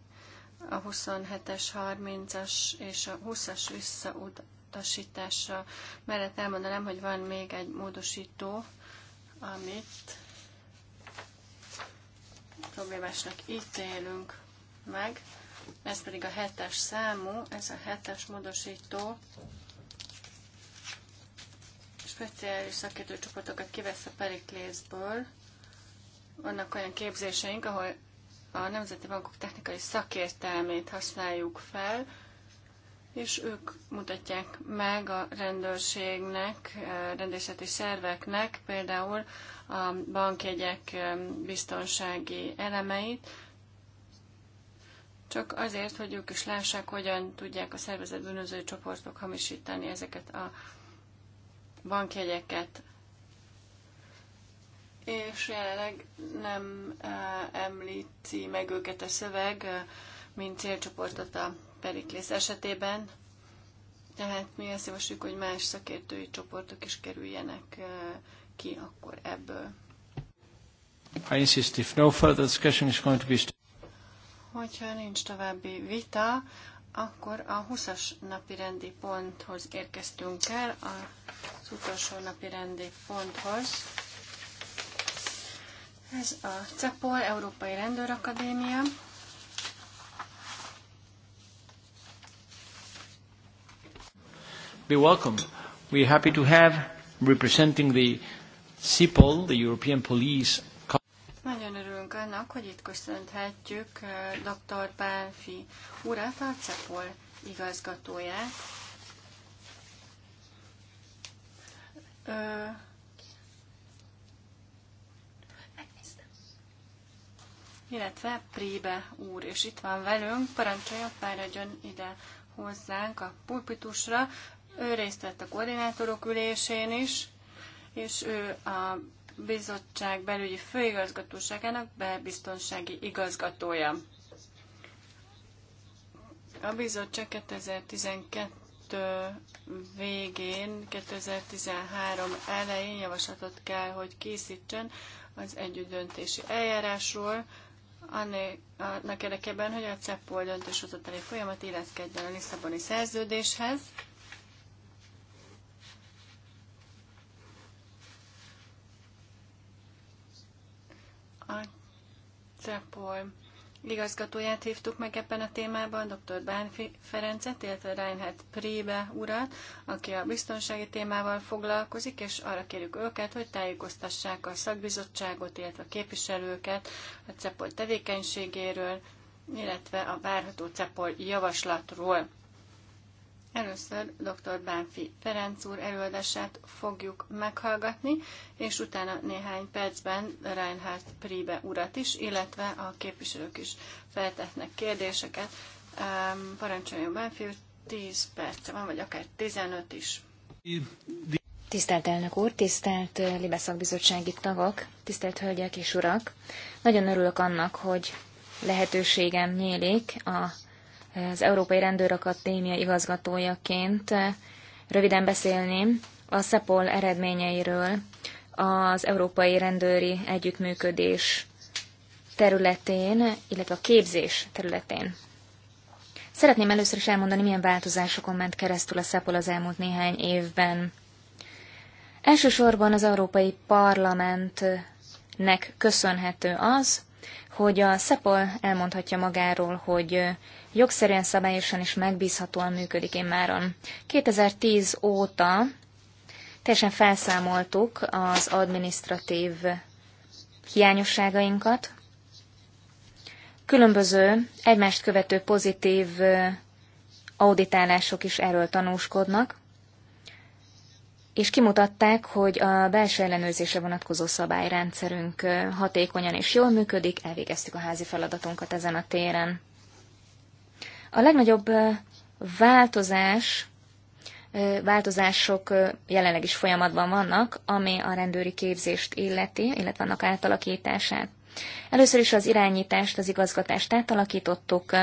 A 27-es, 30-as és a 20-as visszautasítása mellett elmondanám, hogy van még egy módosító, amit problémásnak ítélünk meg. Ez pedig a 7-es számú, ez a 7-es módosító speciális szakértőcsoportokat kivesz a Periklészből. Vannak olyan képzéseink, ahol a Nemzeti Bankok technikai szakértelmét használjuk fel, és ők mutatják meg a rendőrségnek, eh, rendészeti szerveknek például a bankjegyek eh, biztonsági elemeit, csak azért, hogy ők is lássák, hogyan tudják a szervezet bűnöző csoportok hamisítani ezeket a bankjegyeket, és jelenleg nem eh, említi meg őket a szöveg, eh, mint célcsoportot a Periklész esetében, tehát mi azt javasljuk, hogy más szakértői csoportok is kerüljenek eh, ki akkor ebből. I insist, if no further discussion is going to be... Hogyha nincs további vita, akkor a 20-as napi rendi ponthoz érkeztünk el, az utolsó napi rendi ponthoz. Ez a CEPOL, Európai Rendőrakadémia. Be welcome. We are happy to have representing the CEPOL, the European Police annak, hogy itt köszönhetjük dr. Bánfi urát, a CEPOL igazgatóját. Ö, illetve Príbe úr, és itt van velünk, parancsoljon, fáradjon ide hozzánk a pulpitusra. Ő részt vett a koordinátorok ülésén is, és ő a bizottság belügyi főigazgatóságának belbiztonsági igazgatója. A bizottság 2012 végén, 2013 elején javaslatot kell, hogy készítsen az együttdöntési eljárásról, annak érdekében, hogy a CEPOL döntéshozatali folyamat illeszkedjen a Lisszaboni szerződéshez. a CEPOL igazgatóját hívtuk meg ebben a témában, dr. Bánfi Ferencet, illetve Reinhard Prébe urat, aki a biztonsági témával foglalkozik, és arra kérjük őket, hogy tájékoztassák a szakbizottságot, illetve a képviselőket a CEPOL tevékenységéről, illetve a várható CEPOL javaslatról. Először dr. Bánfi Ferenc úr előadását fogjuk meghallgatni, és utána néhány percben Reinhard Príbe urat is, illetve a képviselők is feltetnek kérdéseket. Parancsoljon Bánfi úr, 10 perc van, vagy akár 15 is. Tisztelt elnök úr, tisztelt eh, Libeszakbizottsági tagok, tisztelt hölgyek és urak! Nagyon örülök annak, hogy lehetőségem nyílik a az Európai Rendőr Akadémia igazgatójaként eh, röviden beszélném a SZEPOL eredményeiről az Európai Rendőri Együttműködés területén, illetve a képzés területén. Szeretném először is elmondani, milyen változásokon ment keresztül a SZEPOL az elmúlt néhány évben. Elsősorban az Európai Parlamentnek köszönhető az, hogy a SZEPOL elmondhatja magáról, hogy jogszerűen, szabályosan és megbízhatóan működik én máron. 2010 óta teljesen felszámoltuk az administratív hiányosságainkat, különböző egymást követő pozitív auditálások is erről tanúskodnak és kimutatták, hogy a belső ellenőrzése vonatkozó szabályrendszerünk hatékonyan és jól működik, elvégeztük a házi feladatunkat ezen a téren. A legnagyobb változás, változások jelenleg is folyamatban vannak, ami a rendőri képzést illeti, illetve annak átalakítását. Először is az irányítást, az igazgatást átalakítottuk,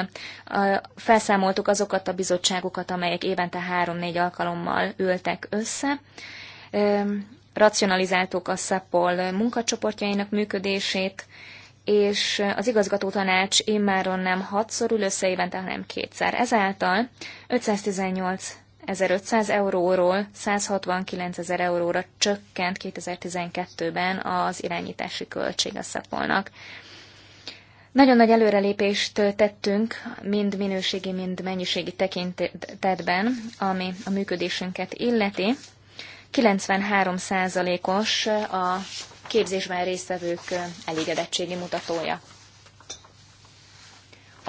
felszámoltuk azokat a bizottságokat, amelyek évente három-négy alkalommal ültek össze, racionalizáltuk a SZAPOL munkacsoportjainak működését, és az igazgató tanács immáron nem hatszor ül össze évente, hanem kétszer. Ezáltal 518 1500 euróról 169 ezer euróra csökkent 2012-ben az irányítási költség a szapolnak. Nagyon nagy előrelépést tettünk, mind minőségi, mind mennyiségi tekintetben, ami a működésünket illeti. 93%-os a képzésben résztvevők elégedettségi mutatója.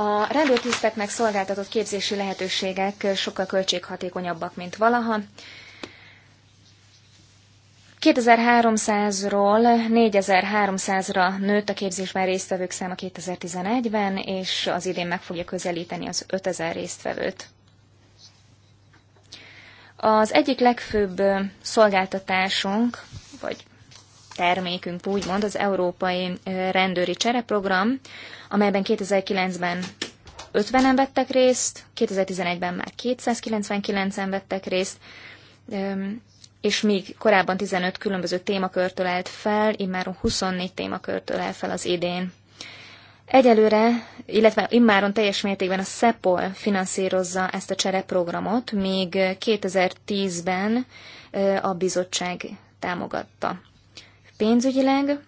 A rendőrtiszteknek szolgáltatott képzési lehetőségek sokkal költséghatékonyabbak, mint valaha. 2300-ról 4300-ra nőtt a képzésben résztvevők száma 2011-ben, és az idén meg fogja közelíteni az 5000 résztvevőt. Az egyik legfőbb szolgáltatásunk, vagy termékünk úgymond, az Európai Rendőri Csereprogram, amelyben 2009-ben 50-en vettek részt, 2011-ben már 299-en vettek részt, és még korábban 15 különböző témakörtől állt fel, immáron 24 témakörtől áll fel az idén. Egyelőre, illetve immáron teljes mértékben a SEPOL finanszírozza ezt a csereprogramot, még 2010-ben a bizottság támogatta. Pénzügyileg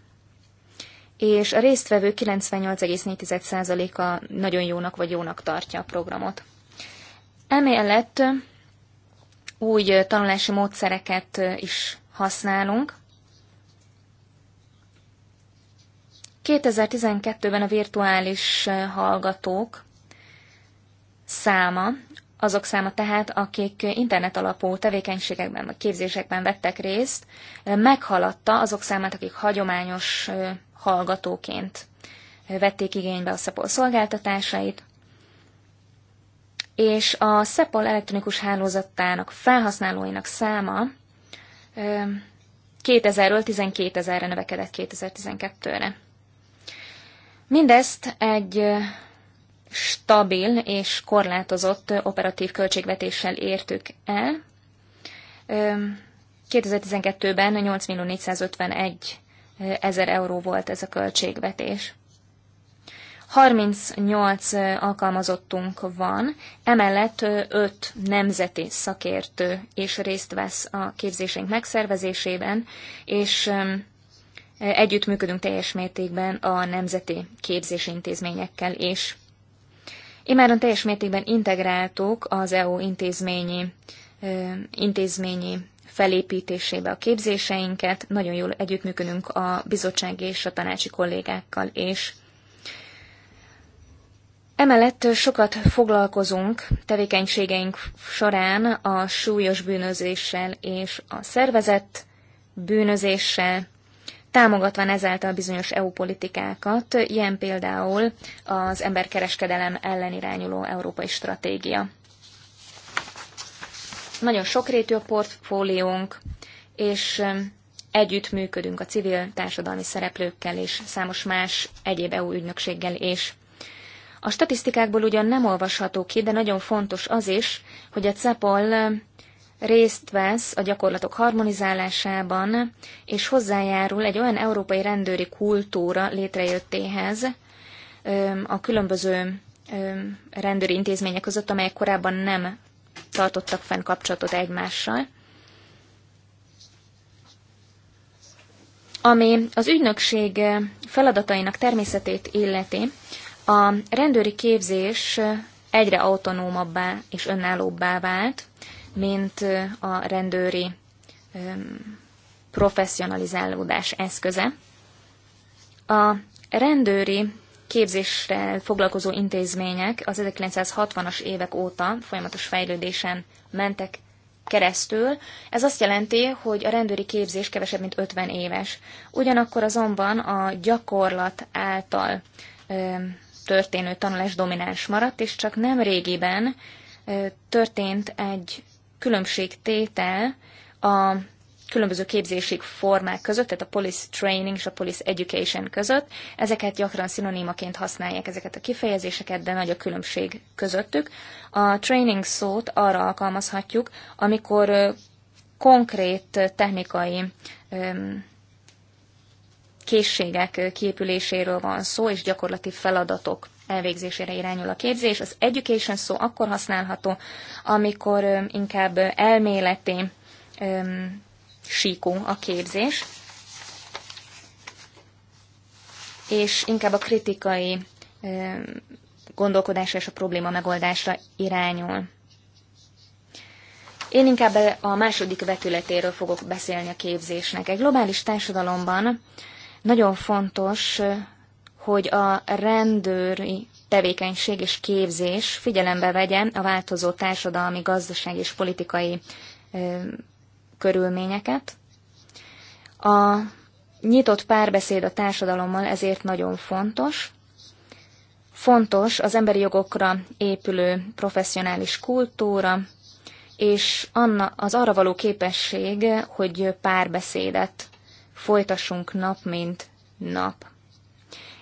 és a résztvevő 98,4%-a nagyon jónak vagy jónak tartja a programot. Emellett új tanulási módszereket is használunk. 2012-ben a virtuális hallgatók száma, azok száma tehát, akik internet alapú tevékenységekben vagy képzésekben vettek részt, meghaladta azok számát, akik hagyományos hallgatóként vették igénybe a SZEPOL szolgáltatásait, és a SZEPOL elektronikus hálózatának felhasználóinak száma 2000-ről 12.000-re növekedett 2012-re. Mindezt egy stabil és korlátozott operatív költségvetéssel értük el. 2012-ben 8 ezer euró volt ez a költségvetés. 38 alkalmazottunk van, emellett 5 nemzeti szakértő is részt vesz a képzésünk megszervezésében, és együttműködünk teljes mértékben a nemzeti képzési intézményekkel is. Imáron teljes mértékben integráltuk az EU intézményi, intézményi felépítésébe a képzéseinket, nagyon jól együttműködünk a bizottság és a tanácsi kollégákkal és Emellett sokat foglalkozunk tevékenységeink során a súlyos bűnözéssel és a szervezett bűnözéssel, támogatva ezáltal bizonyos EU politikákat, ilyen például az emberkereskedelem ellen irányuló európai stratégia. Nagyon sokrétű a portfóliónk, és um, együtt működünk a civil társadalmi szereplőkkel és számos más egyéb EU ügynökséggel is. A statisztikákból ugyan nem olvasható ki, de nagyon fontos az is, hogy a CEPOL um, részt vesz a gyakorlatok harmonizálásában, és hozzájárul egy olyan európai rendőri kultúra létrejöttéhez um, a különböző rendőri intézmények között, amelyek korábban nem tartottak fenn kapcsolatot egymással. Ami az ügynökség feladatainak természetét illeti, a rendőri képzés egyre autonómabbá és önállóbbá vált, mint a rendőri professzionalizálódás eszköze. A rendőri képzésre foglalkozó intézmények az 1960-as évek óta folyamatos fejlődésen mentek keresztül. Ez azt jelenti, hogy a rendőri képzés kevesebb, mint 50 éves. Ugyanakkor azonban a gyakorlat által ö, történő tanulás domináns maradt, és csak nem régiben ö, történt egy különbségtétel a különböző képzési formák között, tehát a police training és a police education között. Ezeket gyakran szinonímaként használják ezeket a kifejezéseket, de nagy a különbség közöttük. A training szót arra alkalmazhatjuk, amikor konkrét technikai készségek képüléséről van szó, és gyakorlati feladatok elvégzésére irányul a képzés. Az education szó akkor használható, amikor inkább elméleti síkú a képzés, és inkább a kritikai gondolkodásra és a probléma megoldásra irányul. Én inkább a második vetületéről fogok beszélni a képzésnek. Egy globális társadalomban nagyon fontos, hogy a rendőri tevékenység és képzés figyelembe vegye a változó társadalmi, gazdasági és politikai körülményeket. A nyitott párbeszéd a társadalommal ezért nagyon fontos. Fontos az emberi jogokra épülő professzionális kultúra, és anna, az arra való képesség, hogy párbeszédet folytassunk nap mint nap.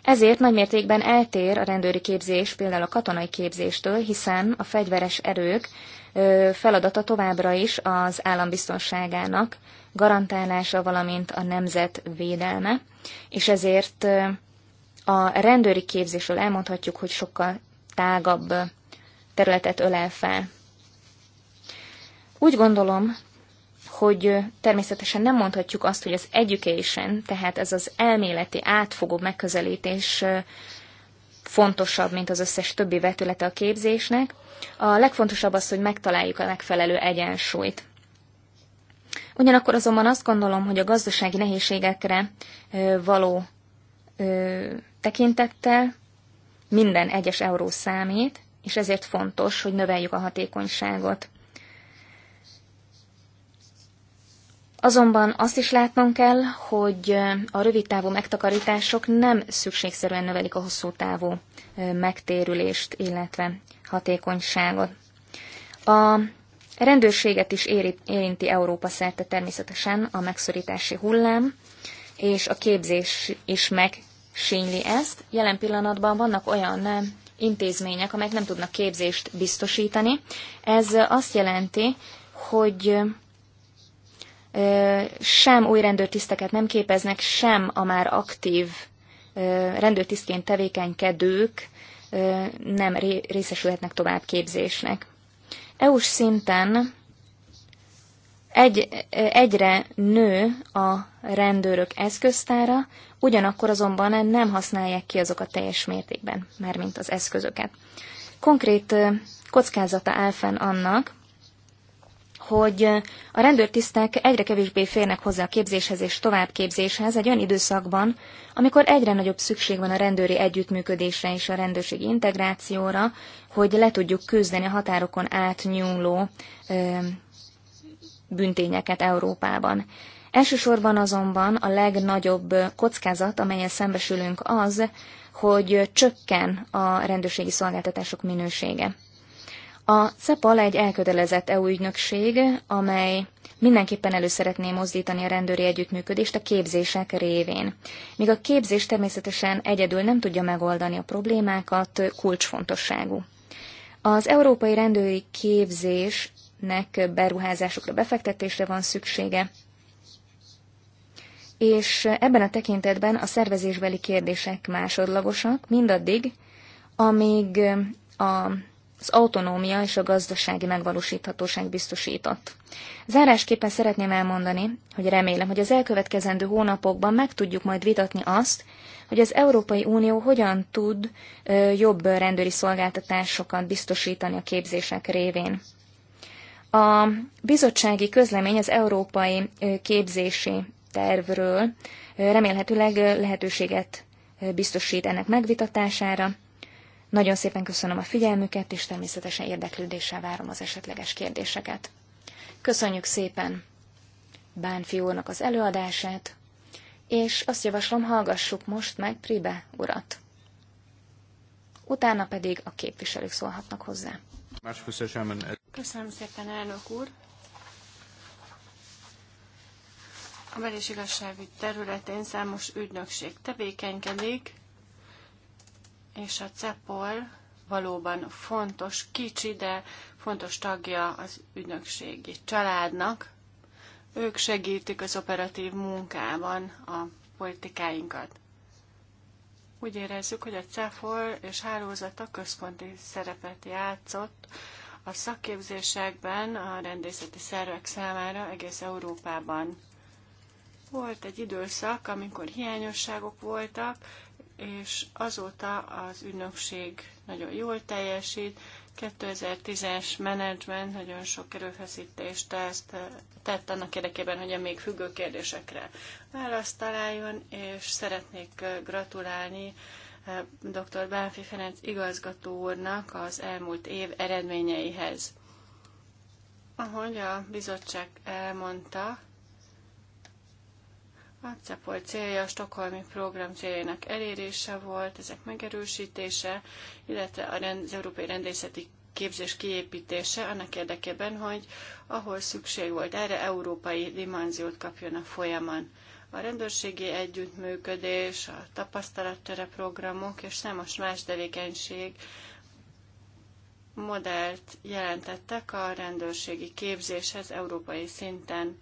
Ezért nagymértékben eltér a rendőri képzés például a katonai képzéstől, hiszen a fegyveres erők feladata továbbra is az állambiztonságának garantálása, valamint a nemzet védelme, és ezért a rendőri képzésről elmondhatjuk, hogy sokkal tágabb területet ölel fel. Úgy gondolom, hogy természetesen nem mondhatjuk azt, hogy az education, tehát ez az elméleti átfogó megközelítés fontosabb, mint az összes többi vetülete a képzésnek. A legfontosabb az, hogy megtaláljuk a megfelelő egyensúlyt. Ugyanakkor azonban azt gondolom, hogy a gazdasági nehézségekre való tekintettel minden egyes euró számít, és ezért fontos, hogy növeljük a hatékonyságot. Azonban azt is látnunk kell, hogy a rövid távú megtakarítások nem szükségszerűen növelik a hosszú távú megtérülést, illetve hatékonyságot. A rendőrséget is érinti Európa szerte természetesen a megszorítási hullám, és a képzés is megsínyli ezt. Jelen pillanatban vannak olyan intézmények, amelyek nem tudnak képzést biztosítani. Ez azt jelenti, hogy sem új rendőrtiszteket nem képeznek, sem a már aktív rendőrtisztként tevékenykedők nem részesülhetnek tovább képzésnek. EU-s szinten egy, egyre nő a rendőrök eszköztára, ugyanakkor azonban nem használják ki azokat teljes mértékben, mármint az eszközöket. Konkrét kockázata áll fenn annak, hogy a rendőrtisztek egyre kevésbé férnek hozzá a képzéshez és továbbképzéshez egy olyan időszakban, amikor egyre nagyobb szükség van a rendőri együttműködésre és a rendőrségi integrációra, hogy le tudjuk küzdeni a határokon átnyúló büntényeket Európában. Elsősorban azonban a legnagyobb kockázat, amelyen szembesülünk az, hogy csökken a rendőrségi szolgáltatások minősége. A CEPAL egy elkötelezett EU ügynökség, amely mindenképpen elő szeretné mozdítani a rendőri együttműködést a képzések révén. Míg a képzés természetesen egyedül nem tudja megoldani a problémákat, kulcsfontosságú. Az európai rendőri képzésnek beruházásokra, befektetésre van szüksége, és ebben a tekintetben a szervezésbeli kérdések másodlagosak mindaddig, amíg a az autonómia és a gazdasági megvalósíthatóság biztosított. Zárásképpen szeretném elmondani, hogy remélem, hogy az elkövetkezendő hónapokban meg tudjuk majd vitatni azt, hogy az Európai Unió hogyan tud jobb rendőri szolgáltatásokat biztosítani a képzések révén. A bizottsági közlemény az európai képzési tervről remélhetőleg lehetőséget biztosít ennek megvitatására, nagyon szépen köszönöm a figyelmüket, és természetesen érdeklődéssel várom az esetleges kérdéseket. Köszönjük szépen Bánfi úrnak az előadását, és azt javaslom, hallgassuk most meg Pribe urat. Utána pedig a képviselők szólhatnak hozzá. Köszönöm szépen, elnök úr! A belés igazságügy területén számos ügynökség tevékenykedik, és a CEPOL valóban fontos, kicsi, de fontos tagja az ügynökségi családnak. Ők segítik az operatív munkában a politikáinkat. Úgy érezzük, hogy a CEFOL és hálózata központi szerepet játszott a szakképzésekben a rendészeti szervek számára egész Európában. Volt egy időszak, amikor hiányosságok voltak, és azóta az ügynökség nagyon jól teljesít. 2010-es menedzsment nagyon sok erőfeszítést tett, tett annak érdekében, hogy a még függő kérdésekre választ találjon, és szeretnék gratulálni dr. Bánfi Ferenc igazgató úrnak az elmúlt év eredményeihez. Ahogy a bizottság elmondta, a hát, CEPOL célja a Stockholmi program céljának elérése volt, ezek megerősítése, illetve a rend, az Európai Rendészeti képzés kiépítése annak érdekében, hogy ahol szükség volt erre, európai dimenziót kapjon a folyamán. A rendőrségi együttműködés, a tapasztalattere programok és számos más tevékenység modellt jelentettek a rendőrségi képzéshez európai szinten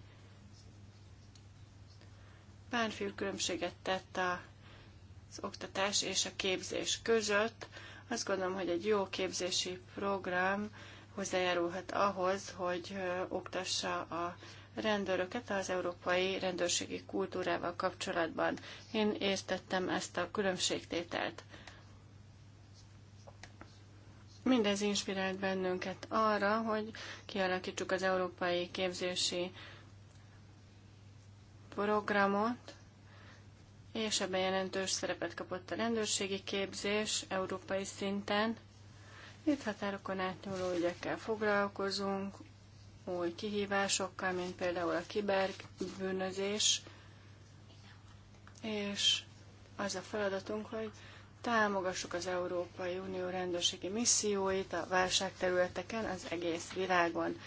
párfiú különbséget tett az oktatás és a képzés között. Azt gondolom, hogy egy jó képzési program hozzájárulhat ahhoz, hogy oktassa a rendőröket az európai rendőrségi kultúrával kapcsolatban. Én értettem ezt a különbségtételt. Mindez inspirált bennünket arra, hogy kialakítsuk az európai képzési programot, és ebben jelentős szerepet kapott a rendőrségi képzés európai szinten. Itt határokon átnyúló ügyekkel foglalkozunk, új kihívásokkal, mint például a kiberbűnözés, és az a feladatunk, hogy támogassuk az Európai Unió rendőrségi misszióit a válságterületeken az egész világon.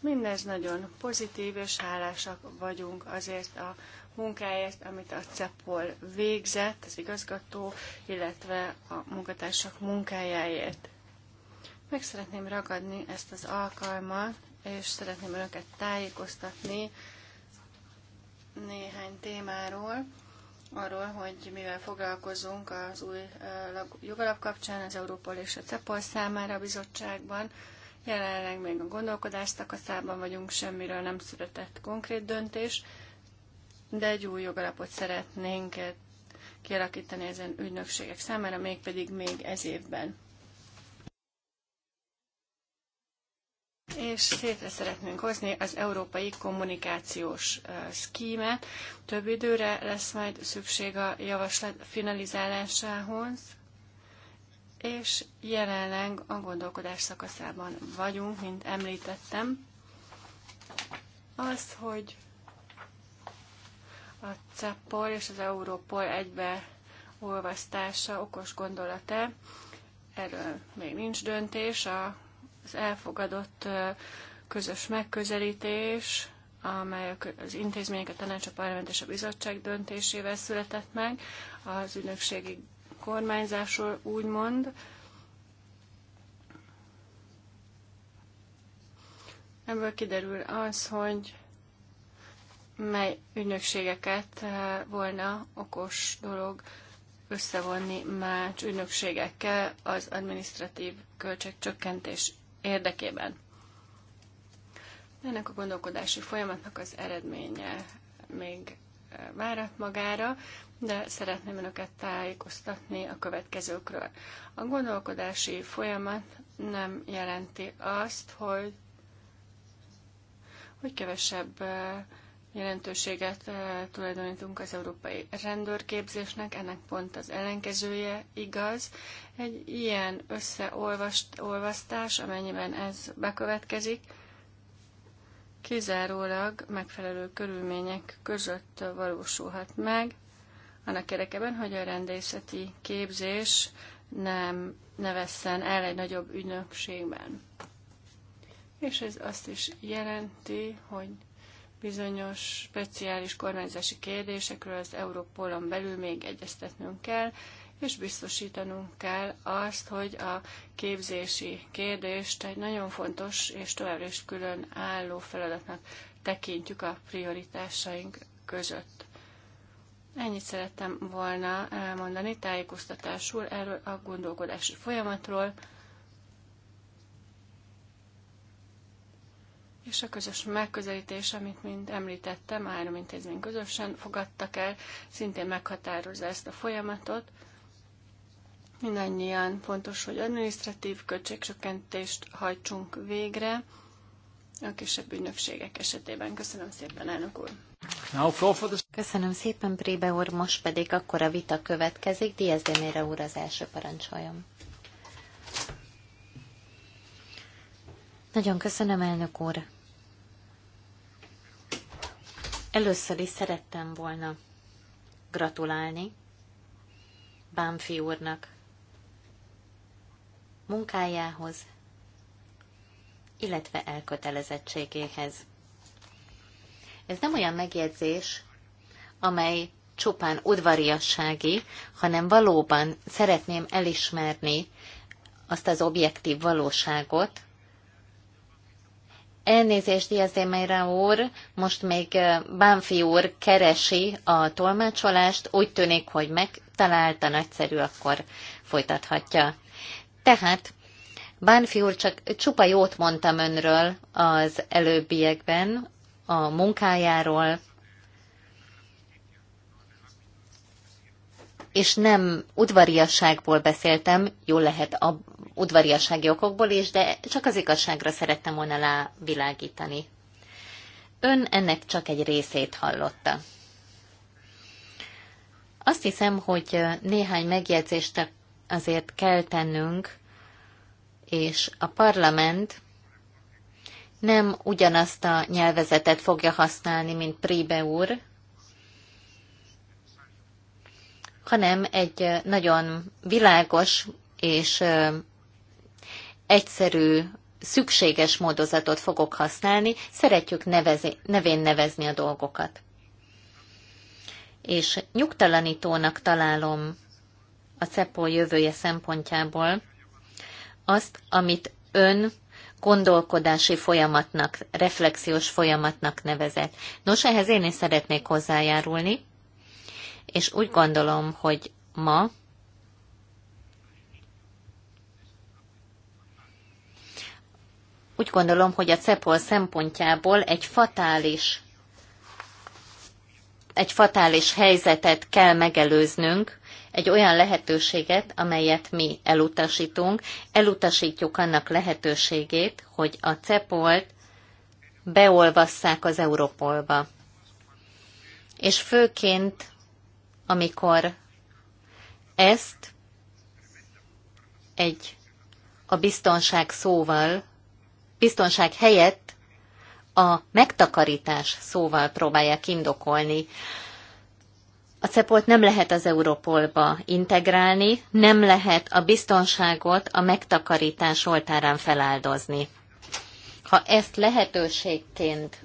Mindez nagyon pozitív, és hálásak vagyunk azért a munkáért, amit a CEPOL végzett, az igazgató, illetve a munkatársak munkájáért. Meg szeretném ragadni ezt az alkalmat, és szeretném Önöket tájékoztatni néhány témáról, arról, hogy mivel foglalkozunk az új jogalap kapcsán az Európol és a CEPOL számára a bizottságban, Jelenleg még a gondolkodás szakaszában vagyunk, semmiről nem született konkrét döntés, de egy új jogalapot szeretnénk kialakítani ezen ügynökségek számára, mégpedig még ez évben. és szétre szeretnénk hozni az európai kommunikációs szkímet. Több időre lesz majd szükség a javaslat finalizálásához, és jelenleg a gondolkodás szakaszában vagyunk, mint említettem. Az, hogy a CEPOL és az Európol egybe olvasztása okos gondolata, erről még nincs döntés, az elfogadott közös megközelítés, amely az intézmények, a tanács, a parlament és a bizottság döntésével született meg, az ügynökségi kormányzásról mond, Ebből kiderül az, hogy mely ügynökségeket eh, volna okos dolog összevonni más ügynökségekkel az administratív költségcsökkentés érdekében. Ennek a gondolkodási folyamatnak az eredménye még eh, várat magára, de szeretném önöket tájékoztatni a következőkről. A gondolkodási folyamat nem jelenti azt, hogy, hogy kevesebb jelentőséget tulajdonítunk az európai rendőrképzésnek, ennek pont az ellenkezője igaz. Egy ilyen összeolvasztás, amennyiben ez bekövetkezik, kizárólag megfelelő körülmények között valósulhat meg, annak érdekében, hogy a rendészeti képzés nem nevesszen el egy nagyobb ügynökségben. És ez azt is jelenti, hogy bizonyos speciális kormányzási kérdésekről az Európolon belül még egyeztetnünk kell, és biztosítanunk kell azt, hogy a képzési kérdést egy nagyon fontos és továbbra is külön álló feladatnak tekintjük a prioritásaink között. Ennyit szerettem volna elmondani tájékoztatásul erről a gondolkodási folyamatról, és a közös megközelítés, amit mind említettem, három intézmény közösen fogadtak el, szintén meghatározza ezt a folyamatot. Mindannyian fontos, hogy administratív költségcsökkentést hajtsunk végre, a kisebb ügynökségek esetében. Köszönöm szépen, elnök úr! Köszönöm szépen, Prébe úr, most pedig akkor a vita következik. Diaz Demére úr az első parancsoljon. Nagyon köszönöm, elnök úr. Először is szerettem volna gratulálni Bámfi úrnak munkájához, illetve elkötelezettségéhez. Ez nem olyan megjegyzés, amely csupán udvariassági, hanem valóban szeretném elismerni azt az objektív valóságot. Elnézést, Diazé Meira úr, most még Bánfi úr keresi a tolmácsolást, úgy tűnik, hogy megtalálta, nagyszerű, akkor folytathatja. Tehát Bánfi úr, csak csupa jót mondtam önről az előbbiekben, a munkájáról, és nem udvariasságból beszéltem, jó lehet a udvariassági okokból is, de csak az igazságra szerettem volna világítani. Ön ennek csak egy részét hallotta. Azt hiszem, hogy néhány megjegyzést azért kell tennünk és a parlament nem ugyanazt a nyelvezetet fogja használni, mint Príbe úr, hanem egy nagyon világos és egyszerű, szükséges módozatot fogok használni, szeretjük nevezi, nevén nevezni a dolgokat. És nyugtalanítónak találom a CEPO jövője szempontjából, azt, amit ön gondolkodási folyamatnak, reflexiós folyamatnak nevezett. Nos, ehhez én is szeretnék hozzájárulni, és úgy gondolom, hogy ma úgy gondolom, hogy a CEPOL szempontjából egy fatális egy fatális helyzetet kell megelőznünk, egy olyan lehetőséget, amelyet mi elutasítunk, elutasítjuk annak lehetőségét, hogy a CEPOL-t beolvasszák az Europolba. És főként, amikor ezt egy a biztonság szóval, biztonság helyett a megtakarítás szóval próbálják indokolni a CEPOL-t nem lehet az Europolba integrálni, nem lehet a biztonságot a megtakarítás oltárán feláldozni. Ha ezt lehetőségként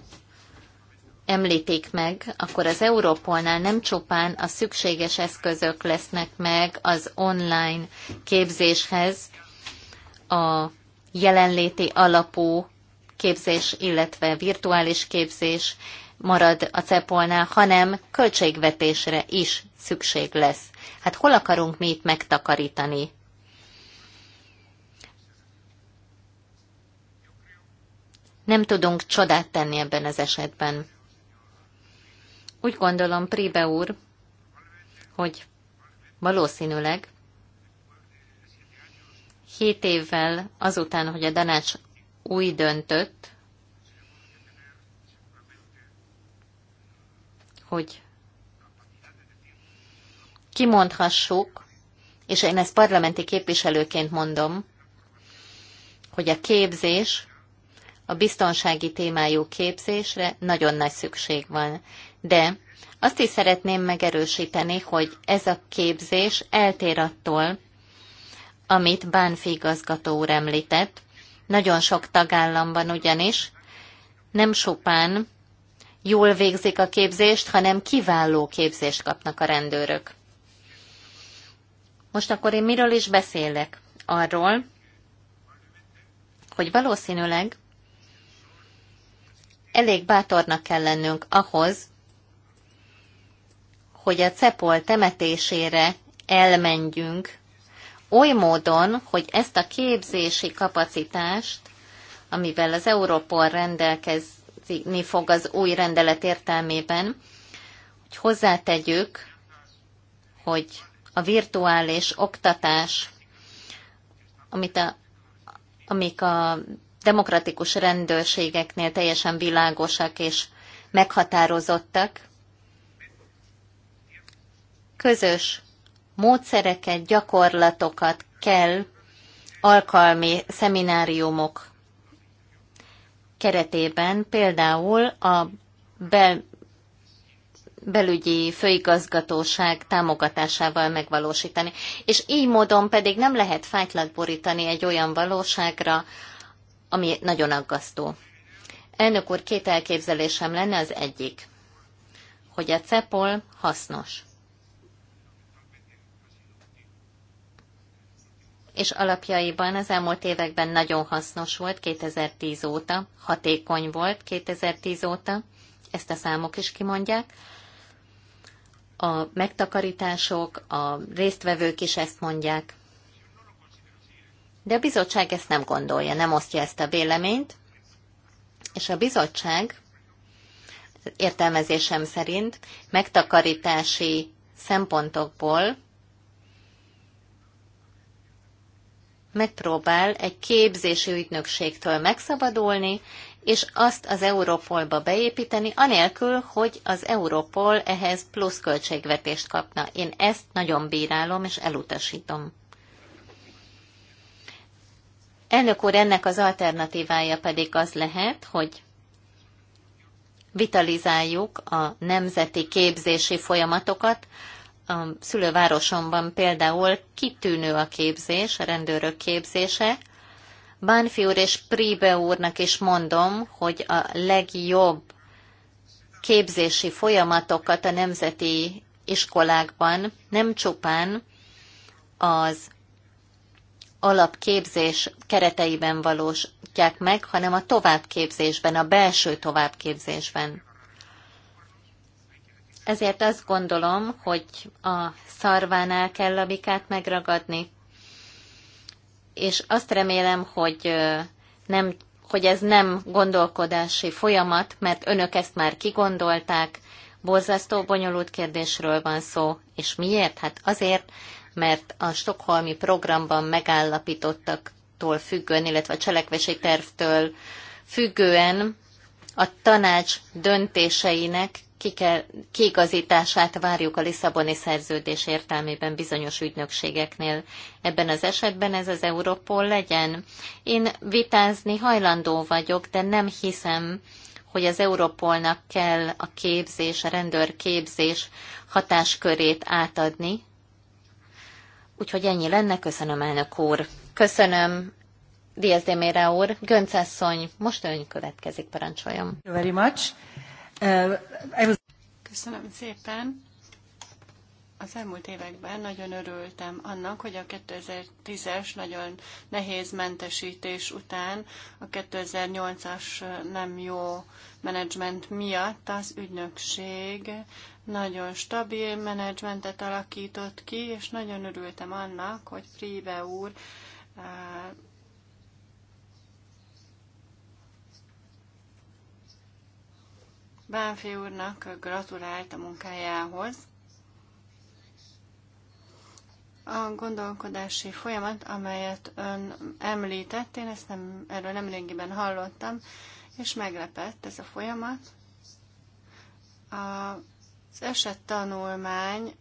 említik meg, akkor az Európolnál nem csupán a szükséges eszközök lesznek meg az online képzéshez, a jelenléti alapú képzés, illetve virtuális képzés, marad a cepolnál, hanem költségvetésre is szükség lesz. Hát hol akarunk mi itt megtakarítani? Nem tudunk csodát tenni ebben az esetben. Úgy gondolom, Príbe úr, hogy valószínűleg 7 évvel azután, hogy a Danács új döntött, hogy kimondhassuk, és én ezt parlamenti képviselőként mondom, hogy a képzés, a biztonsági témájú képzésre nagyon nagy szükség van. De azt is szeretném megerősíteni, hogy ez a képzés eltér attól, amit Bánfi igazgató úr említett. Nagyon sok tagállamban ugyanis nem sopán jól végzik a képzést, hanem kiváló képzést kapnak a rendőrök. Most akkor én miről is beszélek? Arról, hogy valószínűleg elég bátornak kell lennünk ahhoz, hogy a cepol temetésére elmenjünk oly módon, hogy ezt a képzési kapacitást, amivel az Európol rendelkezik, változni fog az új rendelet értelmében, hogy hozzátegyük, hogy a virtuális oktatás, amit a, amik a demokratikus rendőrségeknél teljesen világosak és meghatározottak, közös módszereket, gyakorlatokat kell alkalmi szemináriumok keretében például a bel belügyi főigazgatóság támogatásával megvalósítani. És így módon pedig nem lehet fájtlat borítani egy olyan valóságra, ami nagyon aggasztó. Elnök úr, két elképzelésem lenne az egyik, hogy a CEPOL hasznos. és alapjaiban az elmúlt években nagyon hasznos volt 2010 óta, hatékony volt 2010 óta, ezt a számok is kimondják. A megtakarítások, a résztvevők is ezt mondják. De a bizottság ezt nem gondolja, nem osztja ezt a véleményt, és a bizottság értelmezésem szerint megtakarítási szempontokból megpróbál egy képzési ügynökségtől megszabadulni, és azt az Europolba beépíteni, anélkül, hogy az Europol ehhez plusz költségvetést kapna. Én ezt nagyon bírálom és elutasítom. Elnök úr, ennek az alternatívája pedig az lehet, hogy vitalizáljuk a nemzeti képzési folyamatokat, a szülővárosomban például kitűnő a képzés, a rendőrök képzése. Bánfi úr és Príbe úrnak is mondom, hogy a legjobb képzési folyamatokat a nemzeti iskolákban nem csupán az alapképzés kereteiben valósítják meg, hanem a továbbképzésben, a belső továbbképzésben ezért azt gondolom, hogy a szarvánál kell a bikát megragadni, és azt remélem, hogy, nem, hogy ez nem gondolkodási folyamat, mert önök ezt már kigondolták, borzasztó bonyolult kérdésről van szó, és miért? Hát azért, mert a stokholmi programban megállapítottaktól függően, illetve a cselekvési tervtől függően a tanács döntéseinek ki kiigazítását várjuk a Lisszaboni szerződés értelmében bizonyos ügynökségeknél. Ebben az esetben ez az Europol legyen. Én vitázni hajlandó vagyok, de nem hiszem, hogy az Europolnak kell a képzés, a rendőrképzés hatáskörét átadni. Úgyhogy ennyi lenne, köszönöm elnök úr. Köszönöm, Diaz de Mera úr. Göncasszony, most ön következik, parancsoljon. Very much. Köszönöm szépen. Az elmúlt években nagyon örültem annak, hogy a 2010-es nagyon nehéz mentesítés után a 2008-as nem jó menedzsment miatt az ügynökség nagyon stabil menedzsmentet alakított ki, és nagyon örültem annak, hogy Príbe úr Bánfi úrnak gratulált a munkájához. A gondolkodási folyamat, amelyet ön említett, én ezt nem, erről nem régiben hallottam, és meglepett ez a folyamat. Az esettanulmány,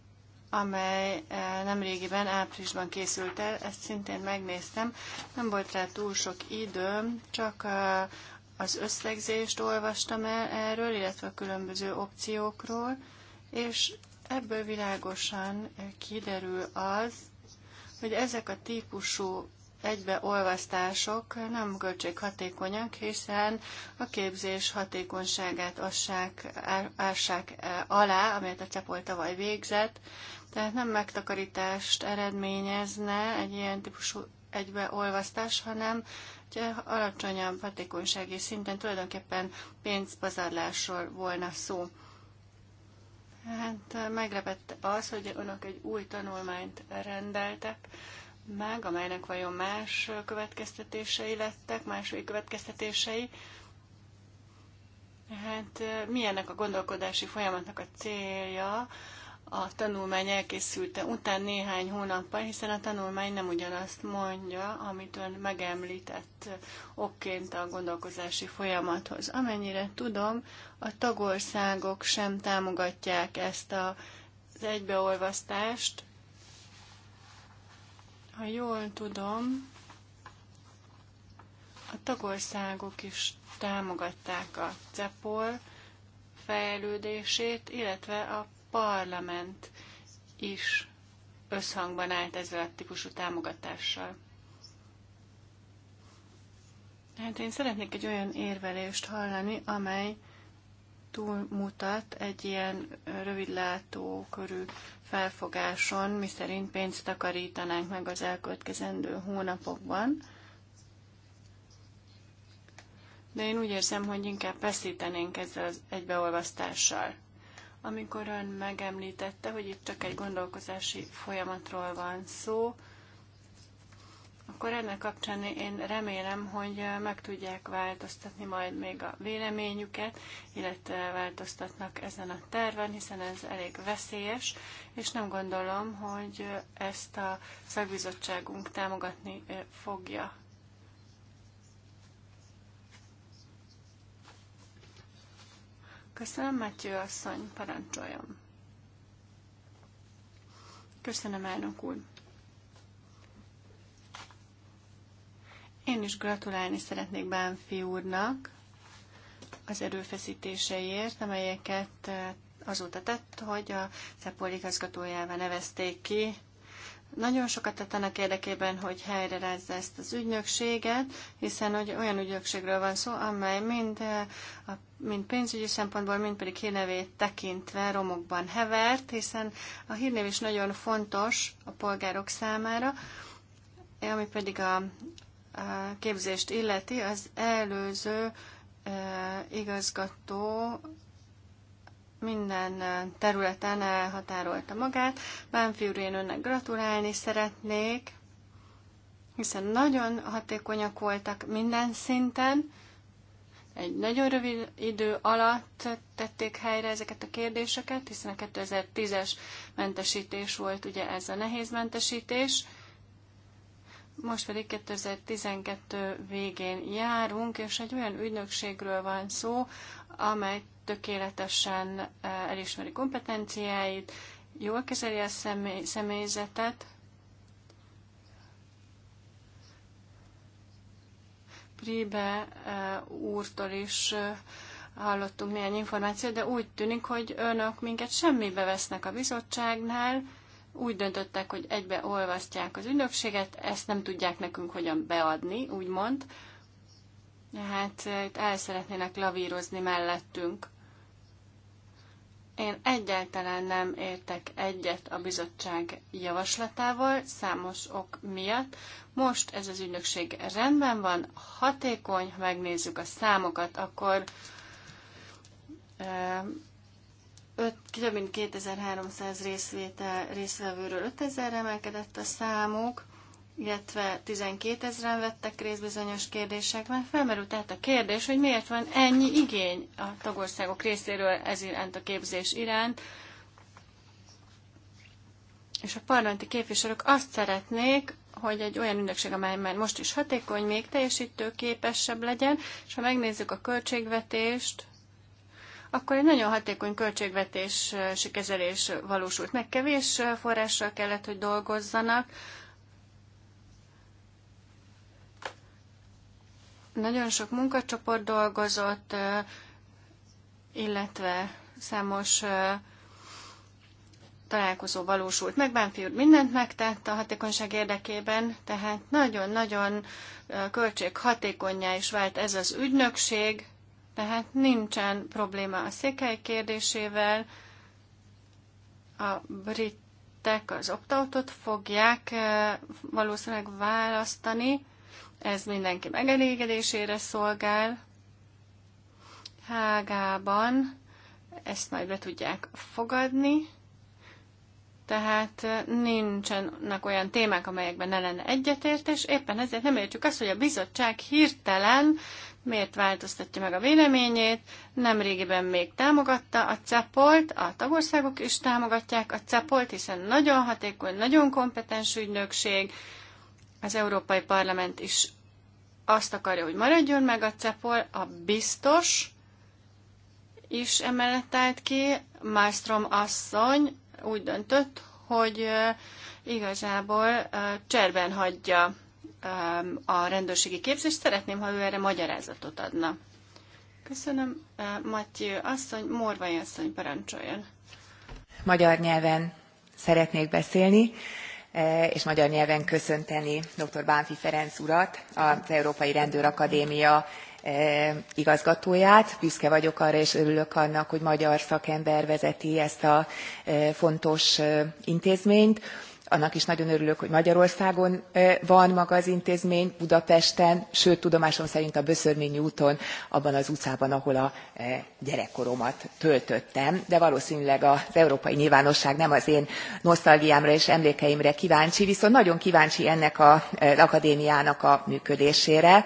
amely eh, nem régiben áprilisban készült el, ezt szintén megnéztem, nem volt rá túl sok időm, csak eh, az összegzést olvastam el erről, illetve a különböző opciókról, és ebből világosan kiderül az, hogy ezek a típusú egybeolvasztások nem költséghatékonyak, hiszen a képzés hatékonyságát assák, ássák alá, amelyet a CEPOL tavaly végzett, tehát nem megtakarítást eredményezne egy ilyen típusú egybeolvasztás, hanem alacsonyabb hatékonysági szinten tulajdonképpen pénzpazarlásról volna szó. Hát meglepett az, hogy önök egy új tanulmányt rendeltek meg, amelynek vajon más következtetései lettek, új következtetései. Hát milyennek a gondolkodási folyamatnak a célja, a tanulmány elkészülte után néhány hónappal, hiszen a tanulmány nem ugyanazt mondja, amit ön megemlített okként a gondolkozási folyamathoz. Amennyire tudom, a tagországok sem támogatják ezt a, az egybeolvasztást. Ha jól tudom, a tagországok is támogatták a CEPOL fejlődését, illetve a parlament is összhangban állt ezzel a típusú támogatással. Hát én szeretnék egy olyan érvelést hallani, amely túlmutat egy ilyen rövidlátó körű felfogáson, miszerint pénzt takarítanánk meg az elkövetkezendő hónapokban. De én úgy érzem, hogy inkább veszítenénk ezzel az egybeolvasztással amikor ön megemlítette, hogy itt csak egy gondolkozási folyamatról van szó, akkor ennek kapcsán én remélem, hogy meg tudják változtatni majd még a véleményüket, illetve változtatnak ezen a terven, hiszen ez elég veszélyes, és nem gondolom, hogy ezt a szakbizottságunk támogatni fogja. Köszönöm, Mátyő asszony, parancsoljon. Köszönöm, elnök úr. Én is gratulálni szeretnék Bánfi úrnak az erőfeszítéseiért, amelyeket eh, azóta tett, hogy a CEPOL igazgatójával nevezték ki nagyon sokat annak érdekében, hogy rázza ezt az ügynökséget, hiszen hogy olyan ügynökségről van szó, amely mind, eh, a, mind pénzügyi szempontból, mind pedig hírnevét tekintve romokban hevert, hiszen a hírnév is nagyon fontos a polgárok számára, eh, ami pedig a, a képzést illeti, az előző e, igazgató minden területen elhatárolta magát. Bánfi én önnek gratulálni szeretnék, hiszen nagyon hatékonyak voltak minden szinten, egy nagyon rövid idő alatt tették helyre ezeket a kérdéseket, hiszen a 2010-es mentesítés volt ugye ez a nehéz mentesítés, most pedig 2012 végén járunk, és egy olyan ügynökségről van szó, amely tökéletesen eh, elismeri kompetenciáit, jól kezeli a személy, személyzetet, Pribe eh, úrtól is eh, hallottunk néhány információt, de úgy tűnik, hogy önök minket semmibe vesznek a bizottságnál, úgy döntöttek, hogy egybe olvasztják az ügynökséget, ezt nem tudják nekünk hogyan beadni, úgymond. Hát eh, itt el szeretnének lavírozni mellettünk. Én egyáltalán nem értek egyet a bizottság javaslatával, számos ok miatt. Most ez az ügynökség rendben van, hatékony, ha megnézzük a számokat, akkor eh, öt, több mint 2300 részvétel, részvevőről 5000 emelkedett a számuk, illetve 12 ezeren vettek részt bizonyos kérdésekben. Felmerült tehát a kérdés, hogy miért van ennyi igény a tagországok részéről ez iránt a képzés iránt, és a parlamenti képviselők azt szeretnék, hogy egy olyan ügynökség, amely már most is hatékony, még képesebb legyen, és ha megnézzük a költségvetést, akkor egy nagyon hatékony költségvetési kezelés valósult meg. Kevés forrással kellett, hogy dolgozzanak, Nagyon sok munkacsoport dolgozott, illetve számos találkozó valósult meg. Bánfiúr mindent megtett a hatékonyság érdekében, tehát nagyon-nagyon költséghatékonyá is vált ez az ügynökség, tehát nincsen probléma a székely kérdésével. A britek az optautot fogják valószínűleg választani, ez mindenki megelégedésére szolgál. Hágában ezt majd be tudják fogadni. Tehát eh, nincsenek olyan témák, amelyekben ne lenne egyetértés, éppen ezért nem értjük azt, hogy a bizottság hirtelen miért változtatja meg a véleményét. Nemrégiben még támogatta a CEPOLT, a tagországok is támogatják a CEPOLT, hiszen nagyon hatékony, nagyon kompetens ügynökség, az Európai Parlament is azt akarja, hogy maradjon meg a CEPOL, a biztos is emellett állt ki. mástrom asszony úgy döntött, hogy igazából cserben hagyja a rendőrségi képzést. Szeretném, ha ő erre magyarázatot adna. Köszönöm, Matyi asszony, Morvai asszony, parancsoljon. Magyar nyelven szeretnék beszélni. E, és magyar nyelven köszönteni dr. Bánfi Ferenc urat, az Európai Rendőrakadémia e, igazgatóját. Büszke vagyok arra, és örülök annak, hogy magyar szakember vezeti ezt a e, fontos intézményt annak is nagyon örülök, hogy Magyarországon van maga az intézmény, Budapesten, sőt tudomásom szerint a Böszörményi úton, abban az utcában, ahol a gyerekkoromat töltöttem, de valószínűleg az európai nyilvánosság nem az én nosztalgiámra és emlékeimre kíváncsi, viszont nagyon kíváncsi ennek az akadémiának a működésére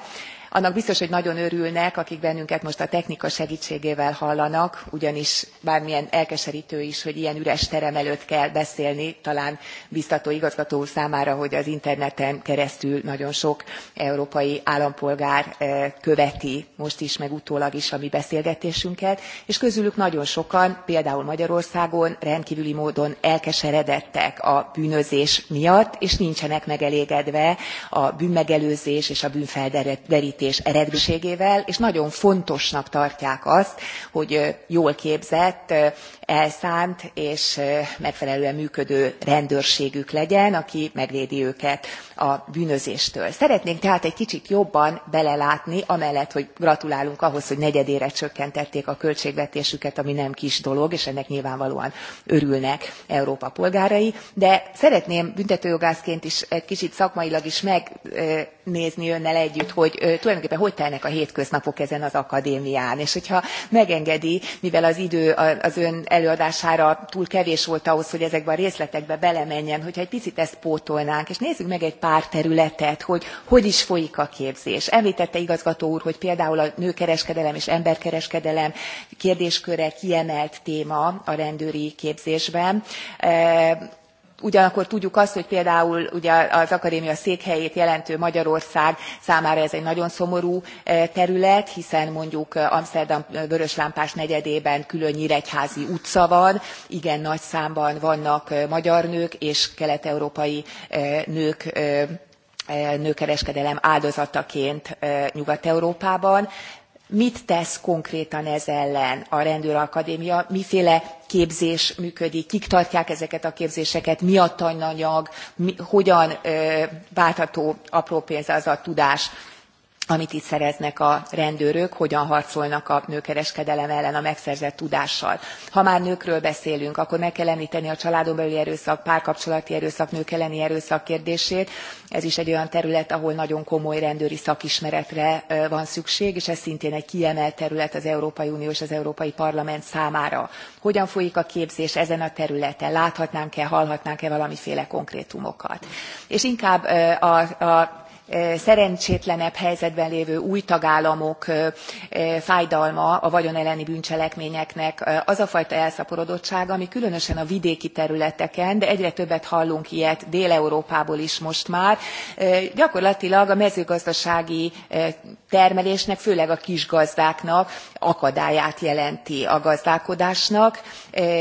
annak biztos hogy nagyon örülnek akik bennünket most a technika segtségével hallanak ugyanis bármilyen elkesertő is hogy ilyen üres terem előtt kell beszélni talán biztató igazgató úr számára hogy az interneten keresztül nagyon sok európai állampolgár eh, követi most is meg utólag is a mi beszélgetésünket és közülük nagyon sokan például magyarországon rendkvüli módon elkeseredettek a bűnözés miatt és nincsenek megelégedve a bűnmegelőzés és a bűnfeldertés együttműködés eredményességével és nagyon fontosnak tartják azt hogy jól képzett elszánt és megfelelően működő rendőrségük legyen aki megvédi őket a bűnözéstől. szeretnénk tehát egy kicsit jobban belelátni amellett hogy gratulálunk ahhoz hogy negyedére csökkentették a költségvetésüket ami nem kis dolog és ennek nyilvánvalóan örülnek európa polgárai de szeretném büntetőjogászként is egy kicsit szakmailag is megnézni önnel együtt hogy tulajdonképpen hogy telnek a hétköznapok ezen az akadémián és hogyha megengedi mivel az idő az ön előadására túl kevés volt ahhoz, hogy ezekbe a részletekbe belemenjen, hogyha egy picit ezt pótolnánk, és nézzük meg egy pár területet, hogy hogy is folyik a képzés. Említette igazgató úr, hogy például a nőkereskedelem és emberkereskedelem kérdésköre kiemelt téma a rendőri képzésben ugyanakkor tudjuk azt hogy például ugye az akadémia székhelyét jelentő magyarország számára ez egy nagyon szomorú e, terület hiszen mondjuk e, amszterdam vöröslámpás negyedében külön nyíregyházi utca van igen nagy számban vannak e, magyar nők és kelet európai nők nőkereskedelem áldozataként nyugat európában mit tesz konkrétan ez ellen a rendőrakadémia miféle képzés működik kik tartják ezeket a képzéseket mi a tananyag hogyan váltható apró pénzre az a tudás amit itt szereznek a rendőrök, hogyan harcolnak a nőkereskedelem ellen a megszerzett tudással. Ha már nőkről beszélünk, akkor meg kell említeni a családon belüli erőszak, párkapcsolati erőszak, nők elleni erőszak kérdését. Ez is egy olyan terület, ahol nagyon komoly rendőri szakismeretre van szükség, és ez szintén egy kiemelt terület az Európai Unió és az Európai Parlament számára. Hogyan folyik a képzés ezen a területen? Láthatnánk-e, hallhatnánk-e valamiféle konkrétumokat? És inkább a, a szerencsétlenebb helyzetben lévő új tagállamok fájdalma a vagyon elleni bűncselekményeknek az a fajta elszaporodottsága ami különösen a vidéki területeken de egyre többet hallunk ilyet dél európából is most már gyakorlatilag a mezőgazdasági termelésnek főleg a kisgazdáknak akadályát jelenti a gazdálkodásnak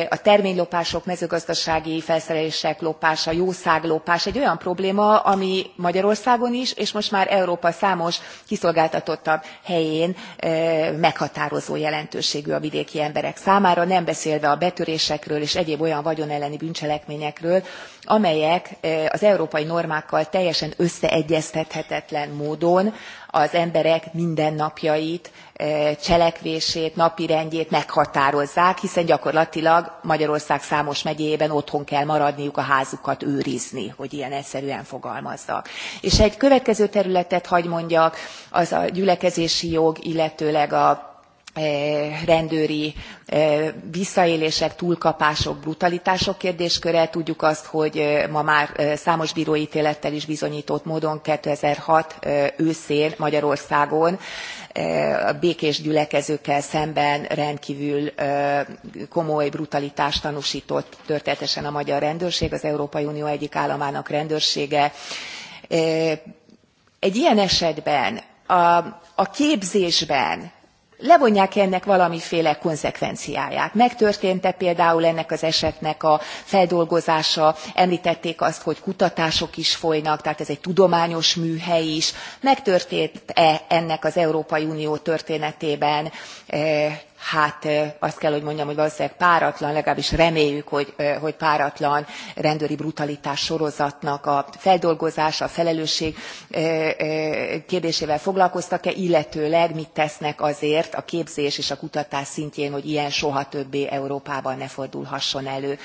a terménylopások mezőgazdasági felszerelések lopása jószág lopás egy olyan probléma ami magyarországon is és most már európa számos kiszolgáltatottabb helyén meghatározó jelentőségű a vidéki emberek számára nem beszélve a betörésekről és egyéb olyan vagyonelleni bűncselekményekről amelyek az európai normákkal teljesen összeegyeztethetetlen módon az emberek mindennapjait cselekvését napirendjét meghatározzák hiszen gyakorlatilag magyarország számos megyéjében otthon kell maradniuk a házukat őrizni hogy ilyen egyszerűen fogalmazzak. és egy következő területet hagy mondjak az a gyülekezési jog illetőleg a E, rendőri e, visszaélések, túlkapások, brutalitások kérdésköre. Tudjuk azt, hogy e, ma már számos télettel is bizonyított módon 2006 őszén Magyarországon a békés gyülekezőkkel szemben rendkívül komoly brutalitást tanúsított történetesen a magyar rendőrség, az Európai Unió egyik államának rendőrsége. Egy ilyen esetben a képzésben levonják -e ennek valamiféle konzekvenciáját? Megtörtént-e például ennek az esetnek a feldolgozása? Említették azt, hogy kutatások is folynak, tehát ez egy tudományos műhely is. Megtörtént-e ennek az Európai Unió történetében eh, hát azt kell, hogy mondjam, hogy valószínűleg páratlan, legalábbis reméljük, hogy, hogy páratlan rendőri brutalitás sorozatnak a feldolgozása, a felelősség kérdésével foglalkoztak-e, illetőleg mit tesznek azért a képzés és a kutatás szintjén, hogy ilyen soha többé Európában ne fordulhasson elő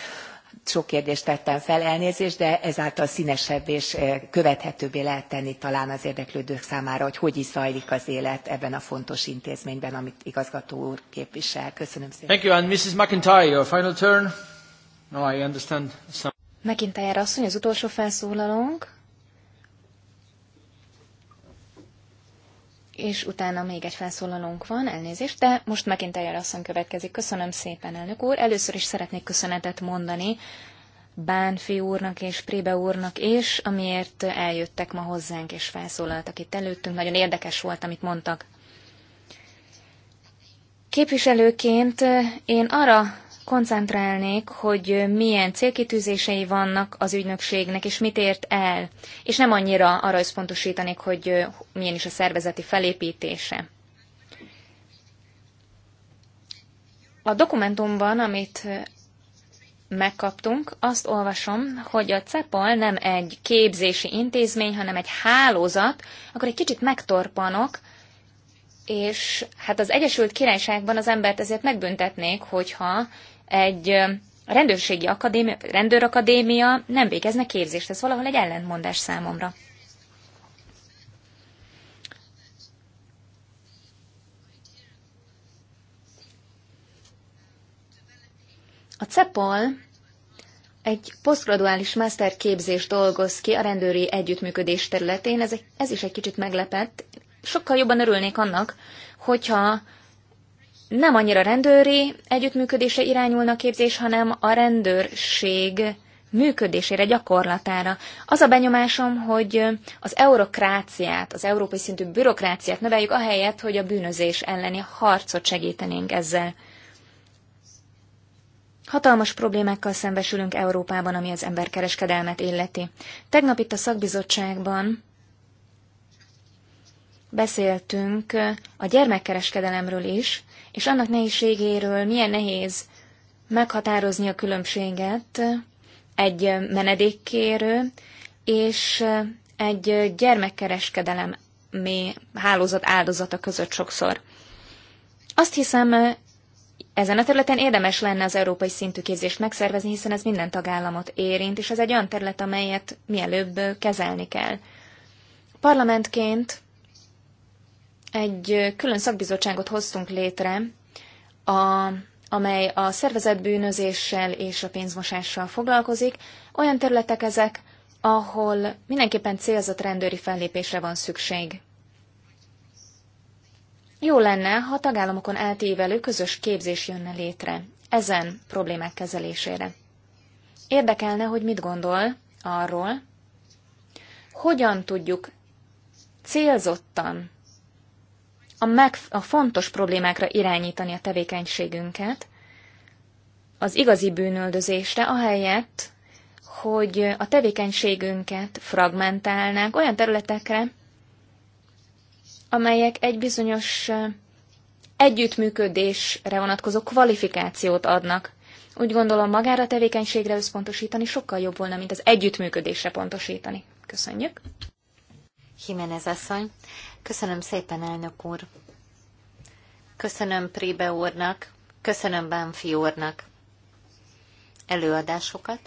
sok kérdést tettem fel, elnézést, de ezáltal színesebb és követhetőbbé lehet tenni talán az érdeklődők számára, hogy hogy is zajlik az élet ebben a fontos intézményben, amit igazgató úr képvisel. Köszönöm szépen. Thank you, and Mrs. McIntyre, your final turn. No, I understand some... McIntyre asszony, az utolsó felszólalónk. és utána még egy felszólalónk van, elnézést, de most megint a jelasszony következik. Köszönöm szépen, elnök úr. Először is szeretnék köszönetet mondani Bánfi úrnak és Prébe úrnak és amiért eljöttek ma hozzánk és felszólaltak itt előttünk. Nagyon érdekes volt, amit mondtak. Képviselőként én arra koncentrálnék, hogy milyen célkitűzései vannak az ügynökségnek, és mit ért el, és nem annyira arra összpontosítanék, hogy milyen is a szervezeti felépítése. A dokumentumban, amit megkaptunk, azt olvasom, hogy a CEPOL nem egy képzési intézmény, hanem egy hálózat, akkor egy kicsit megtorpanok, és hát az Egyesült Királyságban az embert ezért megbüntetnék, hogyha egy rendőrségi akadémia, rendőrakadémia nem végezne képzést. Ez valahol egy ellentmondás számomra. A CEPOL egy posztgraduális masterképzést dolgoz ki a rendőri együttműködés területén. Ez, ez is egy kicsit meglepett. Sokkal jobban örülnék annak, hogyha nem annyira rendőri együttműködésre irányulna a képzés, hanem a rendőrség működésére, gyakorlatára. Az a benyomásom, hogy az eurokráciát, az európai szintű bürokráciát növeljük, ahelyett, hogy a bűnözés elleni harcot segítenénk ezzel. Hatalmas problémákkal szembesülünk Európában, ami az emberkereskedelmet illeti. Tegnap itt a szakbizottságban beszéltünk a gyermekkereskedelemről is, és annak nehézségéről milyen nehéz meghatározni a különbséget egy menedékkérő és egy gyermekkereskedelem hálózat áldozata között sokszor. Azt hiszem, ezen a területen érdemes lenne az európai szintű képzést megszervezni, hiszen ez minden tagállamot érint, és ez egy olyan terület, amelyet mielőbb kezelni kell. Parlamentként egy külön szakbizottságot hoztunk létre, a, amely a szervezetbűnözéssel és a pénzmosással foglalkozik. Olyan területek ezek, ahol mindenképpen célzott rendőri fellépésre van szükség. Jó lenne, ha a tagállamokon eltévelő közös képzés jönne létre ezen problémák kezelésére. Érdekelne, hogy mit gondol arról, hogyan tudjuk célzottan a, meg, a fontos problémákra irányítani a tevékenységünket, az igazi bűnöldözésre, ahelyett, hogy a tevékenységünket fragmentálnák olyan területekre, amelyek egy bizonyos együttműködésre vonatkozó kvalifikációt adnak. Úgy gondolom, magára a tevékenységre összpontosítani sokkal jobb volna, mint az együttműködésre pontosítani. Köszönjük. Jiménez asszony, Köszönöm szépen, elnök úr. Köszönöm Príbe úrnak, köszönöm Bánfi úrnak előadásokat.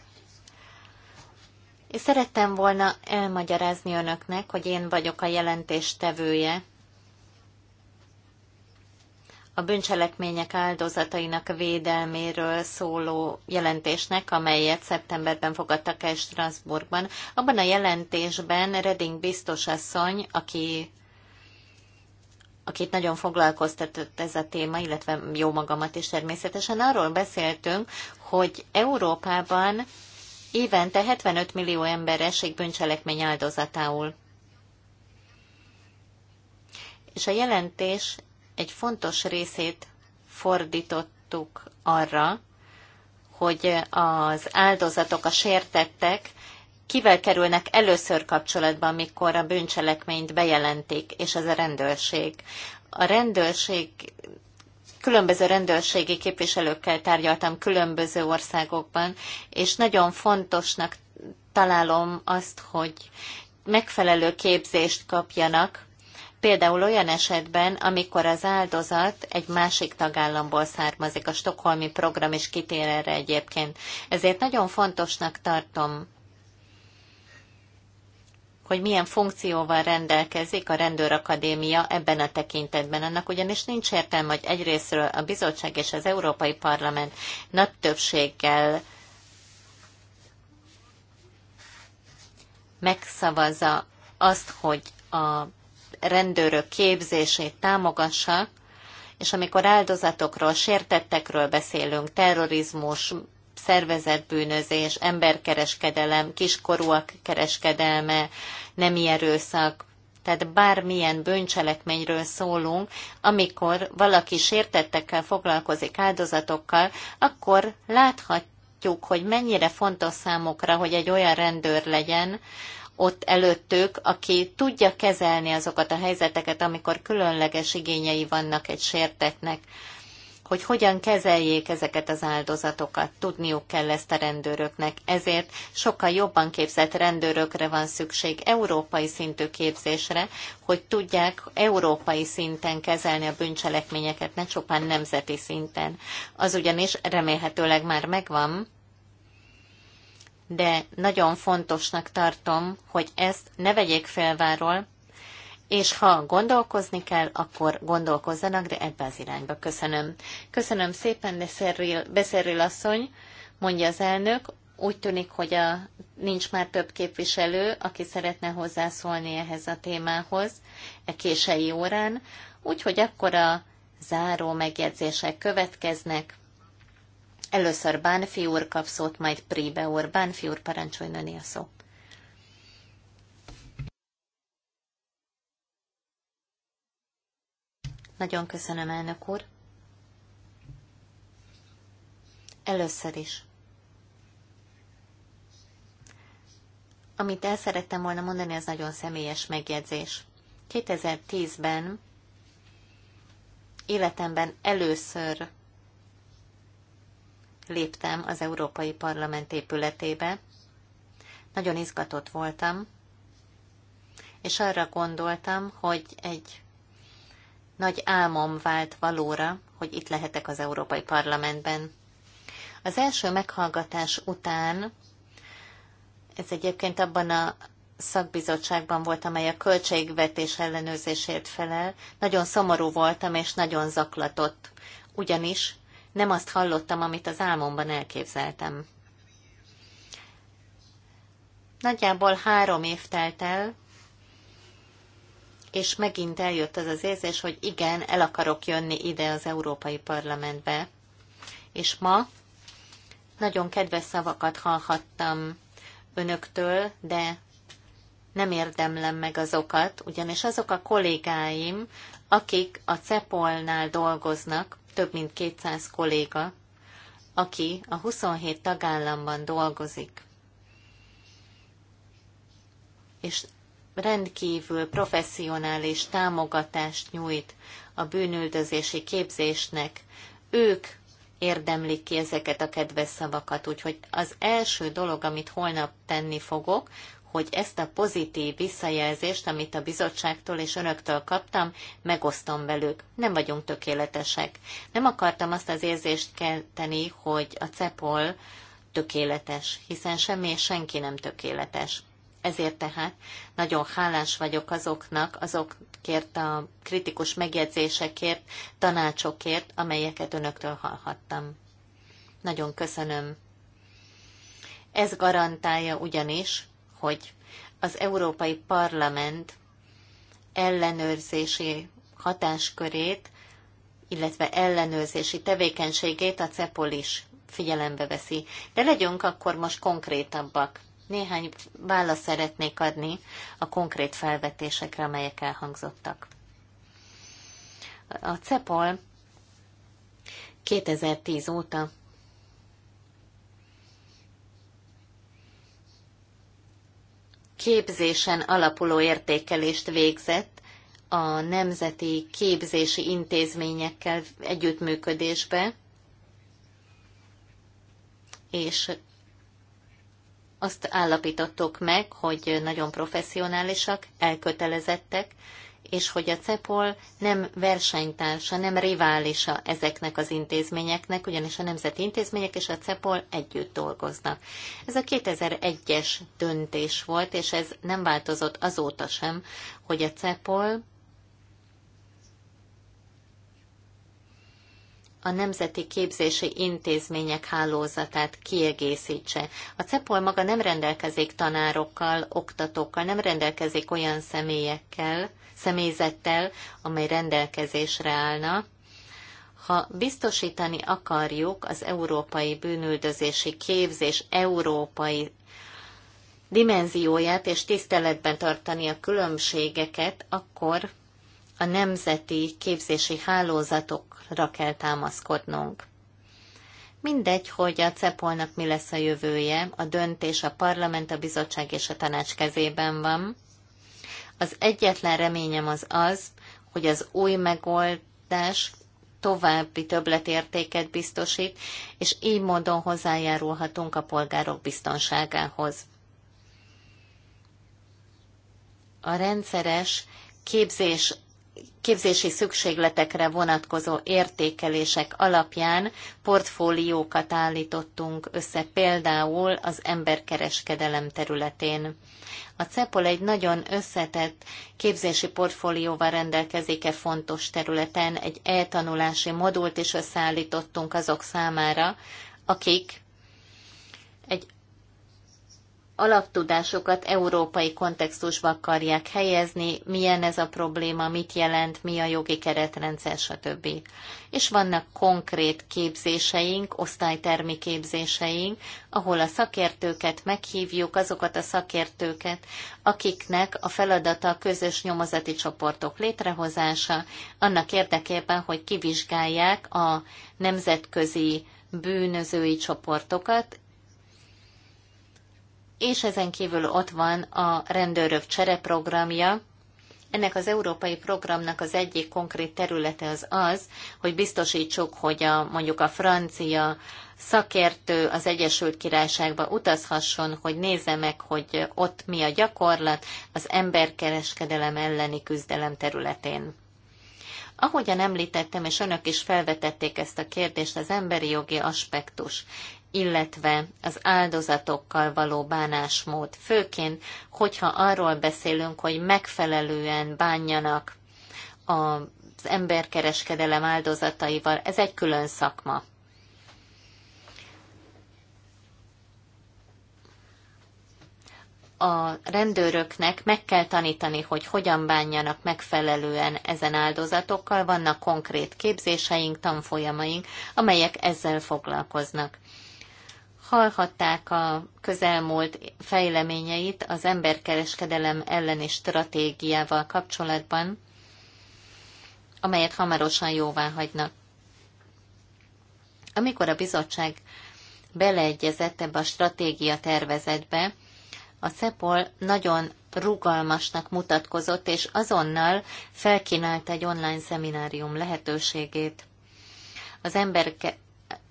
És szerettem volna elmagyarázni önöknek, hogy én vagyok a jelentéstevője a bűncselekmények áldozatainak védelméről szóló jelentésnek, amelyet szeptemberben fogadtak el Strasbourgban. Abban a jelentésben Reding biztosasszony, aki akit nagyon foglalkoztatott ez a téma, illetve jó magamat is természetesen, arról beszéltünk, hogy Európában évente 75 millió ember esik bűncselekmény áldozatául. És a jelentés egy fontos részét fordítottuk arra, hogy az áldozatok, a sértettek kivel kerülnek először kapcsolatba, amikor a bűncselekményt bejelentik, és ez a rendőrség. A rendőrség különböző rendőrségi képviselőkkel tárgyaltam különböző országokban, és nagyon fontosnak találom azt, hogy megfelelő képzést kapjanak, például olyan esetben, amikor az áldozat egy másik tagállamból származik, a stokholmi program is kitér erre egyébként. Ezért nagyon fontosnak tartom hogy milyen funkcióval rendelkezik a rendőrakadémia ebben a tekintetben. Annak ugyanis nincs értelme, hogy egyrésztről a bizottság és az Európai Parlament nagy többséggel megszavazza azt, hogy a rendőrök képzését támogassa, és amikor áldozatokról, sértettekről beszélünk, terrorizmus, szervezetbűnözés, emberkereskedelem, kiskorúak kereskedelme, nemi erőszak, tehát bármilyen bűncselekményről szólunk, amikor valaki sértettekkel foglalkozik áldozatokkal, akkor láthatjuk, hogy mennyire fontos számukra, hogy egy olyan rendőr legyen, ott előttük, aki tudja kezelni azokat a helyzeteket, amikor különleges igényei vannak egy sértetnek hogy hogyan kezeljék ezeket az áldozatokat. Tudniuk kell ezt a rendőröknek. Ezért sokkal jobban képzett rendőrökre van szükség európai szintű képzésre, hogy tudják európai szinten kezelni a bűncselekményeket, ne csupán nemzeti szinten. Az ugyanis remélhetőleg már megvan, de nagyon fontosnak tartom, hogy ezt ne vegyék félváról, és ha gondolkozni kell, akkor gondolkozzanak, de ebbe az irányba. Köszönöm. Köszönöm szépen, beszerül, beszerül asszony, mondja az elnök. Úgy tűnik, hogy a, nincs már több képviselő, aki szeretne hozzászólni ehhez a témához e késői órán, úgyhogy akkor a záró megjegyzések következnek. Először Bánfi úr kap szót, majd Príbe úr. Bánfi úr, parancsoljon a szót. Nagyon köszönöm, elnök úr. Először is. Amit el szerettem volna mondani, az nagyon személyes megjegyzés. 2010-ben életemben először léptem az Európai Parlament épületébe. Nagyon izgatott voltam, és arra gondoltam, hogy egy nagy álmom vált valóra, hogy itt lehetek az Európai Parlamentben. Az első meghallgatás után, ez egyébként abban a szakbizottságban volt, amely a költségvetés ellenőrzésért felel, nagyon szomorú voltam és nagyon zaklatott, ugyanis nem azt hallottam, amit az álmomban elképzeltem. Nagyjából három év telt el, és megint eljött az az érzés, hogy igen, el akarok jönni ide az Európai Parlamentbe. És ma nagyon kedves szavakat hallhattam önöktől, de nem érdemlem meg azokat, ugyanis azok a kollégáim, akik a CEPOL-nál dolgoznak, több mint 200 kolléga, aki a 27 tagállamban dolgozik. És rendkívül professzionális támogatást nyújt a bűnüldözési képzésnek. Ők érdemlik ki ezeket a kedves szavakat, úgyhogy az első dolog, amit holnap tenni fogok, hogy ezt a pozitív visszajelzést, amit a bizottságtól és önöktől kaptam, megosztom velük. Nem vagyunk tökéletesek. Nem akartam azt az érzést kelteni, hogy a CEPOL tökéletes, hiszen semmi és senki nem tökéletes. Ezért tehát nagyon hálás vagyok azoknak, azokért a kritikus megjegyzésekért, tanácsokért, amelyeket önöktől hallhattam. Nagyon köszönöm. Ez garantálja ugyanis, hogy az Európai Parlament ellenőrzési hatáskörét, illetve ellenőrzési tevékenységét a CEPOL is figyelembe veszi. De legyünk akkor most konkrétabbak néhány választ szeretnék adni a konkrét felvetésekre, amelyek elhangzottak. A CEPOL 2010 óta képzésen alapuló értékelést végzett a nemzeti képzési intézményekkel együttműködésbe, és azt állapítottuk meg, hogy nagyon professzionálisak, elkötelezettek, és hogy a CEPOL nem versenytársa, nem riválisa ezeknek az intézményeknek, ugyanis a nemzeti intézmények és a CEPOL együtt dolgoznak. Ez a 2001-es döntés volt, és ez nem változott azóta sem, hogy a CEPOL a Nemzeti Képzési Intézmények hálózatát kiegészítse. A CEPOL maga nem rendelkezik tanárokkal, oktatókkal, nem rendelkezik olyan személyekkel, személyzettel, amely rendelkezésre állna. Ha biztosítani akarjuk az európai bűnüldözési képzés európai dimenzióját és tiszteletben tartani a különbségeket, akkor a nemzeti képzési hálózatok adatokra kell támaszkodnunk. Mindegy, hogy a CEPOL-nak mi lesz a jövője, a döntés a parlament, a bizottság és a tanács kezében van. Az egyetlen reményem az az, hogy az új megoldás további többletértéket biztosít, és így módon hozzájárulhatunk a polgárok biztonságához. A rendszeres képzés képzési szükségletekre vonatkozó értékelések alapján portfóliókat állítottunk össze például az emberkereskedelem területén. A CEPOL egy nagyon összetett képzési portfólióval rendelkezik-e fontos területen, egy eltanulási modult is összeállítottunk azok számára, akik egy alaptudásokat európai kontextusba akarják helyezni, milyen ez a probléma, mit jelent, mi a jogi keretrendszer, stb. És vannak konkrét képzéseink, osztálytermi képzéseink, ahol a szakértőket meghívjuk, azokat a szakértőket, akiknek a feladata a közös nyomozati csoportok létrehozása, annak érdekében, hogy kivizsgálják a nemzetközi bűnözői csoportokat, és ezen kívül ott van a rendőrök csereprogramja. Ennek az európai programnak az egyik konkrét területe az az, hogy biztosítsuk, hogy a, mondjuk a francia szakértő az Egyesült Királyságba utazhasson, hogy nézze meg, hogy ott mi a gyakorlat az emberkereskedelem elleni küzdelem területén. Ahogyan említettem, és önök is felvetették ezt a kérdést, az emberi jogi aspektus illetve az áldozatokkal való bánásmód. Főként, hogyha arról beszélünk, hogy megfelelően bánjanak az emberkereskedelem áldozataival, ez egy külön szakma. a rendőröknek meg kell tanítani, hogy hogyan bánjanak megfelelően ezen áldozatokkal. Vannak konkrét képzéseink, tanfolyamaink, amelyek ezzel foglalkoznak hallhatták a közelmúlt fejleményeit az emberkereskedelem elleni stratégiával kapcsolatban, amelyet hamarosan jóvá hagynak. Amikor a bizottság beleegyezett ebbe a stratégia tervezetbe, a CEPOL nagyon rugalmasnak mutatkozott, és azonnal felkínált egy online szeminárium lehetőségét. Az ember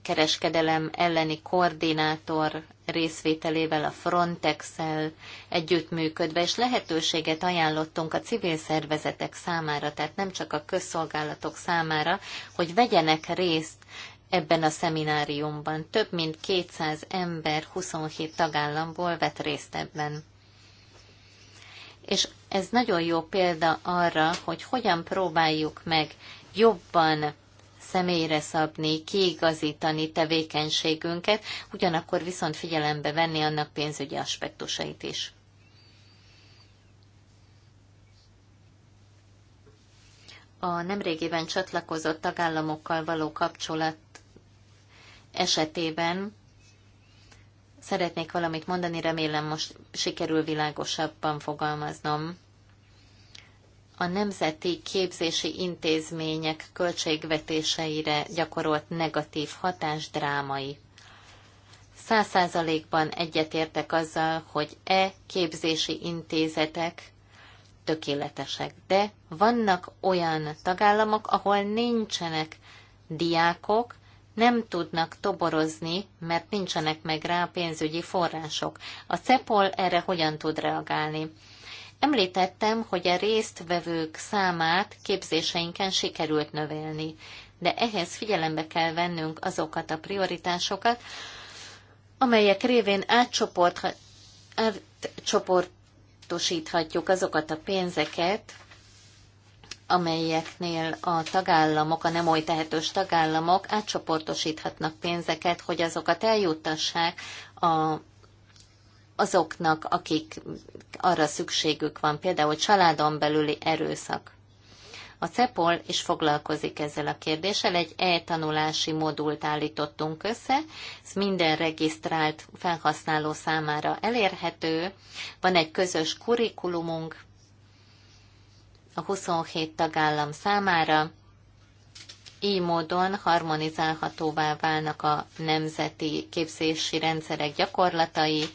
kereskedelem elleni koordinátor részvételével, a Frontex-el együttműködve, és lehetőséget ajánlottunk a civil szervezetek számára, tehát nem csak a közszolgálatok számára, hogy vegyenek részt ebben a szemináriumban. Több mint 200 ember 27 tagállamból vett részt ebben. És ez nagyon jó példa arra, hogy hogyan próbáljuk meg jobban személyre szabni, kiigazítani tevékenységünket, ugyanakkor viszont figyelembe venni annak pénzügyi aspektusait is. A nemrégiben csatlakozott tagállamokkal való kapcsolat esetében szeretnék valamit mondani, remélem most sikerül világosabban fogalmaznom a nemzeti képzési intézmények költségvetéseire gyakorolt negatív hatás drámai. Száz százalékban egyetértek azzal, hogy e képzési intézetek tökéletesek, de vannak olyan tagállamok, ahol nincsenek diákok, nem tudnak toborozni, mert nincsenek meg rá pénzügyi források. A CEPOL erre hogyan tud reagálni? Említettem, hogy a résztvevők számát képzéseinken sikerült növelni, de ehhez figyelembe kell vennünk azokat a prioritásokat, amelyek révén átcsoportosíthatjuk azokat a pénzeket, amelyeknél a tagállamok, a nem oly tehetős tagállamok átcsoportosíthatnak pénzeket, hogy azokat eljuttassák a azoknak, akik arra szükségük van, például családon belüli erőszak. A CEPOL is foglalkozik ezzel a kérdéssel, egy e-tanulási modult állítottunk össze, ez minden regisztrált felhasználó számára elérhető, van egy közös kurikulumunk a 27 tagállam számára, így módon harmonizálhatóvá válnak a nemzeti képzési rendszerek gyakorlatai,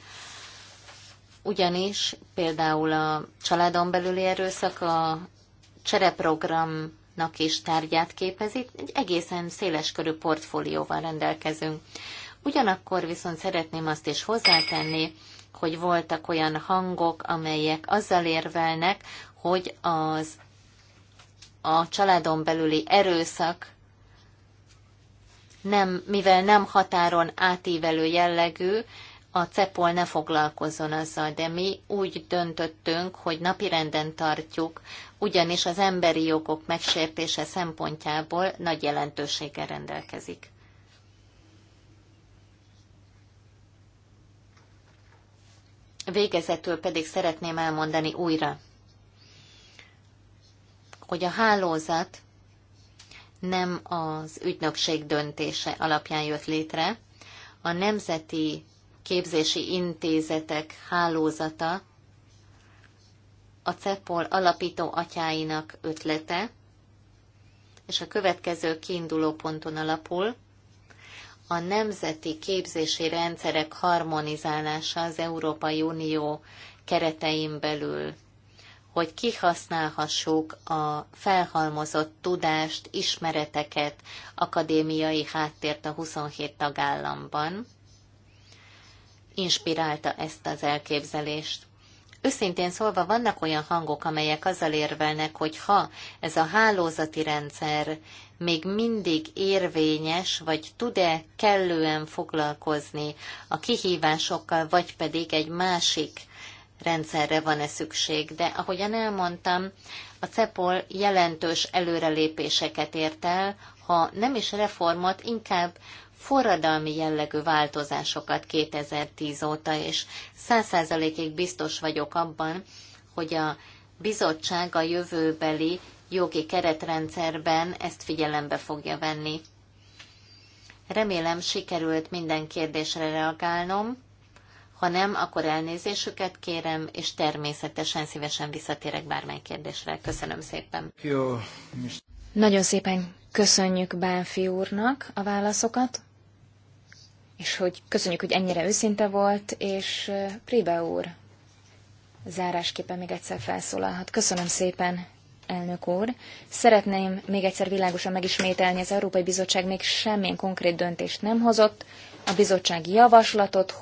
ugyanis például a családon belüli erőszak a csereprogramnak is tárgyát képezi, egy egészen széleskörű portfólióval rendelkezünk. Ugyanakkor viszont szeretném azt is hozzátenni, hogy voltak olyan hangok, amelyek azzal érvelnek, hogy az a családon belüli erőszak nem, mivel nem határon átívelő jellegű, a CEPOL ne foglalkozzon azzal, de mi úgy döntöttünk, hogy napirenden tartjuk, ugyanis az emberi jogok megsértése szempontjából nagy jelentőséggel rendelkezik. Végezetül pedig szeretném elmondani újra, hogy a hálózat nem az ügynökség döntése alapján jött létre, a nemzeti képzési intézetek hálózata a CEPOL alapító atyáinak ötlete, és a következő kiinduló ponton alapul a nemzeti képzési rendszerek harmonizálása az Európai Unió keretein belül, hogy kihasználhassuk a felhalmozott tudást, ismereteket, akadémiai háttért a 27 tagállamban, inspirálta ezt az elképzelést. Őszintén szólva vannak olyan hangok, amelyek azzal érvelnek, hogy ha ez a hálózati rendszer még mindig érvényes, vagy tud-e kellően foglalkozni a kihívásokkal, vagy pedig egy másik rendszerre van-e szükség. De ahogyan elmondtam, a CEPOL jelentős előrelépéseket ért el, ha nem is reformot, inkább forradalmi jellegű változásokat 2010 óta, és 100%-ig biztos vagyok abban, hogy a bizottság a jövőbeli jogi keretrendszerben ezt figyelembe fogja venni. Remélem sikerült minden kérdésre reagálnom, ha nem, akkor elnézésüket kérem, és természetesen szívesen visszatérek bármely kérdésre. Köszönöm szépen. Jó. Nagyon szépen köszönjük Bánfi úrnak a válaszokat és hogy köszönjük, hogy ennyire őszinte volt, és Prébe úr zárásképpen még egyszer felszólalhat. Köszönöm szépen, elnök úr. Szeretném még egyszer világosan megismételni, az Európai Bizottság még semmilyen konkrét döntést nem hozott. A bizottság javaslatot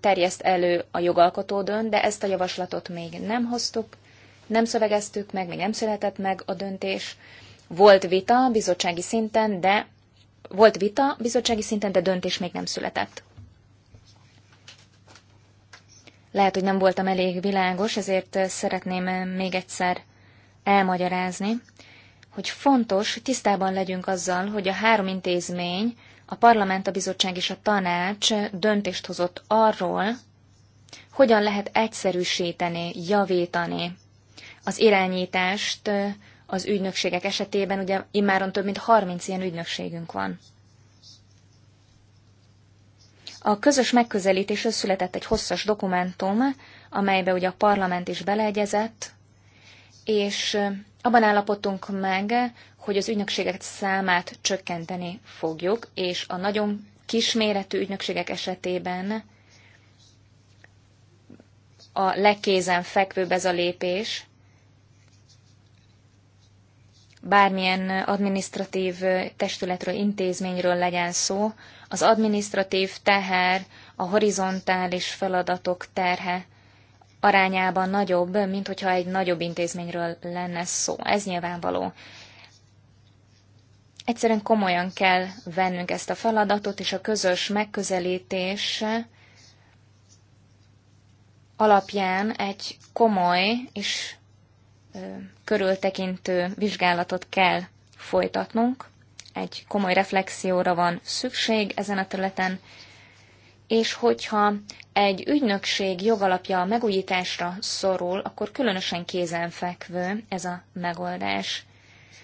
terjeszt elő a jogalkotó dönt, de ezt a javaslatot még nem hoztuk, nem szövegeztük meg, még nem született meg a döntés. Volt vita bizottsági szinten, de volt vita bizottsági szinten, de döntés még nem született. Lehet, hogy nem voltam elég világos, ezért szeretném még egyszer elmagyarázni, hogy fontos, hogy tisztában legyünk azzal, hogy a három intézmény, a parlament, a bizottság és a tanács döntést hozott arról, hogyan lehet egyszerűsíteni, javítani az irányítást az ügynökségek esetében, ugye immáron több mint 30 ilyen ügynökségünk van. A közös megközelítésről született egy hosszas dokumentum, amelybe ugye a parlament is beleegyezett, és abban állapodtunk meg, hogy az ügynökségek számát csökkenteni fogjuk, és a nagyon kisméretű ügynökségek esetében a legkézen fekvőbb ez a lépés, bármilyen administratív testületről, intézményről legyen szó, az administratív teher, a horizontális feladatok terhe arányában nagyobb, mint hogyha egy nagyobb intézményről lenne szó. Ez nyilvánvaló. Egyszerűen komolyan kell vennünk ezt a feladatot, és a közös megközelítés alapján egy komoly és körültekintő vizsgálatot kell folytatnunk, egy komoly reflexióra van szükség ezen a területen, és hogyha egy ügynökség jogalapja megújításra szorul, akkor különösen kézenfekvő ez a megoldás.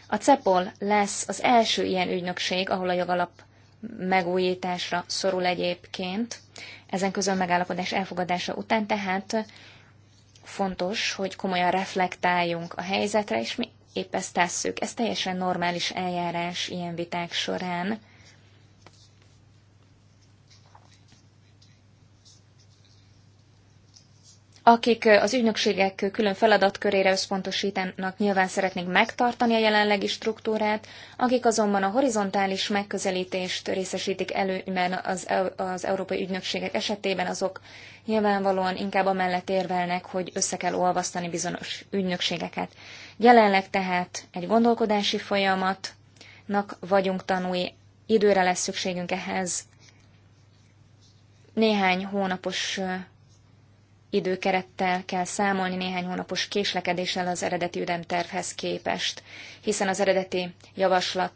A CEPOL lesz az első ilyen ügynökség, ahol a jogalap megújításra szorul egyébként, ezen közön megállapodás elfogadása után, tehát fontos, hogy komolyan reflektáljunk a helyzetre, és mi épp ezt tesszük. Ez teljesen normális eljárás ilyen viták során. akik az ügynökségek külön feladatkörére összpontosítanak, nyilván szeretnék megtartani a jelenlegi struktúrát, akik azonban a horizontális megközelítést részesítik előnyben az, az európai ügynökségek esetében, azok nyilvánvalóan inkább amellett érvelnek, hogy össze kell olvasztani bizonyos ügynökségeket. Jelenleg tehát egy gondolkodási folyamatnak vagyunk tanúi, időre lesz szükségünk ehhez, néhány hónapos időkerettel kell számolni néhány hónapos késlekedéssel az eredeti ütemtervhez képest, hiszen az eredeti javaslat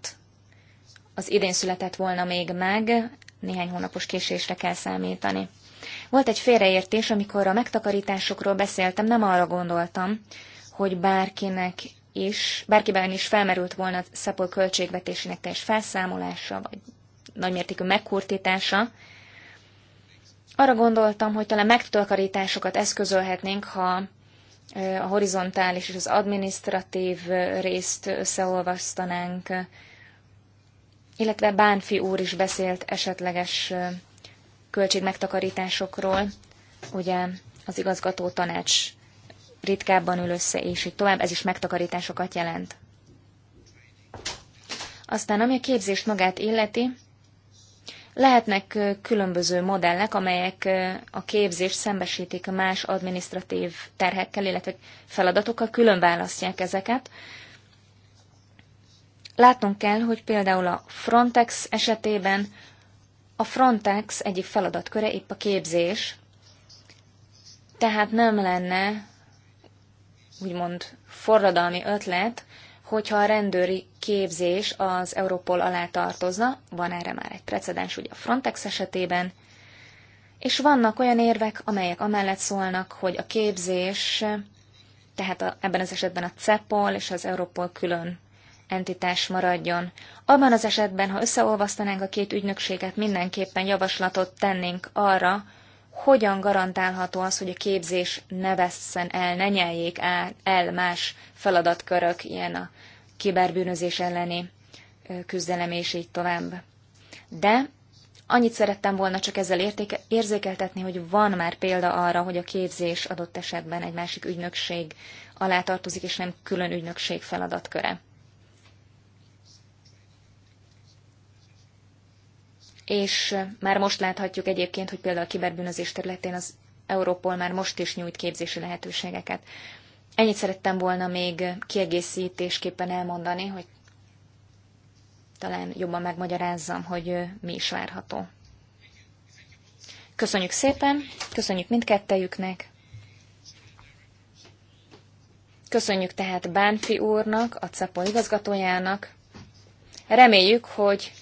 az idén született volna még meg, néhány hónapos késésre kell számítani. Volt egy félreértés, amikor a megtakarításokról beszéltem, nem arra gondoltam, hogy bárkinek is, bárkiben is felmerült volna a Szapol költségvetésének teljes felszámolása, vagy nagymértékű megkurtítása, arra gondoltam, hogy talán megtakarításokat eszközölhetnénk, ha a horizontális és az administratív részt összeolvasztanánk, illetve Bánfi úr is beszélt esetleges költségmegtakarításokról, ugye az igazgató tanács ritkábban ül össze, és így tovább, ez is megtakarításokat jelent. Aztán, ami a képzést magát illeti, Lehetnek különböző modellek, amelyek a képzést szembesítik más administratív terhekkel, illetve feladatokkal, külön választják ezeket. Látnunk kell, hogy például a Frontex esetében a Frontex egyik feladatköre épp a képzés, tehát nem lenne úgymond forradalmi ötlet, hogyha a rendőri képzés az Europol alá tartozna, van erre már egy precedens ugye a Frontex esetében, és vannak olyan érvek, amelyek amellett szólnak, hogy a képzés, tehát a, ebben az esetben a CEPOL és az Europol külön entitás maradjon. Abban az esetben, ha összeolvasztanánk a két ügynökséget, mindenképpen javaslatot tennénk arra, hogyan garantálható az, hogy a képzés ne vesszen el, ne nyeljék el más feladatkörök, ilyen a kiberbűnözés elleni küzdelem, és így tovább. De annyit szerettem volna csak ezzel értéke, érzékeltetni, hogy van már példa arra, hogy a képzés adott esetben egy másik ügynökség alá tartozik, és nem külön ügynökség feladatköre. és már most láthatjuk egyébként, hogy például a kiberbűnözés területén az Európol már most is nyújt képzési lehetőségeket. Ennyit szerettem volna még kiegészítésképpen elmondani, hogy talán jobban megmagyarázzam, hogy mi is várható. Köszönjük szépen, köszönjük mindkettejüknek. Köszönjük tehát Bánfi úrnak, a CEPO igazgatójának. Reméljük, hogy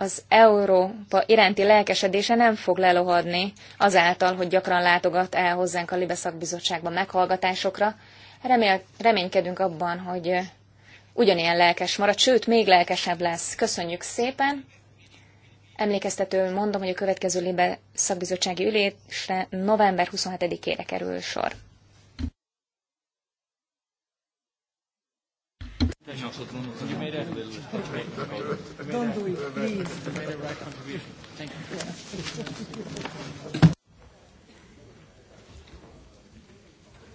az Európa iránti lelkesedése nem fog lelohadni azáltal, hogy gyakran látogat el hozzánk a Libe szakbizottságban meghallgatásokra. Remél, reménykedünk abban, hogy ugyanilyen lelkes marad, sőt, még lelkesebb lesz. Köszönjük szépen! Emlékeztető: mondom, hogy a következő Libe szakbizottsági ülésre november 27-ére kerül sor. You made a Don't do it, please. You made a right contribution. Thank you.